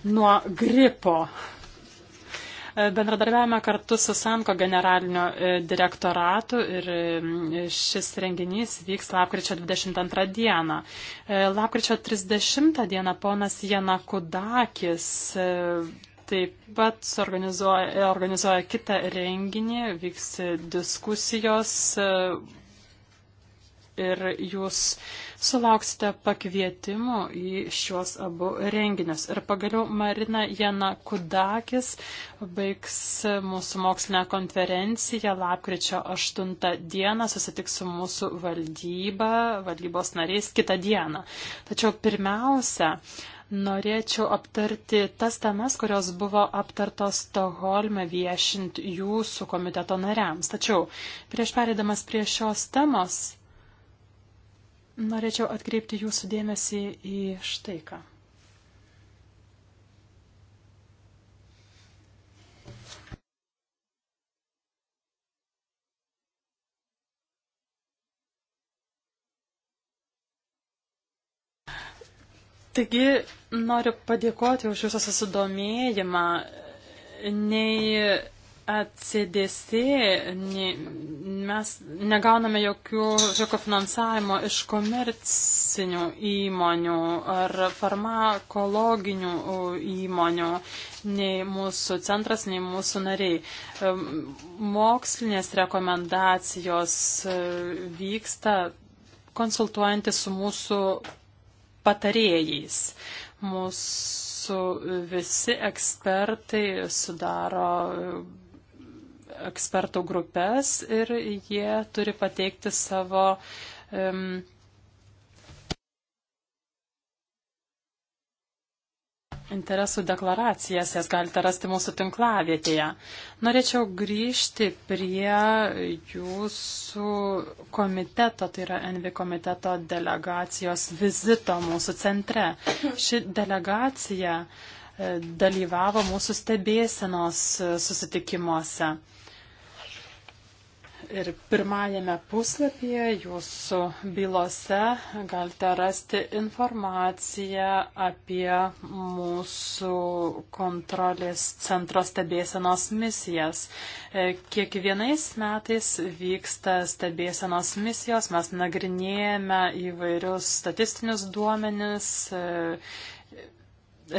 nuo gripo Bendradarbiavame kartu su Sanko generaliniu e, direktoratu ir e, šis renginys vyks lapkričio 22 dieną. E, lapkričio 30 dieną ponas Jana Kudakis taip pat organizuoja, organizuoja kitą renginį, vyks diskusijos ir jūs sulauksite pakvietimų į šiuos abu renginius. Ir pagaliau Marina Jena Kudakis baigs mūsų mokslinę konferenciją lapkričio 8 dieną, susitiks su mūsų valdyba, valdybos nariais kitą dieną. Tačiau pirmiausia, norėčiau aptarti tas temas, kurios buvo aptartos Stoholme viešint jūsų komiteto nariams. Tačiau prieš perėdamas prie šios temos Norėčiau atkreipti jūsų dėmesį į štai ką. Taigi noriu padėkoti už jūsų susidomėjimą. Nei ECDC mes negauname jokių, jokio finansavimo iš komercinių įmonių ar farmakologinių įmonių, nei mūsų centras, nei mūsų nariai. Mokslinės rekomendacijos e, vyksta konsultuojantis su mūsų patarėjais. Mūsų visi ekspertai sudaro ekspertų grupės ir jie turi pateikti savo um, interesų deklaracijas, jas galite rasti mūsų tinklavietėje. Norėčiau grįžti prie jūsų komiteto, tai yra Envi komiteto delegacijos vizito mūsų centre. Ši delegacija e, dalyvavo mūsų stebėsenos e, susitikimuose. Ir pirmajame puslapyje jūsų bylose galite rasti informaciją apie mūsų kontrolės centro stebėsenos misijas. E, kiekvienais metais vyksta stebėsenos misijos, mes nagrinėjame įvairius statistinius duomenis, e,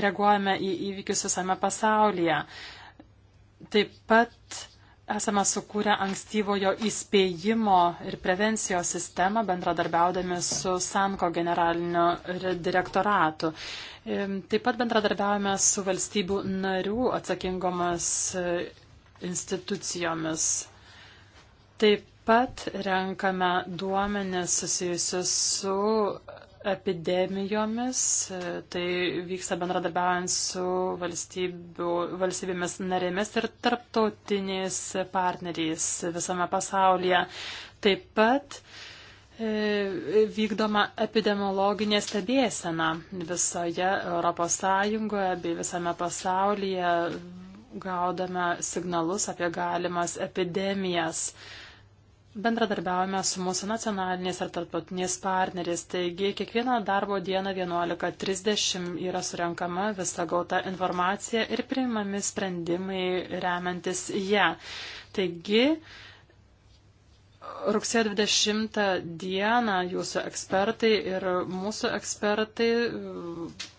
reaguojame į įvykius visame pasaulyje. Taip pat Esame sukūrę ankstyvojo įspėjimo ir prevencijos sistemą bendradarbiaudami su Sanko generalinio direktoratu. Taip pat bendradarbiavame su valstybių narių atsakingomis e, institucijomis. Taip pat renkame duomenis susijusius su epidemijomis. Tai vyksta bendradarbiaujant su valstybėmis narėmis ir tarptautiniais partneriais visame pasaulyje. Taip pat e, vykdoma epidemiologinė stebėsena visoje Europos Sąjungoje bei visame pasaulyje gaudame signalus apie galimas epidemijas bendradarbiaujame su mūsų nacionalinės ar tarptautinės partneriais, taigi kiekvieną darbo dieną 11.30 yra surenkama visa gauta informacija ir priimami sprendimai remiantis ją. Taigi, Rugsėjo 20 dieną jūsų ekspertai ir mūsų ekspertai uh,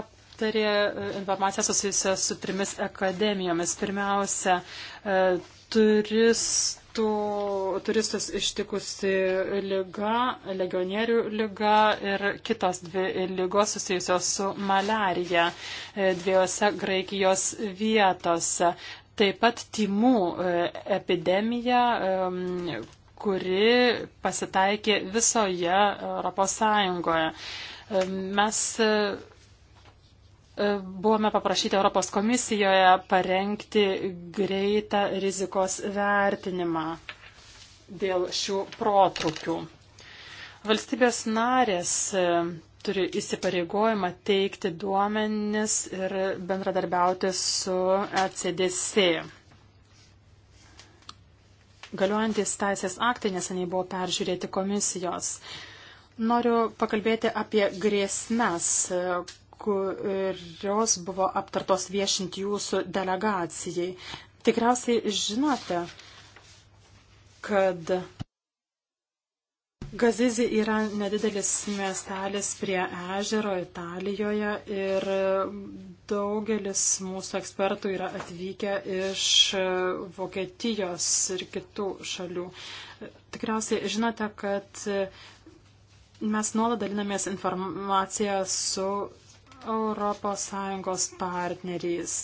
aptarė uh, informaciją susijusią su trimis akademijomis. Pirmiausia, uh, turistų metų turistus ištikusi lyga, legionierių lyga ir kitos dvi lygos susijusios su malarija e, dviejose Graikijos vietose. Taip pat timų e, epidemija, kuri pasitaikė visoje Europos Sąjungoje. Mes buvome paprašyti Europos komisijoje parengti greitą rizikos vertinimą dėl šių protrukių. Valstybės narės e, turi įsipareigojimą teikti duomenis ir bendradarbiauti su ECDC. Galiuojantis teisės aktai neseniai buvo peržiūrėti komisijos. Noriu pakalbėti apie grėsmes, kurios buvo aptartos viešinti jūsų delegacijai. Tikriausiai žinote, kad Gazizi yra nedidelis miestelis prie ežero Italijoje ir daugelis mūsų ekspertų yra atvykę iš Vokietijos ir kitų šalių. Tikriausiai žinote, kad mes nuolat dalinamės informaciją su ES partneriais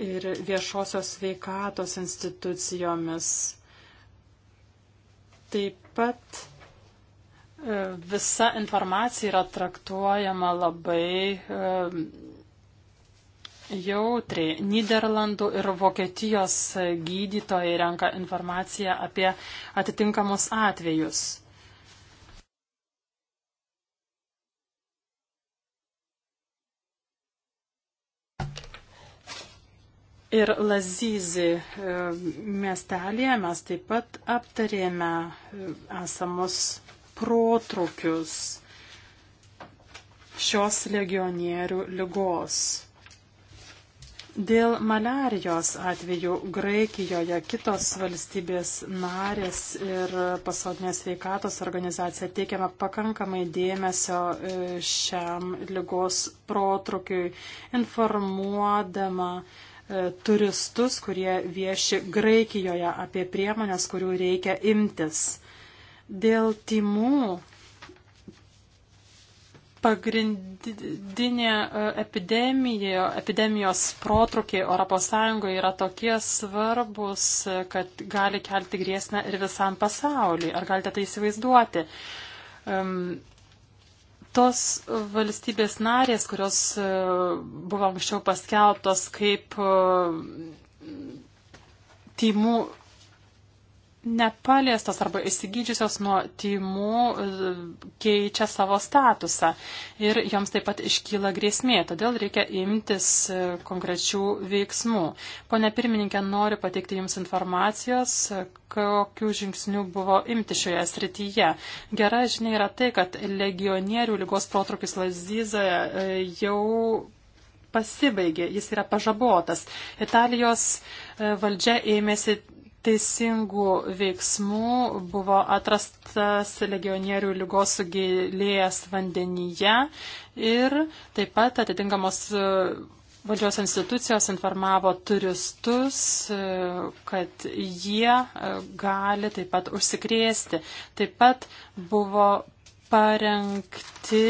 ir viešosios sveikatos institucijomis. Taip pat e, visa informacija yra traktuojama labai e, jautriai. Niderlandų ir Vokietijos gydytojai renka informaciją apie atitinkamus atvejus. ir Lazizi e, miestelėje mes taip pat aptarėme e, esamus protrukius šios legionierių lygos. Dėl maliarijos atvejų Graikijoje kitos valstybės narės ir pasaulinės sveikatos organizacija teikiama pakankamai dėmesio e, šiam lygos protrukiui, informuodama E, turistus, kurie vieši Graikijoje, apie priemonės, kurių reikia imtis. Dėl timų pagrindinė e, epidemijo, epidemijos protrukiai ES yra tokie svarbus, e, kad gali kelti grėsmę ir visam pasauliui. Ar galite tai įsivaizduoti? tos valstybės narės, kurios e, buvo anksčiau paskelbtos kaip e, tymų nepaliestos arba įsigydžiusios nuo tymų e, keičia savo statusą ir joms taip pat iškyla grėsmė, todėl reikia imtis e, konkrečių veiksmų. Pone pirmininkė, noriu pateikti Jums informacijos, e, kokių žingsnių buvo imti šioje srityje. Gera žinia yra tai, kad legionierių lygos protrukis Lazyzoje jau pasibaigė, jis yra pažabotas. Italijos valdžia ėmėsi teisingų veiksmų buvo atrastas legionierių lygos sugėlėjęs vandenyje ir taip pat atitinkamos e, Valdžios institucijos informavo turistus, e, kad jie e, gali taip pat užsikrėsti. Taip pat buvo parengti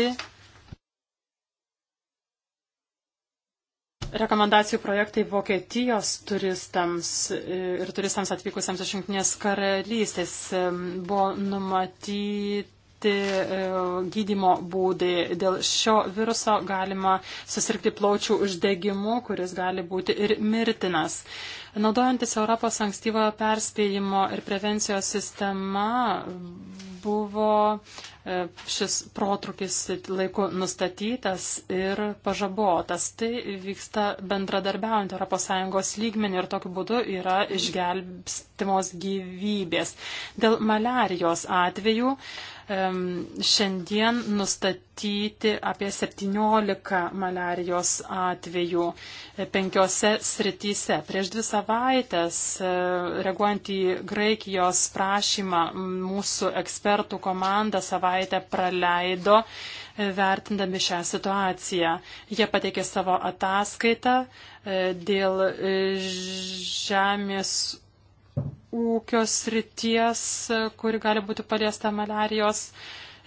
rekomendacijų projektai Vokietijos turistams ir turistams atvykusiems iš Junktinės karalystės buvo numatyti e, gydimo būdai. Dėl šio viruso galima susirgti plaučių uždegimu, kuris gali būti ir mirtinas. Naudojantis Europos ankstyvojo perspėjimo ir prevencijos sistema buvo E, šis protrukis laiku nustatytas ir pažabotas. Tai vyksta bendradarbiaujant ES lygmenį ir tokiu būdu yra išgelbstimos gyvybės. Dėl maliarijos atvejų šiandien nustatyti apie 17 maliarijos atvejų e, penkiose srityse. Prieš dvi savaitės, e, reaguojant į Graikijos prašymą, mūsų ekspertų komanda savaitę savaitę praleido vertindami šią situaciją. Jie pateikė savo ataskaitą e, dėl e, žemės ūkio srities, kuri gali būti paliesta malarijos.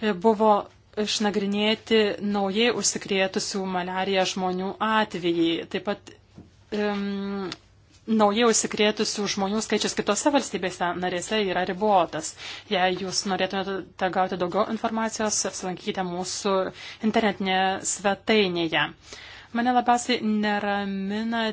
E, buvo išnagrinėti naujai užsikrėtusių malariją žmonių atvejai. Taip pat um, naujai užsikrėtusių žmonių skaičius kitose valstybėse narėse yra ribotas. Jei jūs norėtumėte gauti daugiau informacijos, apsilankykite mūsų internetinėje svetainėje. Mane labiausiai neramina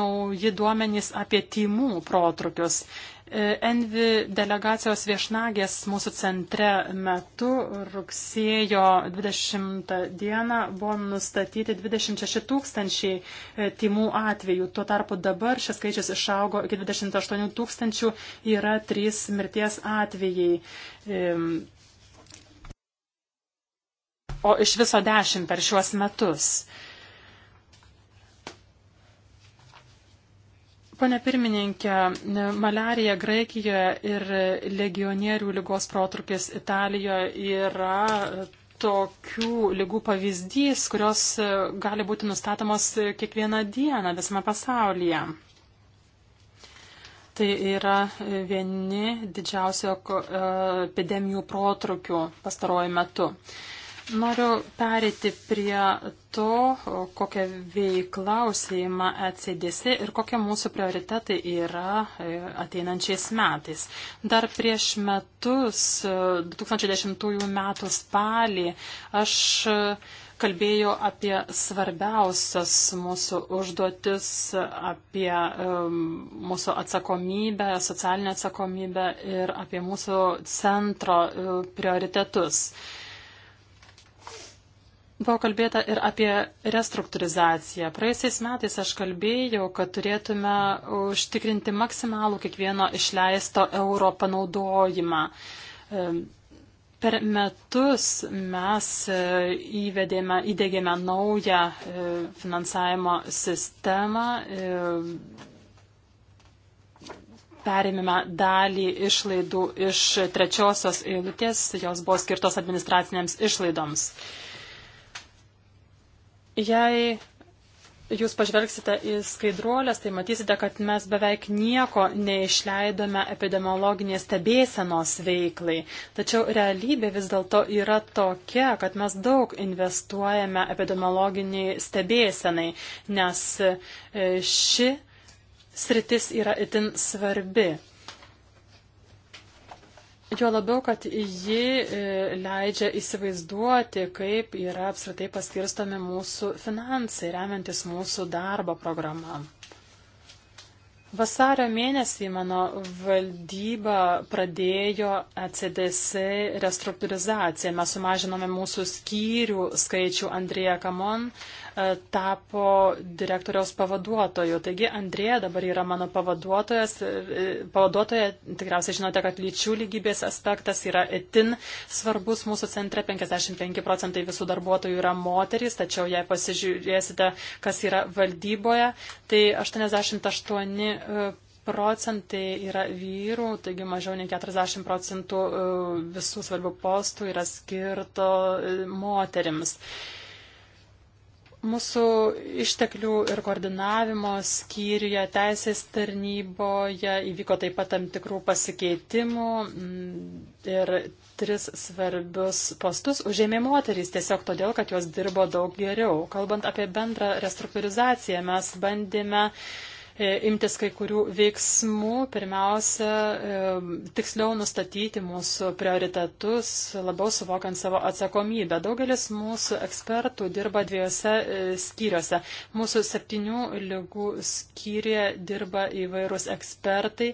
nauji duomenys apie tymų protrukius. E, Envi delegacijos viešnagės mūsų centre metu rugsėjo 20 dieną buvo nustatyti 26 tūkstančiai e, timų atvejų. Tuo tarpu dabar šis skaičius išaugo iki 28 tūkstančių, yra 3 mirties atvejai. E, o iš viso 10 per šiuos metus. Pane pirmininkė, malarija Graikijoje ir legionierių lygos protrukis Italijoje yra tokių lygų pavyzdys, kurios gali būti nustatomos kiekvieną dieną visame pasaulyje. Tai yra vieni didžiausio e, epidemijų protrukių pastaruoju metu. Uh, Noriu perėti prie to, kokią veiklą užsieima ECDC ir kokie mūsų prioritetai yra e, ateinančiais metais. Dar prieš metus, 2010 e, metų spalį, aš e, kalbėjau apie svarbiausias mūsų užduotis, apie mūsų atsakomybę, socialinę atsakomybę ir apie mūsų centro prioritetus. Buvo kalbėta ir apie restruktūrizaciją. Praėjusiais metais aš kalbėjau, kad turėtume užtikrinti maksimalų kiekvieno išleisto euro panaudojimą. E, per metus mes e, įvedėme, įdėgėme naują e, finansavimo sistemą, perėmėme dalį išlaidų iš trečiosios eilutės, jos buvo skirtos administracinėms išlaidoms. Jei jūs pažvelgsite į skaidruolės, tai matysite, kad mes beveik nieko neišleidome epidemiologinės stebėsenos veiklai. Tačiau realybė vis dėlto yra tokia, kad mes daug investuojame epidemiologiniai stebėsenai, nes e, ši sritis yra itin svarbi. Jo labiau, kad ji e, leidžia įsivaizduoti, kaip yra apskritai paskirstomi mūsų finansai, remiantis mūsų darbo programą. Vasario mėnesį mano valdyba pradėjo ECDC restruktūrizaciją. Mes sumažinome mūsų skyrių skaičių Andrija Kamon, E, tapo direktoriaus pavaduotoju. Taigi Andrėja dabar yra mano pavaduotojas. E, e, pavaduotoja, tikriausiai žinote, kad lyčių lygybės aspektas yra itin svarbus mūsų centre. 55 procentai visų darbuotojų yra moterys, tačiau jei pasižiūrėsite, kas yra valdyboje, tai 88 procentai yra vyrų, taigi mažiau nei 40 procentų visų svarbių postų yra skirto moterims. Mūsų išteklių ir koordinavimo skyriuje, teisės tarnyboje įvyko taip pat tam tikrų pasikeitimų mm, ir tris svarbius postus užėmė moterys tiesiog todėl, kad jos dirbo daug geriau. Kalbant apie bendrą restruktūrizaciją, mes bandėme uh, E, imtis kai kurių veiksmų, pirmiausia, e, tiksliau nustatyti mūsų prioritetus, labiau suvokiant savo atsakomybę. Daugelis mūsų ekspertų dirba dviejose e, skyriuose. Mūsų septynių lygų skyrė dirba įvairūs ekspertai,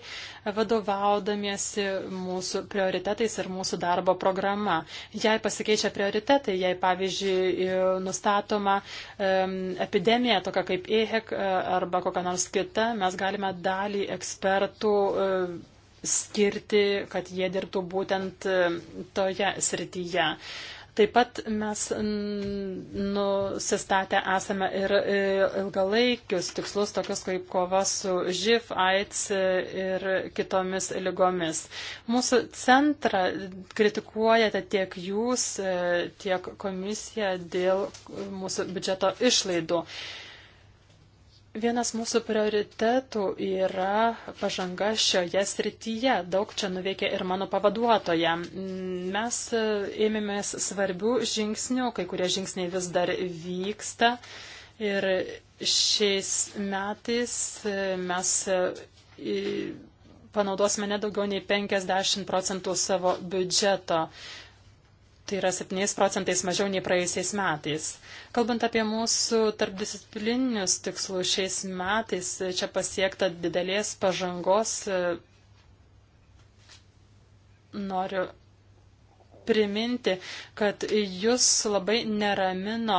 vadovaudamiesi mūsų prioritetais ir mūsų darbo programa. Jei pasikeičia prioritetai, jei pavyzdžiui nustatoma epidemija, tokia kaip EHEC arba kokia nors kita, kita mes galime dalį ekspertų e, skirti, kad jie dirbtų būtent e, toje srityje. Taip pat mes nusistatę esame ir e, ilgalaikius tikslus, tokius kaip kova su živ, AIDS ir kitomis lygomis. Mūsų centrą kritikuojate tiek jūs, tiek komisija dėl mūsų biudžeto išlaidų. Vienas mūsų prioritetų yra pažanga šioje srityje. Daug čia nuveikė ir mano pavaduotoja. Mes ėmėmės svarbių žingsnių, kai kurie žingsniai vis dar vyksta. Ir šiais metais mes panaudosime nedaugiau nei 50 procentų savo biudžeto Tai yra 7 procentais mažiau nei praėjusiais metais. Kalbant apie mūsų tarpdisciplininius tikslus šiais metais, čia pasiekta didelės pažangos. Noriu priminti, kad jūs labai neramino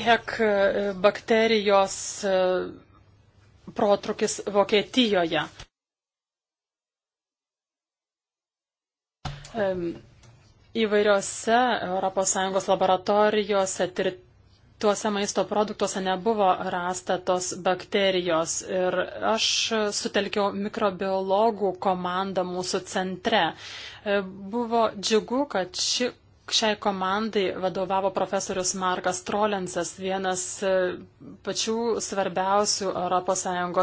EHEC bakterijos protrukis Vokietijoje. įvairiose ES laboratorijose tirtuose maisto produktuose nebuvo rasta tos bakterijos. Ir aš sutelkiau mikrobiologų komandą mūsų centre. Buvo džiugu, kad ši Šiai komandai vadovavo profesorius Markas Trolensas, vienas e, pačių svarbiausių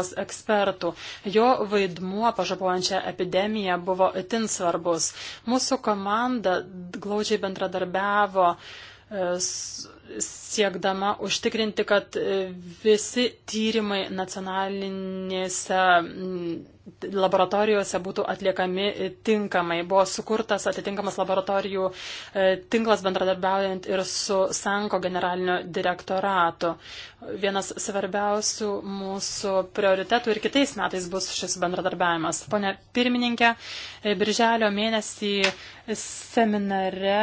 ES ekspertų. Jo vaidmuo pažabojančią epidemiją buvo itin svarbus. Mūsų komanda glaudžiai bendradarbiavo e, siekdama užtikrinti, kad e, visi tyrimai nacionalinėse laboratorijose būtų atliekami e, tinkamai. Buvo sukurtas atitinkamas laboratorijų e, tinklas bendradarbiaujant ir su Sanko generalinio direktoratu. Vienas svarbiausių mūsų prioritetų ir kitais metais bus šis bendradarbiavimas. Pone pirmininkė, birželio mėnesį seminare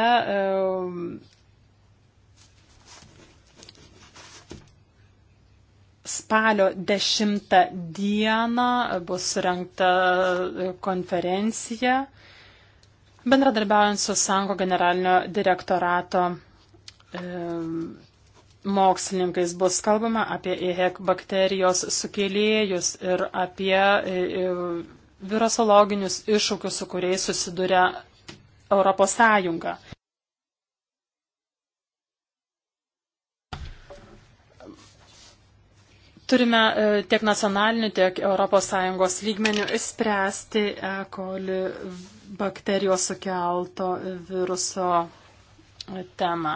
Spalio 10 dieną bus surinkta e, konferencija, bendradarbiaujant su Sanko generalinio direktorato e, mokslininkais bus kalbama apie EHEC bakterijos sukėlėjus ir apie e, e, virusologinius iššūkius, su kuriais susiduria Europos Sąjunga. Turime e, tiek nacionalinių, tiek ES lygmenių spręsti E. coli bakterijos sukelto viruso temą.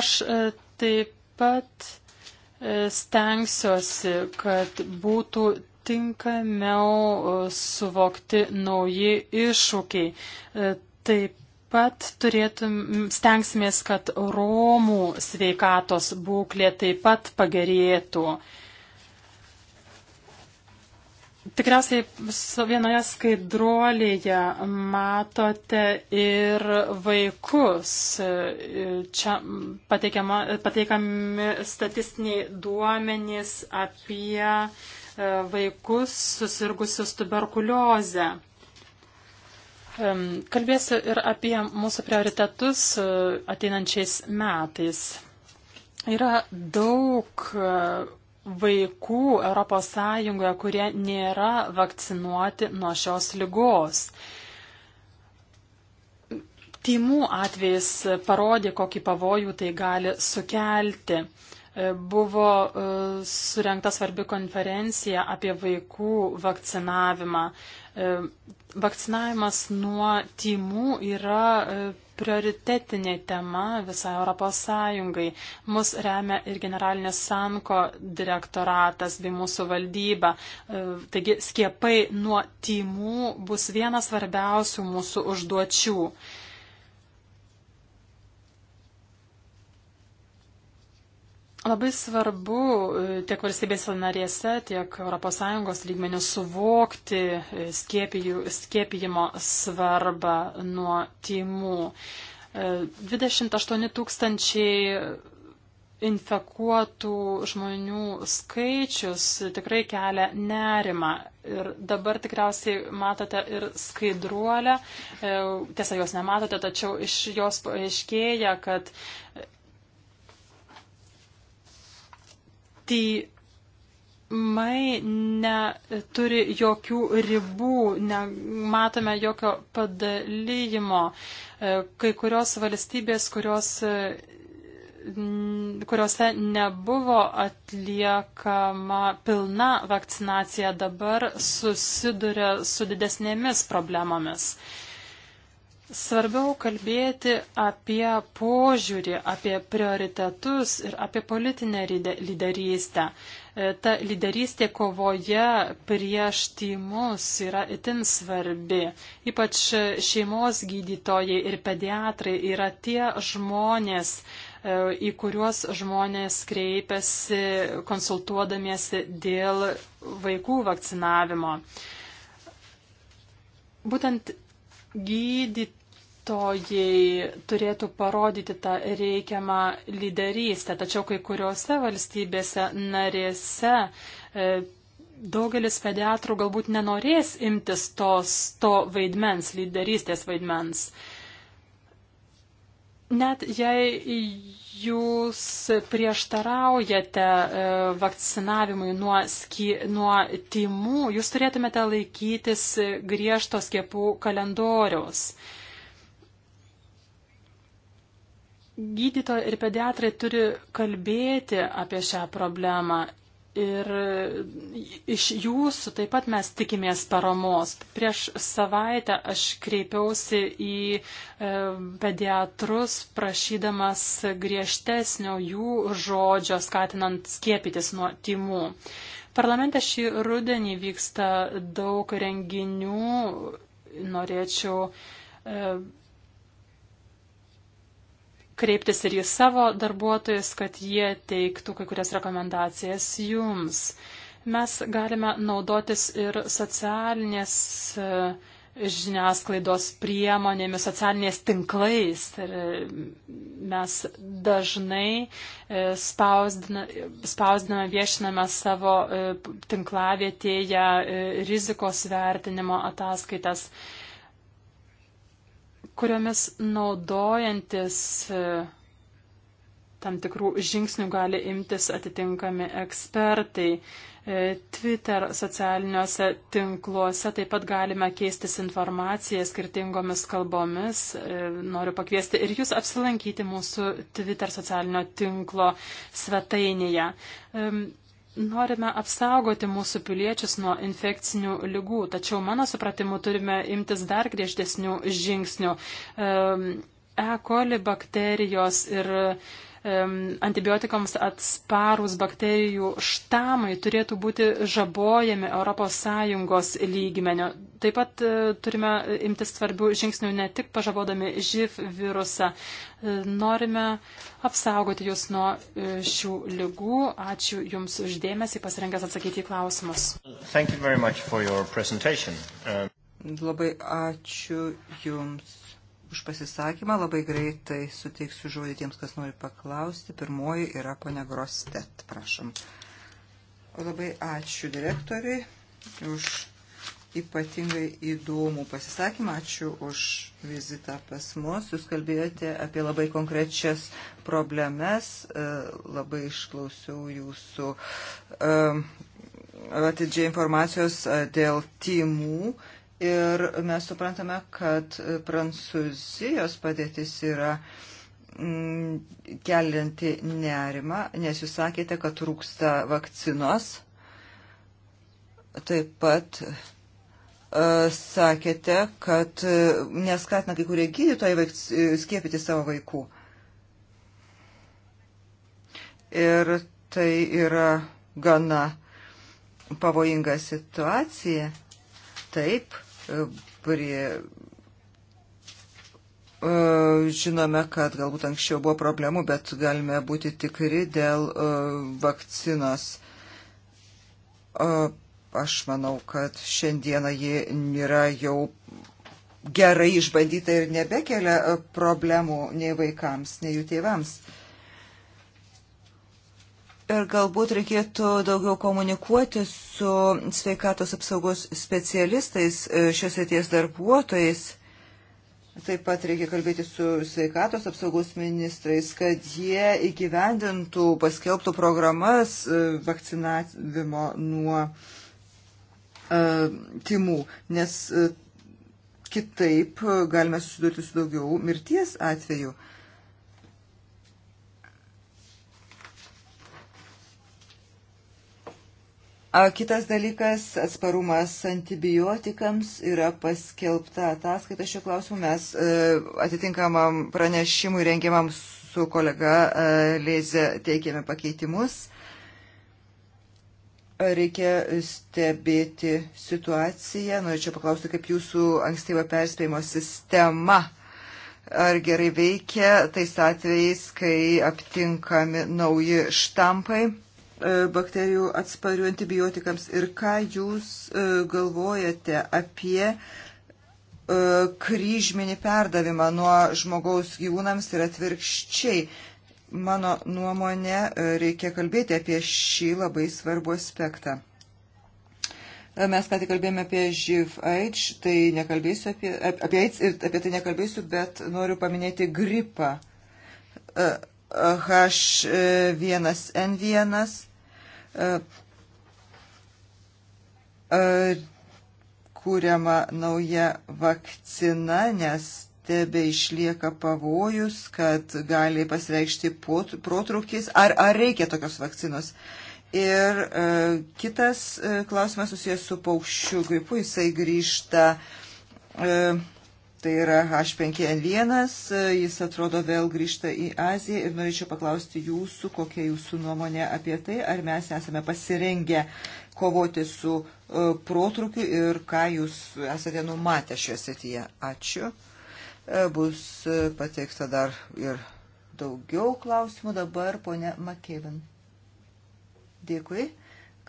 Aš e, taip pat e, stengsiuosi, kad būtų tinkamiau suvokti nauji iššūkiai. Taip pat turėtum, stengsimės, kad Romų sveikatos būklė taip pat pagerėtų. Tikriausiai vienoje skaidruolėje matote ir vaikus. Čia pateikami statistiniai duomenys apie e, vaikus susirgusius tuberkuliozę. Kalbėsiu ir apie mūsų prioritetus e, ateinančiais metais. Yra daug e, vaikų ES, kurie nėra vakcinuoti nuo šios lygos. Tymų atvejs parodė, kokį pavojų tai gali sukelti. Buvo e, surinkta svarbi konferencija apie vaikų vakcinavimą. E, vakcinavimas nuo tymų yra e, prioritetinė tema visai Europos Sąjungai. Mus remia ir generalinis Sanko direktoratas bei mūsų valdyba. E, taigi skiepai nuo timų bus vienas svarbiausių mūsų užduočių. Labai svarbu e, tiek valstybėse narėse, tiek ES lygmenių suvokti e, skiepijų, skiepijimo svarbą nuo tymų. 28 e, tūkstančiai infekuotų žmonių skaičius tikrai kelia nerimą. Ir dabar tikriausiai matote ir skaidruolę. Tiesa, jos nematote, tačiau iš jos paaiškėja, kad tyrimai neturi jokių ribų, nematome jokio padalyjimo. E, kai kurios valstybės, kurios e, kuriuose nebuvo atliekama pilna vakcinacija, dabar susiduria su didesnėmis problemomis. Svarbiau kalbėti apie požiūrį, apie prioritetus ir apie politinę lyderystę. E, ta lyderystė kovoje prieš tymus yra itin svarbi. Ypač šeimos gydytojai ir pediatrai yra tie žmonės, e, į kuriuos žmonės kreipiasi konsultuodamiesi dėl vaikų vakcinavimo. Būtent Gydytojai turėtų parodyti tą reikiamą lyderystę, tačiau kai kuriuose valstybėse narėse e, daugelis pediatrų galbūt nenorės imtis tos, to vaidmens, lyderystės vaidmens. Net jei jūs prieštaraujate e, vakcinavimui nuo, sky, nuo timų, jūs turėtumėte laikytis griežto skiepų kalendoriaus. Gydytojai ir pediatrai turi kalbėti apie šią problemą Ir iš jūsų taip pat mes tikimės paramos. Prieš savaitę aš kreipiausi į e, pediatrus, prašydamas griežtesnio jų žodžio, skatinant skiepytis nuo timų. Parlamente šį rudenį vyksta daug renginių. Norėčiau e, kreiptis ir į savo darbuotojus, kad jie teiktų kai kurias rekomendacijas jums. Mes galime naudotis ir socialinės e, žiniasklaidos priemonėmis, socialinės tinklais. Ir e, mes dažnai e, spausdiname, viešiname savo tinklavietėje rizikos vertinimo ataskaitas kuriomis naudojantis e, tam tikrų žingsnių gali imtis atitinkami ekspertai. E, Twitter socialiniuose tinkluose taip pat galime keistis informaciją skirtingomis kalbomis. E, noriu pakviesti ir jūs apsilankyti mūsų Twitter socialinio tinklo svetainėje. Norime apsaugoti mūsų piliečius nuo infekcinių lygų, tačiau mano supratimu turime imtis dar griežtesnių žingsnių. Ehm, e. coli bakterijos ir antibiotikams atsparūs bakterijų štamai turėtų būti žabojami ES lygmenio. Taip pat e, turime imtis svarbių žingsnių ne tik pažabodami živ virusą. E, norime apsaugoti jūs nuo e, šių lygų. Ačiū Jums uždėmesį, pasirengęs atsakyti į klausimus. Labai ačiū Jums už pasisakymą. Labai greitai suteiksiu žodį tiems, kas nori paklausti. Pirmoji yra ponia Grostet, prašom. Labai ačiū direktoriai už ypatingai įdomų pasisakymą. Ačiū už vizitą pas mus. Jūs kalbėjote apie labai konkrečias problemas. E, labai išklausiau jūsų e, atidžiai informacijos e, dėl timų. Ir mes suprantame, kad Prancūzijos padėtis yra mm, kelianti nerimą, nes jūs sakėte, kad trūksta vakcinos. Taip pat e, sakėte, kad e, neskatina kai kurie gydytojai e, skiepyti savo vaikų. Ir tai yra gana pavojinga situacija. Taip, prie e, Žinome, kad galbūt anksčiau buvo problemų, bet galime būti tikri dėl e, vakcinos. E, aš manau, kad šiandieną ji yra jau gerai išbandyta ir nebekelia problemų nei vaikams, nei jų tėvams. Uh, Ir galbūt reikėtų daugiau komunikuoti su sveikatos apsaugos specialistais, e, šios ateities darbuotojais. Taip pat reikia kalbėti su sveikatos apsaugos ministrais, kad jie įgyvendintų, paskelbtų programas e, vakcinavimo nuo e, timų, nes kitaip galime susidurti su daugiau mirties atveju. Uh, Kitas dalykas - atsparumas antibiotikams yra paskelbta ataskaita šiuo klausimu. Mes e, atitinkamam pranešimui rengiamam su kolega e, Lėze teikėme pakeitimus. Reikia stebėti situaciją. Norėčiau paklausti, kaip jūsų ankstyvo perspėjimo sistema ar gerai veikia tais atvejais, kai aptinkami nauji štampai E, bakterijų atsparių antibiotikams ir ką jūs e, galvojate apie e, kryžminį perdavimą nuo žmogaus gyvūnams ir atvirkščiai. Mano nuomonė, reikia kalbėti apie šį labai svarbų aspektą. Mes ką tik kalbėjome apie živ AIDS, tai nekalbėsiu apie, apie AIDS ir apie tai nekalbėsiu, bet noriu paminėti gripą. H1N1 e, e, kūriama nauja vakcina, nes tebe išlieka pavojus, kad gali pasireikšti protrukis. Ar, ar reikia tokios vakcinos? Ir e, kitas e, klausimas susijęs su paukščių gripu, jisai grįžta e, tai yra H5N1, jis atrodo vėl grįžta į Aziją ir norėčiau paklausti jūsų, kokia jūsų nuomonė apie tai, ar mes esame pasirengę kovoti su e, protrukiu ir ką jūs esate numatę šioje srityje. Ačiū. E, bus e, pateikta dar ir daugiau klausimų dabar, ponė Makevin. Dėkui,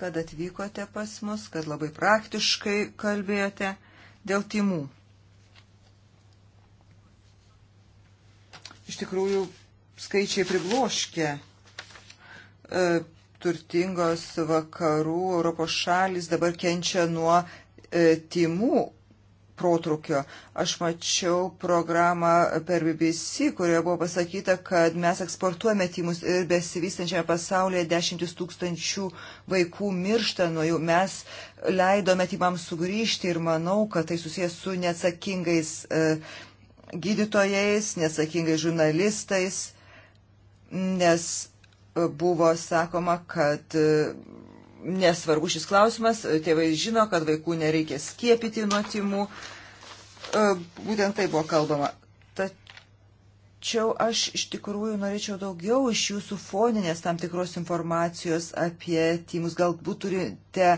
kad atvykote pas mus, kad labai praktiškai kalbėjote dėl timų. Iš tikrųjų, skaičiai pribloškia. E, turtingos vakarų Europos šalis dabar kenčia nuo e, timų protrukio. Aš mačiau programą per BBC, kurioje buvo pasakyta, kad mes eksportuojame tymus ir besivystančiame pasaulyje dešimtis tūkstančių vaikų miršta nuo jų. Mes leidome tymams sugrįžti ir manau, kad tai susijęs su neatsakingais e, gydytojais, nesakingai žurnalistais, nes e, buvo sakoma, kad e, nesvarbu šis klausimas, e, tėvai žino, kad vaikų nereikia skiepyti nuo timų. Būtent tai buvo kalbama. Tačiau aš iš tikrųjų norėčiau daugiau iš jūsų foninės tam tikros informacijos apie tymus. Galbūt turite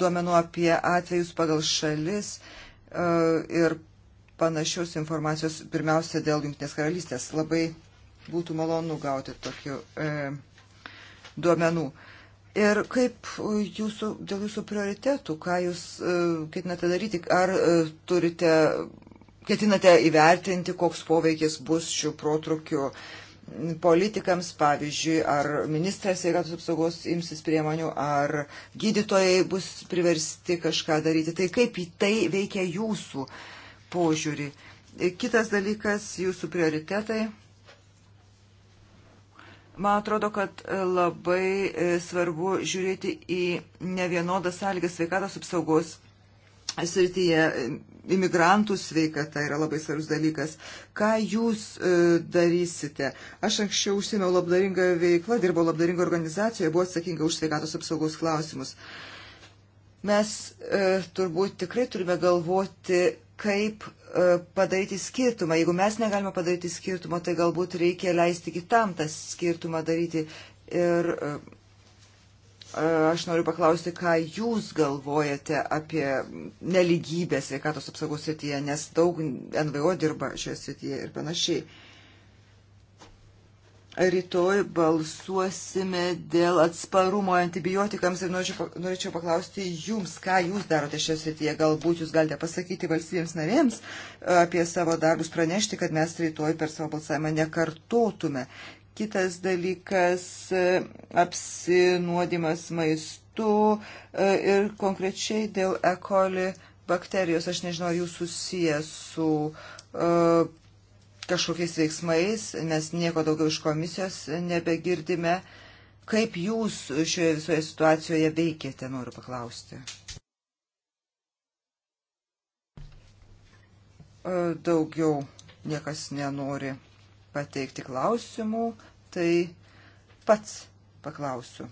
duomenų apie atvejus pagal šalis ir panašios informacijos, pirmiausia, dėl Junktinės karalystės. Labai būtų malonu gauti tokių e, duomenų. Ir kaip jūsų, dėl jūsų prioritetų, ką jūs e, ketinate daryti, ar e, turite, ketinate įvertinti, koks poveikis bus šių protrukių politikams, pavyzdžiui, ar ministras sveikatos apsaugos imsis priemonių, ar gydytojai bus priversti kažką daryti. Tai kaip į tai veikia jūsų uh, požiūrį. Kitas dalykas - jūsų prioritetai. Man atrodo, kad labai e, svarbu žiūrėti į nevienodą sąlygą sveikatos apsaugos srityje. Imigrantų sveikata yra labai svarbus dalykas. Ką jūs e, darysite? Aš anksčiau užsimiau labdaringą veiklą, dirbau labdaringą organizacijoje, buvau atsakinga už sveikatos apsaugos klausimus mes e, turbūt tikrai turime galvoti, kaip e, padaryti skirtumą. Jeigu mes negalime padaryti skirtumo, tai galbūt reikia leisti kitam tas skirtumą daryti. Ir e, e, aš noriu paklausti, ką jūs galvojate apie neligybę sveikatos apsaugos srityje, nes daug NVO dirba šioje srityje ir panašiai rytoj balsuosime dėl atsparumo antibiotikams ir norėčiau, norėčiau paklausti jums, ką jūs darote šioje srityje. Galbūt jūs galite pasakyti valstybėms narėms e, apie savo darbus, pranešti, kad mes rytoj per savo balsavimą nekartotume. Kitas dalykas e, - apsinuodimas maistu e, ir konkrečiai dėl ekoli bakterijos. Aš nežinau, ar jūs susijęs su uh, kažkokiais veiksmais, mes nieko daugiau iš komisijos nebegirdime. Kaip jūs šioje visoje situacijoje veikėte, noriu paklausti. E, daugiau niekas nenori pateikti klausimų, tai pats paklausiu.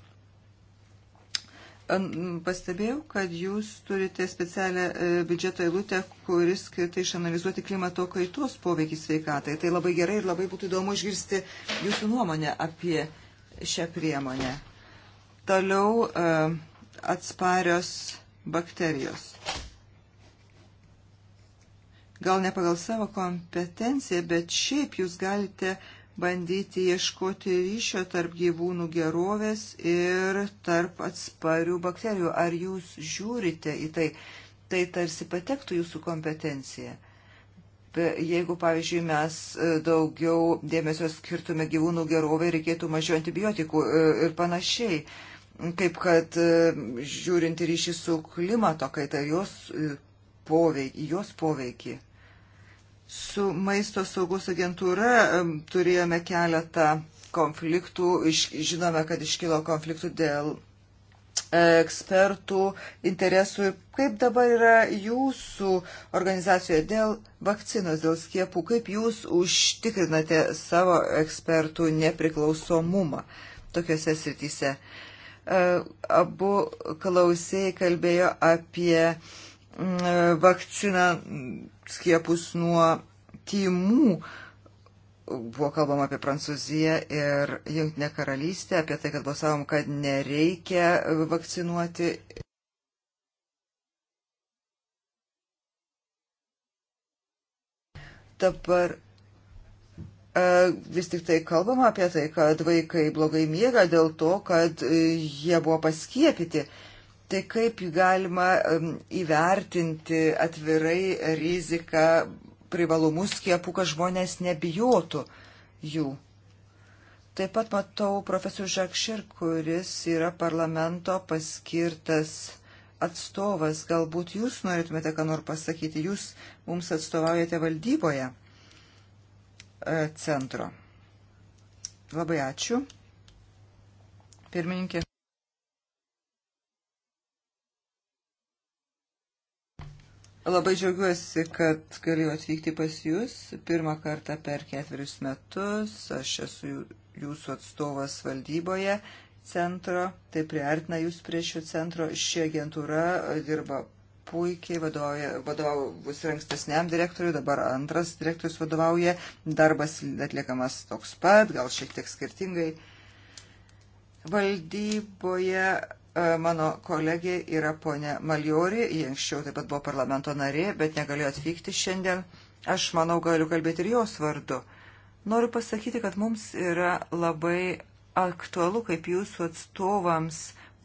Pastebėjau, kad jūs turite specialią e, biudžeto eilutę, kuris skirta išanalizuoti klimato kaitos poveikį sveikatai. Tai labai gerai ir labai būtų įdomu išgirsti jūsų nuomonę apie šią priemonę. Toliau e, atsparios bakterijos. Gal ne pagal savo kompetenciją, bet šiaip jūs galite uh, bandyti ieškoti ryšio tarp gyvūnų gerovės ir tarp atsparių bakterijų. Ar jūs žiūrite į tai? Tai tarsi patektų jūsų kompetencija. Jeigu, pavyzdžiui, mes e, daugiau dėmesio skirtume gyvūnų gerovai, reikėtų mažiau antibiotikų e, ir panašiai. Kaip kad e, žiūrint ryšį su klimato kaita, jos poveikį. Jos poveikį. Su maisto saugos agentūra turėjome keletą konfliktų, žinome, kad iškilo konfliktų dėl e, ekspertų interesų ir kaip dabar yra jūsų organizacijoje dėl vakcinos, dėl skiepų, kaip jūs užtikrinate savo ekspertų nepriklausomumą tokiuose srityse. E, abu klausėjai kalbėjo apie vakciną skiepus nuo tymų. Buvo kalbama apie Prancūziją ir Junktinę karalystę, apie tai, kad balsavom, kad nereikia vakcinuoti. Dabar e, vis tik tai kalbama apie tai, kad vaikai blogai miega dėl to, kad jie buvo paskiepyti. Tai kaip galima įvertinti atvirai riziką privalumus skiepų, kad žmonės nebijotų jų. Taip pat matau profesorių Žakšir, kuris yra parlamento paskirtas atstovas. Galbūt jūs norėtumėte ką nors pasakyti, jūs mums atstovaujate valdyboje e, centro. Labai ačiū. Pirmininkė. Labai džiaugiuosi, kad galėjau atvykti pas Jūs. Pirmą kartą per ketverius metus aš esu Jūsų atstovas valdyboje centro, tai priartina Jūs prie šio centro. Ši agentūra dirba puikiai, vadovavus ir ankstesniam direktoriui, dabar antras direktorius vadovauja, darbas atliekamas toks pat, gal šiek tiek skirtingai. Valdyboje E, mano kolegė yra ponė Maliori, jie anksčiau taip pat buvo parlamento narė, bet negalėjo atvykti šiandien. Aš manau, galiu kalbėti ir jos vardu. Noriu pasakyti, kad mums yra labai aktualu, kaip jūsų atstovams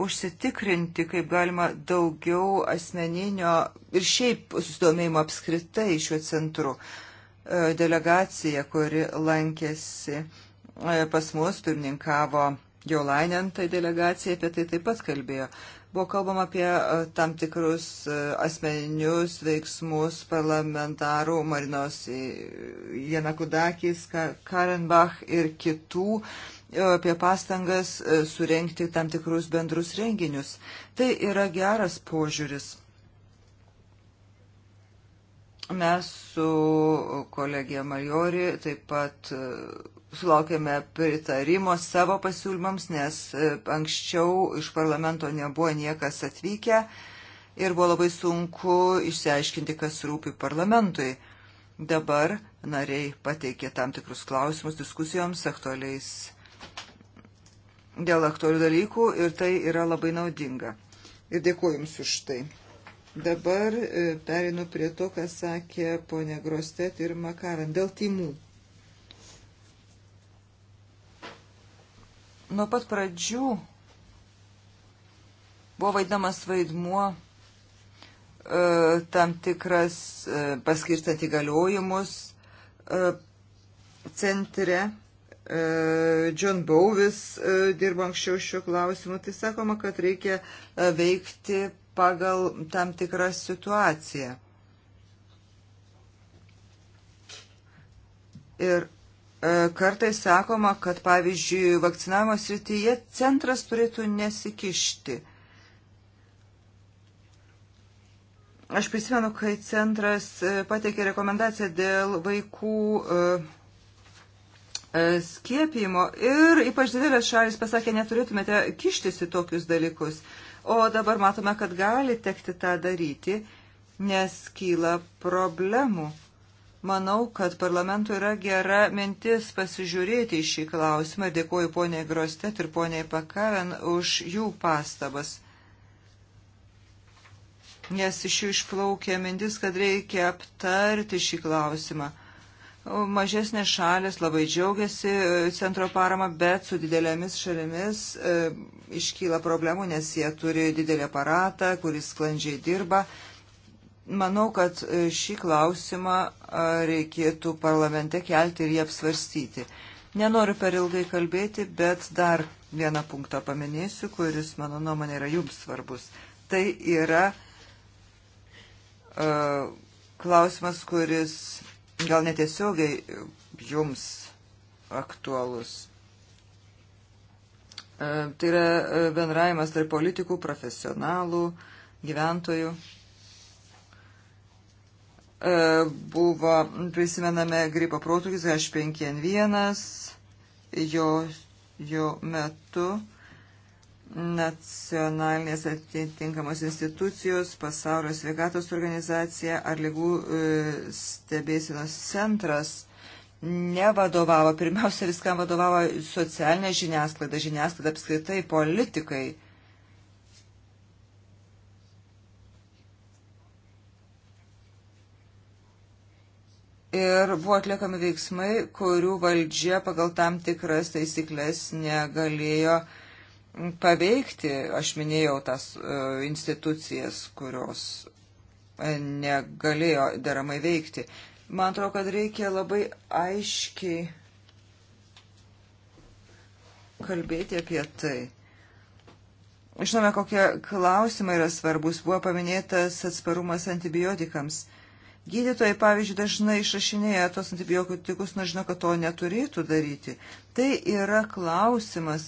užsitikrinti, kaip galima daugiau asmeninio ir šiaip susidomėjimo apskritai šiuo centru. E, delegacija, kuri lankėsi e, pas mus, pirmininkavo Jolainen, tai delegacija apie tai taip pat kalbėjo. Buvo kalbama apie e, tam tikrus e, asmeninius veiksmus parlamentarų Marinos e, Janakudakis, Karenbach ir kitų apie pastangas surenkti tam tikrus bendrus renginius. Tai yra geras požiūris. Mes su kolegija Majori taip pat sulaukėme pritarimo savo pasiūlymams, nes e, anksčiau iš parlamento nebuvo niekas atvykę ir buvo labai sunku išsiaiškinti, kas rūpi parlamentui. Dabar nariai pateikė tam tikrus klausimus diskusijoms aktualiais dėl aktualių dalykų ir tai yra labai naudinga. Ir dėkuoju Jums už tai. Dabar e, perinu prie to, ką sakė ponė Grostet ir Makaran dėl timų Nuo pat pradžių buvo vaidinamas vaidmuo e, tam tikras e, paskirstant įgaliojimus e, centre. John Bowis dirbo anksčiau šiuo klausimu, tai sakoma, kad reikia veikti pagal tam tikrą situaciją. Ir E, kartais sakoma, kad pavyzdžiui vakcinavimo srityje centras turėtų nesikišti. Aš prisimenu, kai centras e, pateikė rekomendaciją dėl vaikų e, skiepijimo ir ypač didelės šalis pasakė, neturėtumėte kištis į tokius dalykus. O dabar matome, kad gali tekti tą daryti, nes kyla problemų. Manau, kad parlamento yra gera mintis pasižiūrėti į šį klausimą. Dėkuoju poniai Grostet ir poniai Pakaven už jų pastabas. Nes iš jų išplaukė mintis, kad reikia aptarti šį klausimą. Mažesnės šalis labai džiaugiasi e, centro parama, bet su didelėmis šalimis e, iškyla problemų, nes jie turi didelį aparatą, kuris sklandžiai dirba. Manau, kad e, šį klausimą reikėtų parlamente kelti ir jį apsvarstyti. Nenoriu per ilgai kalbėti, bet dar vieną punktą paminėsiu, kuris, mano nuomonė, yra jums svarbus. Tai yra uh, klausimas, kuris gal netiesiogiai jums aktualus. Uh, tai yra bendravimas tarp politikų, profesionalų, gyventojų. Uh, E, buvo, prisimename, gripo protrūkis H5N1, jo, jo metu nacionalinės atitinkamos institucijos, pasaulio sveikatos organizacija ar lygų e, stebėsinos centras nevadovavo. Pirmiausia, viskam vadovavo socialinė žiniasklaida, žiniasklaida apskritai, politikai. ir buvo atliekami veiksmai, kurių valdžia pagal tam tikras taisyklės negalėjo paveikti. Aš minėjau tas e, institucijas, kurios e, negalėjo deramai veikti. Man atrodo, kad reikia labai aiškiai kalbėti apie tai. Žinome, kokie klausimai yra svarbus. Buvo paminėtas atsparumas antibiotikams. Gydytojai, pavyzdžiui, dažnai išrašinėja tos antibiotikus, nors žino, kad to neturėtų daryti. Tai yra klausimas.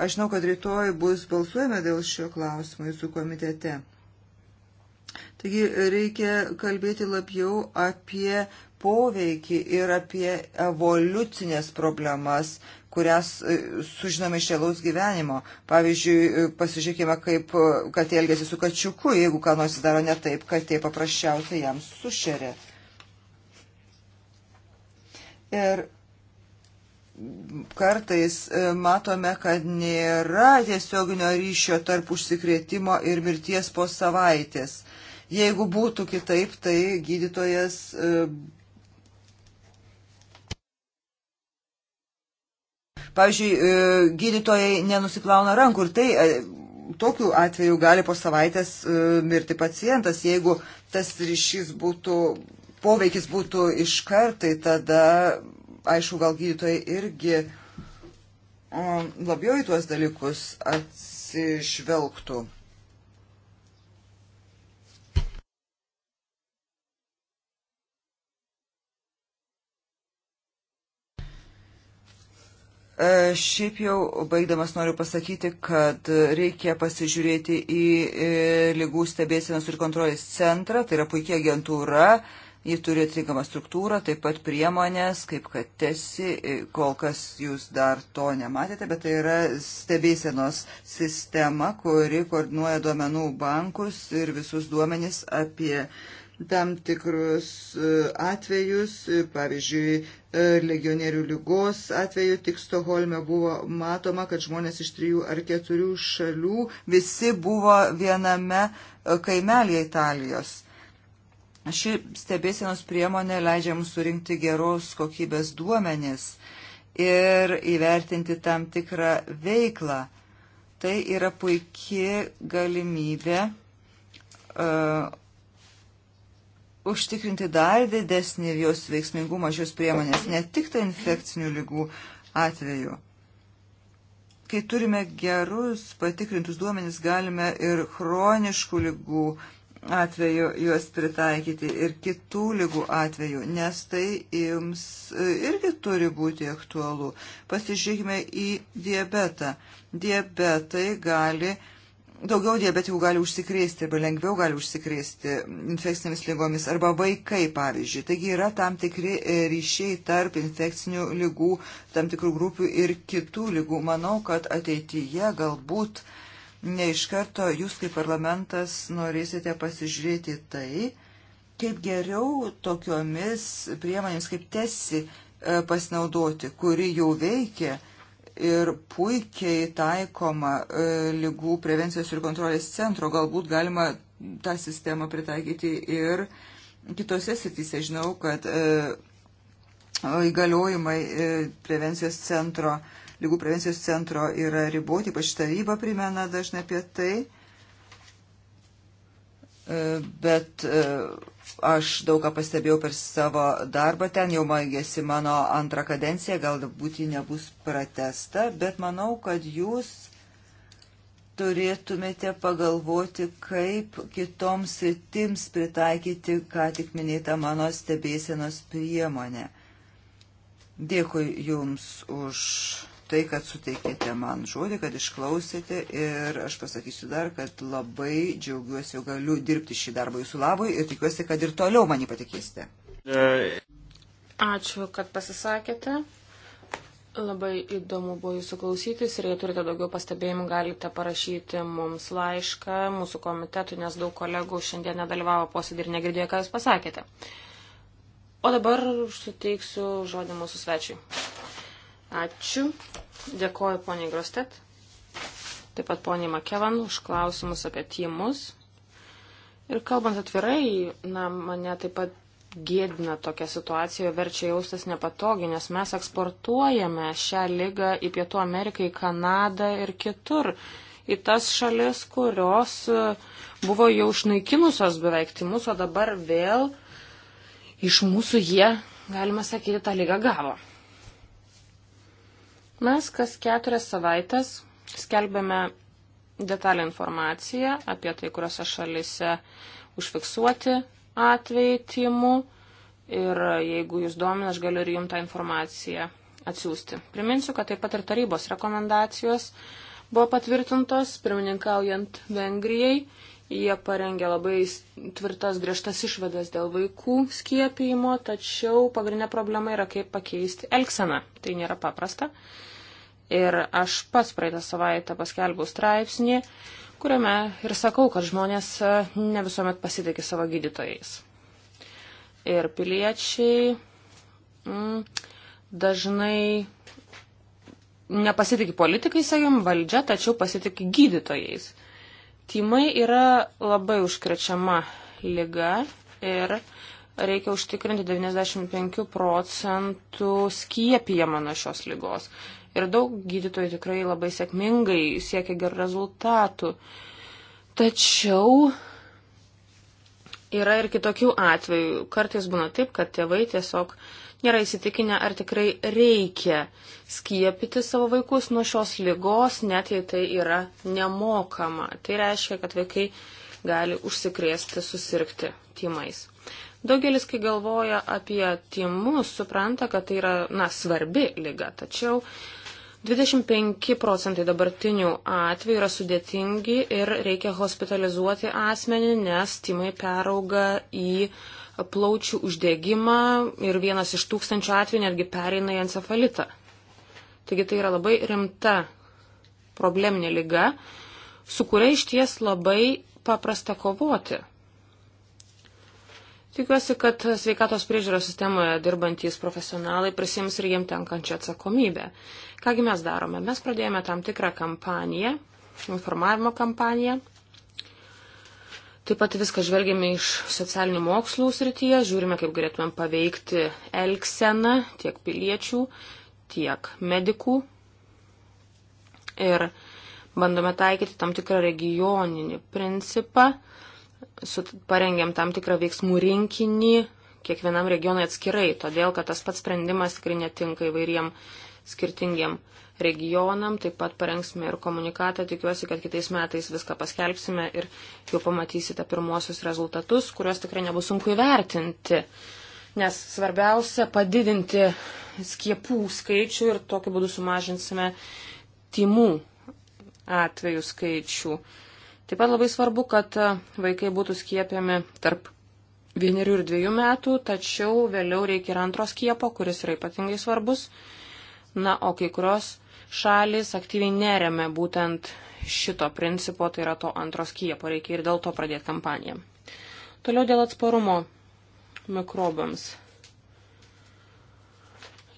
Aš žinau, kad rytoj bus balsuojama dėl šio klausimo jūsų komitete. Taigi reikia kalbėti labiau apie poveikį ir apie evoliucinės problemas, kurias e, sužinome iš realaus gyvenimo. Pavyzdžiui, e, pasižiūrėkime, kaip e, katė elgesi su kačiuku, jeigu ką nors daro ne taip, katė paprasčiausiai jam sušeria. Ir kartais matome, kad nėra tiesioginio ryšio tarp užsikrėtimo ir mirties po savaitės. Jeigu būtų kitaip, tai gydytojas Pavyzdžiui, e, gydytojai nenusiplauna rankų ir tai e, tokiu atveju gali po savaitės e, mirti pacientas, jeigu tas ryšys būtų, poveikis būtų iš kartai, tada, aišku, gal gydytojai irgi labiau į tuos dalykus atsižvelgtų. E, šiaip jau baigdamas noriu pasakyti, kad reikia pasižiūrėti į e, lygų stebėsienos ir kontrolės centrą, tai yra puikia agentūra, ji turi atrinkamą struktūrą, taip pat priemonės, kaip kad tesi, e, kol kas jūs dar to nematėte, bet tai yra stebėsienos sistema, kuri koordinuoja duomenų bankus ir visus duomenys apie tam tikrus e, atvejus, e, pavyzdžiui, e, legionierių lygos atveju tik Stoholme buvo matoma, kad žmonės iš trijų ar keturių šalių visi buvo viename kaimelėje Italijos. Ši stebėsienos priemonė leidžia mums surinkti geros kokybės duomenis ir įvertinti tam tikrą veiklą. Tai yra puikia galimybė uh, užtikrinti dar didesnį jos veiksmingumą šios priemonės, ne tik tai infekcinių lygų atveju. Kai turime gerus patikrintus duomenys, galime ir chroniškų lygų atveju juos pritaikyti ir kitų lygų atveju, nes tai jums e, irgi turi būti aktualu. Pasižiūrėkime į diabetą. Diabetai gali uh, daugiau diabetikų gali užsikrėsti arba lengviau gali užsikrėsti infekcinėmis lygomis arba vaikai, pavyzdžiui. Taigi yra tam tikri e, ryšiai tarp infekcinių lygų, tam tikrų grupių ir kitų lygų. Manau, kad ateityje galbūt ne iš karto jūs kaip parlamentas norėsite pasižiūrėti tai, kaip geriau tokiomis priemonėmis kaip tesi e, pasinaudoti, kuri jau veikia ir puikiai taikoma e, lygų prevencijos ir kontrolės centro. Galbūt galima tą sistemą pritaikyti ir kitose srityse. Žinau, kad e, įgaliojimai e, prevencijos centro, lygų prevencijos centro yra riboti, ypač taryba primena dažnai apie tai. Bet Aš daugą pastebėjau per savo darbą, ten jau baigėsi mano antrą kadenciją, galbūt ji nebus pratesta, bet manau, kad jūs turėtumėte pagalvoti, kaip kitoms sritims pritaikyti, ką tik minėta mano stebėsienos priemonė. Dėkui Jums už tai, kad suteikėte man žodį, kad išklausėte ir aš pasakysiu dar, kad labai džiaugiuosi, jau galiu dirbti šį darbą jūsų labui ir tikiuosi, kad ir toliau mane patikėsite. Ačiū, kad pasisakėte. Labai įdomu buvo jūsų klausytis ir jei turite daugiau pastebėjimų, galite parašyti mums laišką mūsų komitetui, nes daug kolegų šiandien nedalyvavo posėdį ir negirdėjo, ką jūs pasakėte. O dabar suteiksiu žodį mūsų svečiui. Ačiū. Dėkoju poniai Grostet. Taip pat poniai Makevan už klausimus apie tymus. Ir kalbant atvirai, na, mane taip pat gėdina tokia situacija, verčia jaustas nepatogiai, nes mes eksportuojame šią lygą į Pietų Ameriką, į Kanadą ir kitur. Į tas šalis, kurios e, buvo jau išnaikinusios beveik tymus, o dabar vėl iš mūsų jie, galima sakyti, tą lygą gavo. Mes kas keturias savaitės skelbėme detalę informaciją apie tai, kuriuose šalise užfiksuoti atvejai tyrimų ir jeigu jūs domina, aš galiu ir jums tą informaciją atsiųsti. Priminsiu, kad taip pat ir tarybos rekomendacijos buvo patvirtintos, pirmininkaujant Vengrijai. Jie parengė labai tvirtas griežtas išvadas dėl vaikų skiepijimo, tačiau pagrindinė problema yra, kaip pakeisti elkseną. Tai nėra paprasta. Uh, Ir aš pats praeitą savaitę paskelbiau straipsnį, kuriame ir sakau, kad žmonės e, ne visuomet pasitikė savo gydytojais. Ir piliečiai mm, dažnai nepasitikė politikai, sakėm, valdžia, tačiau pasitikė gydytojais. Tymai yra labai užkrečiama lyga ir reikia užtikrinti 95 procentų skiepijama nuo šios lygos ir daug gydytojų tikrai labai sėkmingai siekia gerų rezultatų. Tačiau yra ir kitokių atvejų. Kartais būna taip, kad tėvai tiesiog nėra įsitikinę, ar tikrai reikia skiepyti savo vaikus nuo šios lygos, net jei tai yra nemokama. Tai reiškia, kad vaikai gali užsikrėsti, susirgti timais. Daugelis, kai galvoja apie timus, supranta, kad tai yra, na, svarbi lyga, tačiau 25 procentai dabartinių atvejų yra sudėtingi ir reikia hospitalizuoti asmenį, nes timai perauga į plaučių uždegimą ir vienas iš tūkstančių atvejų netgi pereina į encefalitą. Taigi tai yra labai rimta probleminė lyga, su kuria iš ties labai paprasta kovoti. Tikiuosi, kad sveikatos priežiūros sistemoje dirbantys profesionalai prisims ir jiem tenkančią atsakomybę. Kągi mes darome? Mes pradėjome tam tikrą kampaniją, informavimo kampaniją. Taip pat viską žvelgėme iš socialinių mokslų srityje, žiūrime, kaip galėtumėm paveikti elkseną tiek piliečių, tiek medikų. Ir bandome taikyti tam tikrą regioninį principą, su, parengėm tam tikrą veiksmų rinkinį kiekvienam regionui atskirai, todėl kad tas pats sprendimas tikrai netinka įvairiem skirtingiam regionam. Taip pat parengsime ir komunikatą. Tikiuosi, kad kitais metais viską paskelbsime ir jau pamatysite pirmosius rezultatus, kuriuos tikrai nebus sunku įvertinti. Nes svarbiausia padidinti skiepų skaičių ir tokiu būdu sumažinsime timų atvejų skaičių. Taip pat labai svarbu, kad vaikai būtų skiepiami tarp vienerių ir dviejų metų, tačiau vėliau reikia ir antro skiepo, kuris yra ypatingai svarbus. Na, o kai kurios šalis aktyviai neremia būtent šito principo, tai yra to antro skiepo, reikia ir dėl to pradėti kampaniją. Toliau dėl atsparumo mikrobams.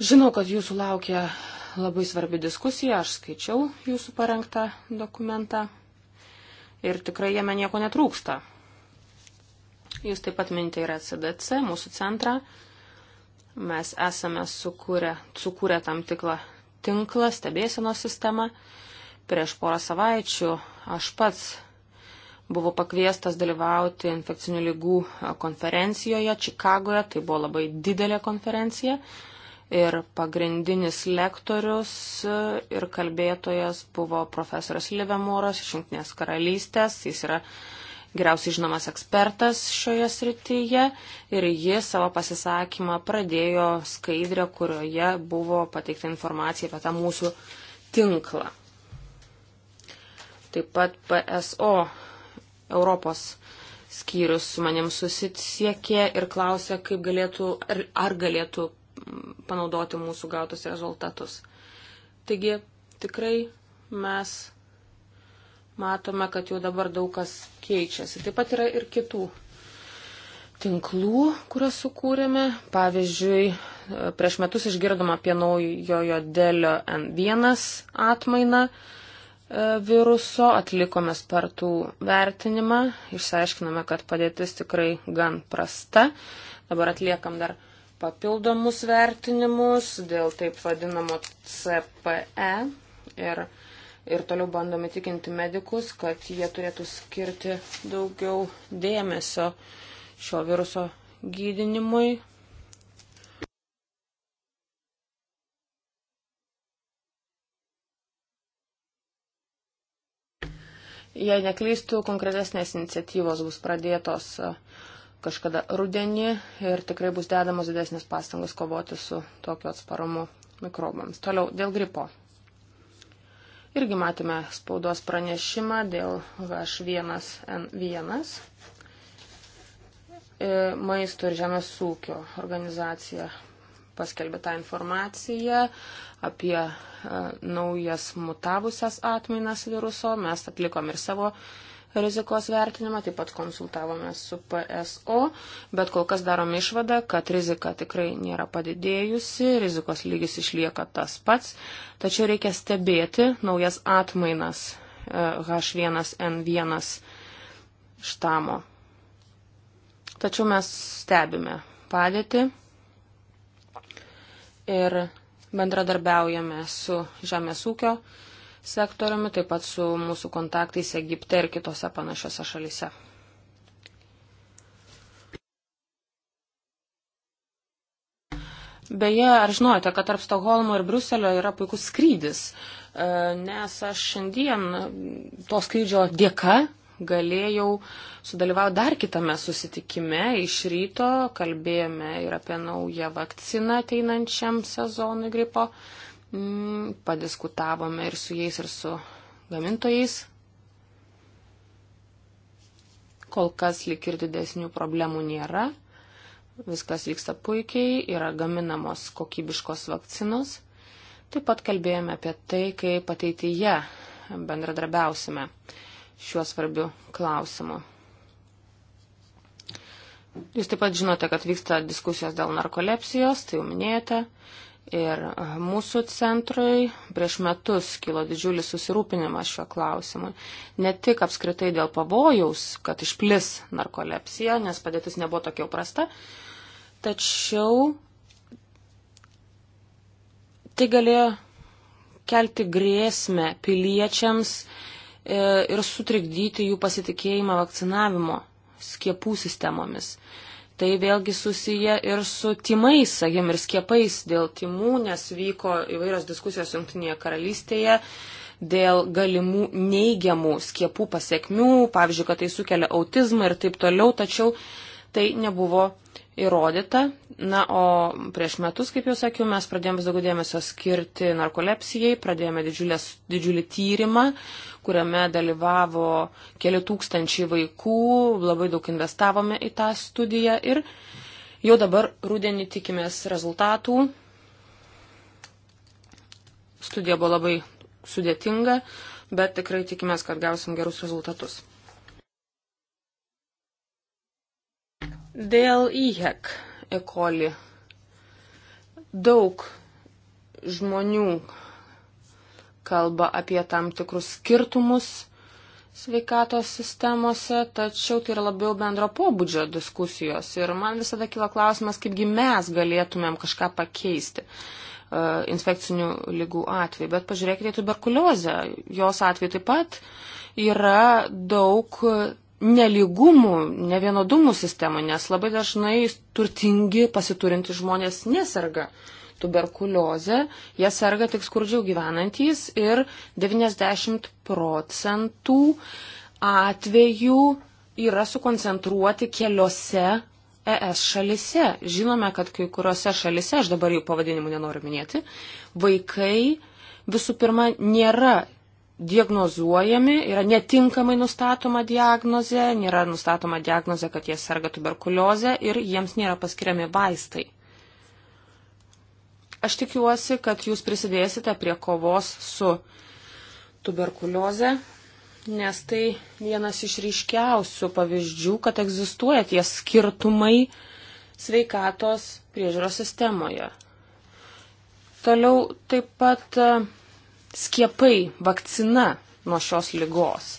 Žinau, kad jūsų laukia labai svarbi diskusija, aš skaičiau jūsų parengtą dokumentą ir tikrai jame nieko netrūksta. Jūs taip pat minite ir ACDC, mūsų centrą. Mes esame sukūrę, sukūrę tam tiklą tinklą, stebėsienos sistemą. Prieš porą savaičių aš pats buvau pakviestas dalyvauti infekcinių lygų e, konferencijoje Čikagoje. Tai buvo labai didelė konferencija. Ir pagrindinis lektorius e, ir kalbėtojas buvo profesorius Livemoras iš Junktinės karalystės. Jis yra uh, geriausiai žinomas ekspertas šioje srityje ir ji savo pasisakymą pradėjo skaidrę, kurioje buvo pateikta informacija apie tą mūsų tinklą. Taip pat PSO Europos skyrius su manim susisiekė ir klausė, kaip galėtų, ar, ar galėtų mm, panaudoti mūsų gautus rezultatus. Taigi tikrai mes matome, kad jau dabar daug kas keičiasi. Taip pat yra ir kitų tinklų, kuriuos sukūrėme. Pavyzdžiui, prieš metus išgirdom apie naujojo dėlio N1 atmainą e, viruso, atlikome spartų vertinimą, išsiaiškinome, kad padėtis tikrai gan prasta. Dabar atliekam dar papildomus vertinimus dėl taip vadinamo CPE ir ir toliau bandome tikinti medikus, kad jie turėtų skirti daugiau dėmesio šio viruso gydinimui. Jei neklystų, konkretesnės iniciatyvos bus pradėtos kažkada rudenį ir tikrai bus dedamos didesnės pastangos kovoti su tokiu atsparumu mikrobams. Toliau, dėl gripo. Irgi matėme spaudos pranešimą dėl H1N1 e, maisto ir žemės ūkio organizacija paskelbė tą informaciją apie e, naujas mutavusias atmainas viruso. Mes atlikom ir savo rizikos vertinimą, taip pat konsultavomės su PSO, bet kol kas darom išvadą, kad rizika tikrai nėra padidėjusi, rizikos lygis išlieka tas pats, tačiau reikia stebėti naujas atmainas e, H1N1 štamo. Tačiau mes stebime padėtį ir bendradarbiaujame su Žemės ūkio sektoriumi, taip pat su mūsų kontaktais Egipte ir kitose panašiose šalise. Beje, ar žinote, kad tarp Stokholmo ir Bruselio yra puikus skrydis, e, nes aš šiandien to skrydžio dėka galėjau sudalyvauti dar kitame susitikime iš ryto, kalbėjome ir apie naują vakciną ateinančiam sezonui gripo. Uh, Mm, padiskutavome ir su jais, ir su gamintojais. Kol kas lik ir didesnių problemų nėra. Viskas vyksta puikiai, yra gaminamos kokybiškos vakcinos. Taip pat kalbėjome apie tai, kaip ateityje bendradarbiausime šiuo svarbiu klausimu. Jūs taip pat žinote, kad vyksta diskusijos dėl narkolepsijos, tai jau minėjote. Ir mūsų centrui prieš metus kilo didžiulis susirūpinimas šiuo klausimu. Ne tik apskritai dėl pavojaus, kad išplis narkolepsija, nes padėtis nebuvo tokia prasta, tačiau tai galėjo kelti grėsmę piliečiams e, ir sutrikdyti jų pasitikėjimą vakcinavimo skiepų sistemomis tai vėlgi susiję ir su timais, sakėm, ir skiepais dėl timų, nes vyko įvairios diskusijos Junktinėje karalystėje dėl galimų neigiamų skiepų pasiekmių, pavyzdžiui, kad tai sukelia autizmą ir taip toliau, tačiau tai nebuvo įrodyta. Na, o prieš metus, kaip jau sakiau, mes pradėjome vis daugiau dėmesio skirti narkolepsijai, pradėjome didžiulės, didžiulį tyrimą, kuriame dalyvavo keli tūkstančiai vaikų, labai daug investavome į tą studiją ir jau dabar rudenį tikimės rezultatų. Studija buvo labai sudėtinga, bet tikrai tikimės, kad gausim gerus rezultatus. Dėl IHEC e ekoli daug žmonių kalba apie tam tikrus skirtumus sveikatos sistemose, tačiau tai yra labiau bendro pobūdžio diskusijos. Ir man visada kyla klausimas, kaipgi mes galėtumėm kažką pakeisti uh, infekcinių lygų atveju. Bet pažiūrėkite į tuberkuliozę. Jos atveju taip pat yra daug neligumų, nevienodumų sistemą, nes labai dažnai turtingi pasiturinti žmonės neserga tuberkuliozę, jie serga tik skurdžiau gyvenantys ir 90 procentų atvejų yra sukoncentruoti keliose ES šalise. Žinome, kad kai kuriuose šalise, aš dabar jų pavadinimų nenoriu minėti, vaikai visų pirma nėra diagnozuojami, yra netinkamai nustatoma diagnozė, nėra nustatoma diagnozė, kad jie serga tuberkuliozę ir jiems nėra paskiriami vaistai. Aš tikiuosi, kad jūs prisidėsite prie kovos su tuberkuliozė, nes tai vienas iš ryškiausių pavyzdžių, kad egzistuoja tie skirtumai sveikatos priežiūros sistemoje. Toliau taip pat skiepai, vakcina nuo šios lygos.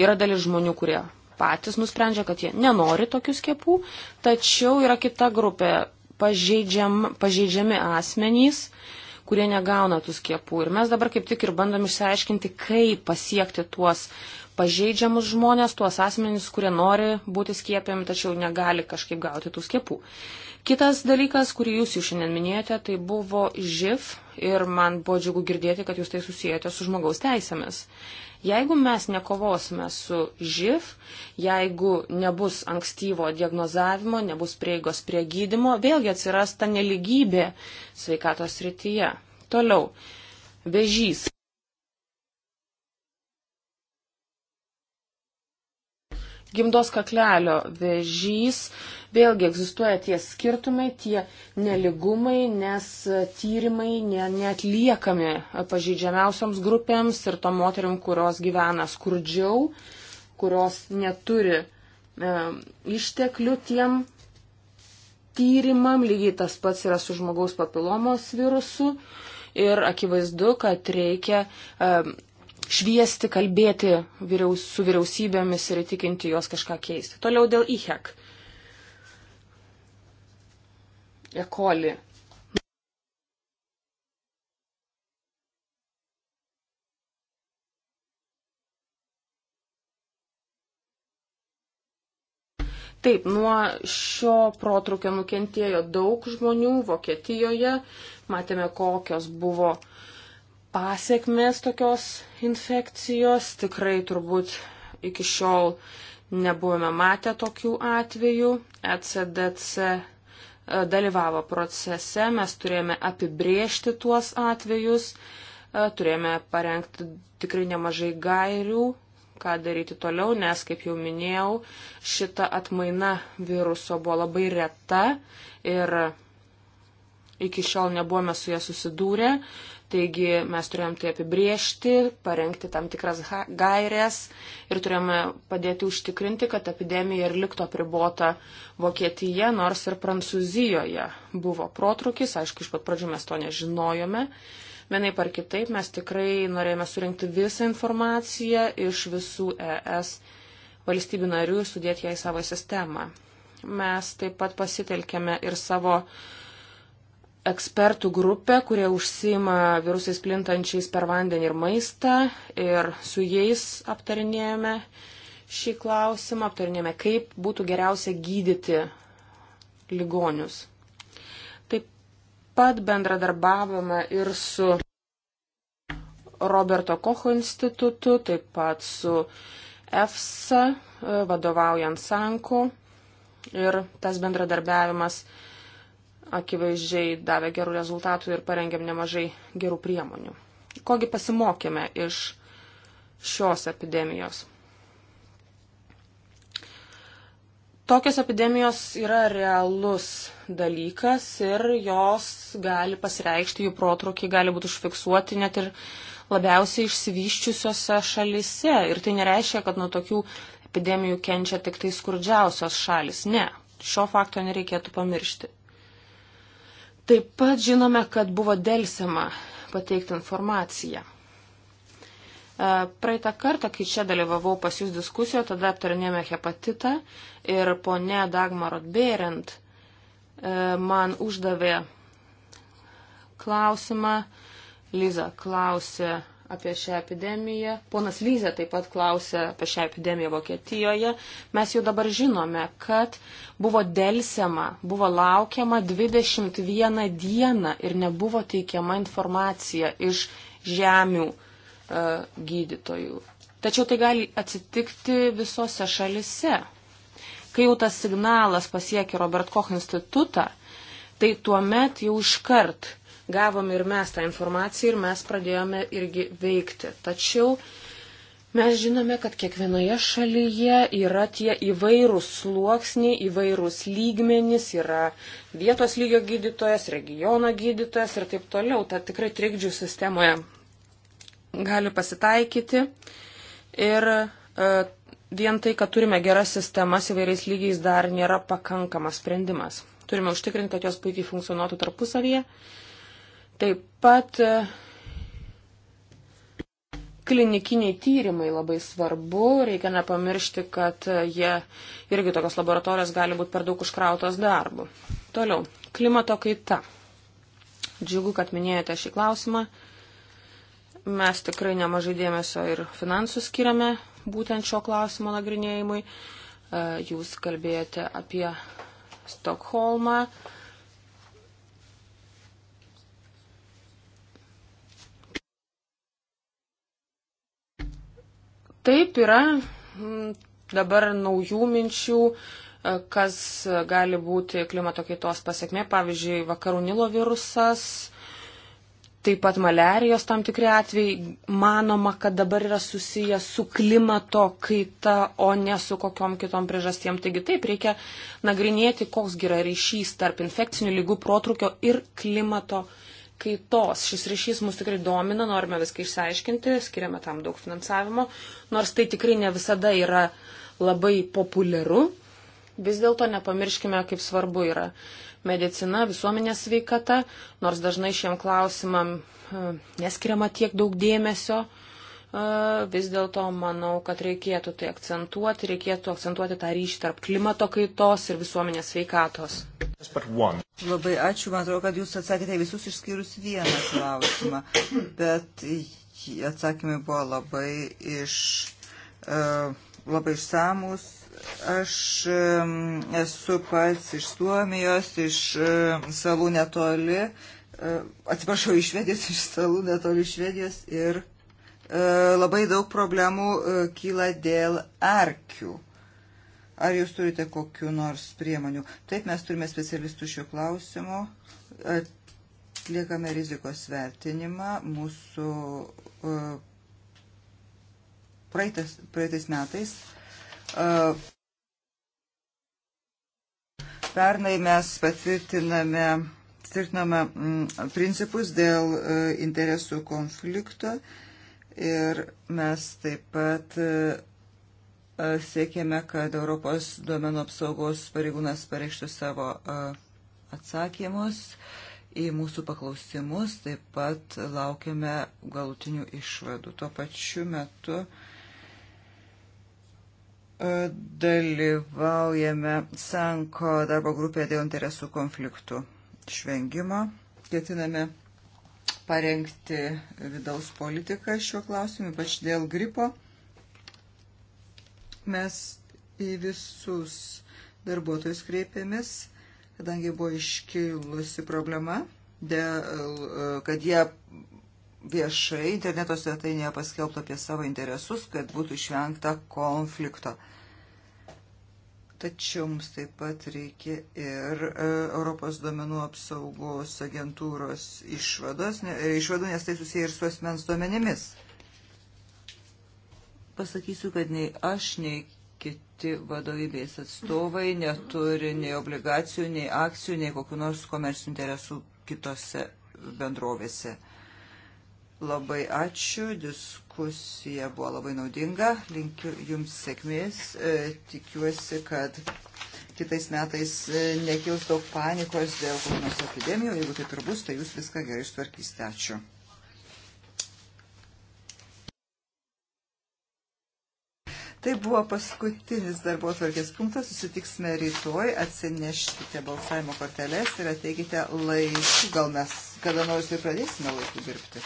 Yra dalis žmonių, kurie patys nusprendžia, kad jie nenori tokių skiepų, tačiau yra kita grupė pažeidžiam, pažeidžiami asmenys, kurie negauna tų skiepų. Ir mes dabar kaip tik ir bandom išsiaiškinti, kaip pasiekti tuos pažeidžiamus žmonės, tuos asmenys, kurie nori būti skiepiami, tačiau negali kažkaip gauti tų skiepų. Kitas dalykas, kurį jūs jau šiandien minėjote, tai buvo živ ir man buvo džiugu girdėti, kad jūs tai susijęte su žmogaus teisėmis. Jeigu mes nekovosime su živ, jeigu nebus ankstyvo diagnozavimo, nebus prieigos prie gydimo, vėlgi atsiras ta neligybė sveikatos rytyje. Toliau, vežys. gimdos kaklelio vėžys. Vėlgi egzistuoja tie skirtumai, tie neligumai, nes tyrimai ne, neatliekami pažydžiamiausioms grupėms ir to moteriam, kurios gyvena skurdžiau, kurios neturi e, išteklių tiem tyrimam. Lygiai tas pats yra su žmogaus papilomos virusu. Ir akivaizdu, kad reikia e, šviesti, kalbėti vyriaus, su vyriausybėmis ir įtikinti juos kažką keisti. Toliau dėl IHEC. Ekoli. Taip, nuo šio protrukio nukentėjo daug žmonių Vokietijoje. Matėme, kokios buvo uh, pasiekmes tokios infekcijos. Tikrai turbūt iki šiol nebuvome matę tokių atvejų. ECDC e, dalyvavo procese, mes turėjome apibriežti tuos atvejus, e, turėjome parengti tikrai nemažai gairių, ką daryti toliau, nes, kaip jau minėjau, šita atmaina viruso buvo labai reta ir iki šiol nebuvome su ja susidūrę, Taigi mes turėjom tai apibriežti, parengti tam tikras gairias ir turėjome padėti užtikrinti, kad epidemija ir likto pribota Vokietija, nors ir Prancūzijoje buvo protrukis, aišku, iš pat pradžių mes to nežinojome. Vienaip ar kitaip mes tikrai norėjome surinkti visą informaciją iš visų ES valstybių narių ir sudėti ją į savo sistemą. Mes taip pat pasitelkėme ir savo uh, ekspertų grupė, kurie užsima virusais plintančiais per vandenį ir maistą ir su jais aptarinėjome šį klausimą, aptarinėjome, kaip būtų geriausia gydyti ligonius. Taip pat bendradarbavome ir su Roberto Kocho institutu, taip pat su EFSA, vadovaujant Sanko. Ir tas bendradarbiavimas uh, akivaizdžiai davė gerų rezultatų ir parengėm nemažai gerų priemonių. Kogi pasimokėme iš šios epidemijos? Tokios epidemijos yra realus dalykas ir jos gali pasireikšti, jų protrukiai gali būti užfiksuoti net ir labiausiai išsivyščiusiose šalise. Ir tai nereiškia, kad nuo tokių epidemijų kenčia tik tai skurdžiausios šalis. Ne, šio fakto nereikėtų pamiršti. Taip pat žinome, kad buvo dėlsima pateikti informaciją. E, praeitą kartą, kai čia dalyvavau pas jūs diskusijoje, tada aptarinėjome hepatitą ir ponė Dagmarot Bėrent e, man uždavė klausimą. Liza klausė apie šią epidemiją. Ponas Lyze taip pat klausė apie šią epidemiją Vokietijoje. Mes jau dabar žinome, kad buvo dėlsiama, buvo laukiama 21 dieną ir nebuvo teikiama informacija iš žemių e, gydytojų. Tačiau tai gali atsitikti visose šalise. Kai jau tas signalas pasiekia Robert Koch institutą, tai tuomet jau iškart Gavom ir mes tą informaciją ir mes pradėjome irgi veikti. Tačiau mes žinome, kad kiekvienoje šalyje yra tie įvairūs sluoksniai, įvairūs lygmenys, yra vietos lygio gydytojas, regiono gydytojas ir taip toliau. Tad tikrai trikdžių sistemoje gali pasitaikyti. Ir e, vien tai, kad turime geras sistemas įvairiais lygiais, dar nėra pakankamas sprendimas. Turime užtikrinti, kad jos puikiai funkcionuotų tarpusavyje Taip pat e, klinikiniai tyrimai labai svarbu, reikia nepamiršti, kad e, jie irgi tokios laboratorijos gali būti per daug užkrautos darbu. Toliau, klimato kaita. Džiugu, kad minėjote šį klausimą. Mes tikrai nemažai dėmesio ir finansų skiriame būtent šio klausimo nagrinėjimui. E, jūs kalbėjote apie Stokholmą. Taip yra mm, dabar naujų minčių, e, kas gali būti klimato kaitos pasiekmė, pavyzdžiui, vakarų Nilo virusas, taip pat malerijos tam tikri atvejai, manoma, kad dabar yra susiję su klimato kaita, o ne su kokiom kitom priežastiem. Taigi taip reikia nagrinėti, koks yra ryšys tarp infekcinių lygų protrukio ir klimato kaitos kaitos. Šis ryšys mus tikrai domina, norime viską išsiaiškinti, skiriame tam daug finansavimo, nors tai tikrai ne visada yra labai populiaru. Vis dėlto nepamirškime, kaip svarbu yra medicina, visuomenės sveikata, nors dažnai šiem klausimam e, neskiriama tiek daug dėmesio. Uh, vis dėlto manau, kad reikėtų tai akcentuoti, reikėtų akcentuoti tą ryšį tarp klimato kaitos ir visuomenės sveikatos. Labai ačiū, man atrodo, kad jūs atsakėte visus išskyrus vieną klausimą, bet atsakymai buvo labai, iš, e, labai išsamus. Aš e, esu pats iš Suomijos, iš e, salų netoli, atsiprašau, iš Švedijos, iš salų netoli Švedijos ir E, labai daug problemų e, kyla dėl erkių. Ar jūs turite kokiu nors priemonių? Taip, mes turime specialistų šiuo klausimu, atliekame rizikos vertinimą. Mūsų e, praeitas, praeitais metais pernai mes patvirtiname tvirtiname mm, principus dėl interesų konflikto. Uh, Ir mes taip pat e, e, siekėme, kad Europos duomenų apsaugos pareigūnas pareikštų savo e, atsakymus į mūsų paklausimus, taip pat laukiame galutinių išvadų. Tuo pačiu metu dalyvaujame Sanko darbo grupėje dėl interesų konfliktų švengimo. Ketiname parengti vidaus politiką šiuo klausimu, ypač dėl gripo. Mes į visus darbuotojus kreipėmės, kadangi buvo iškilusi problema, dėl, kad jie viešai interneto svetainėje paskelbtų apie savo interesus, kad būtų išvengta konflikto. Tačiau mums taip pat reikia ir e, Europos duomenų apsaugos agentūros išvados, ne, e, išvadų, nes tai susiję ir su asmens duomenimis. Pasakysiu, kad nei aš, nei kiti vadovybės atstovai neturi nei obligacijų, nei akcijų, nei kokiu nors komercinių interesų kitose bendrovėse. Labai ačiū, diskusija buvo labai naudinga, linkiu Jums sėkmės, e, tikiuosi, kad kitais metais e, nekils daug panikos dėl kokios epidemijos, jeigu taip ir bus, tai Jūs viską gerai ištvarkysite. Ačiū. Tai buvo paskutinis darbo atvarkės punktas, susitiksime rytoj, atsineškite balsavimo korteles ir ateikite laiku, gal mes kada nors ir pradėsime laiku dirbti.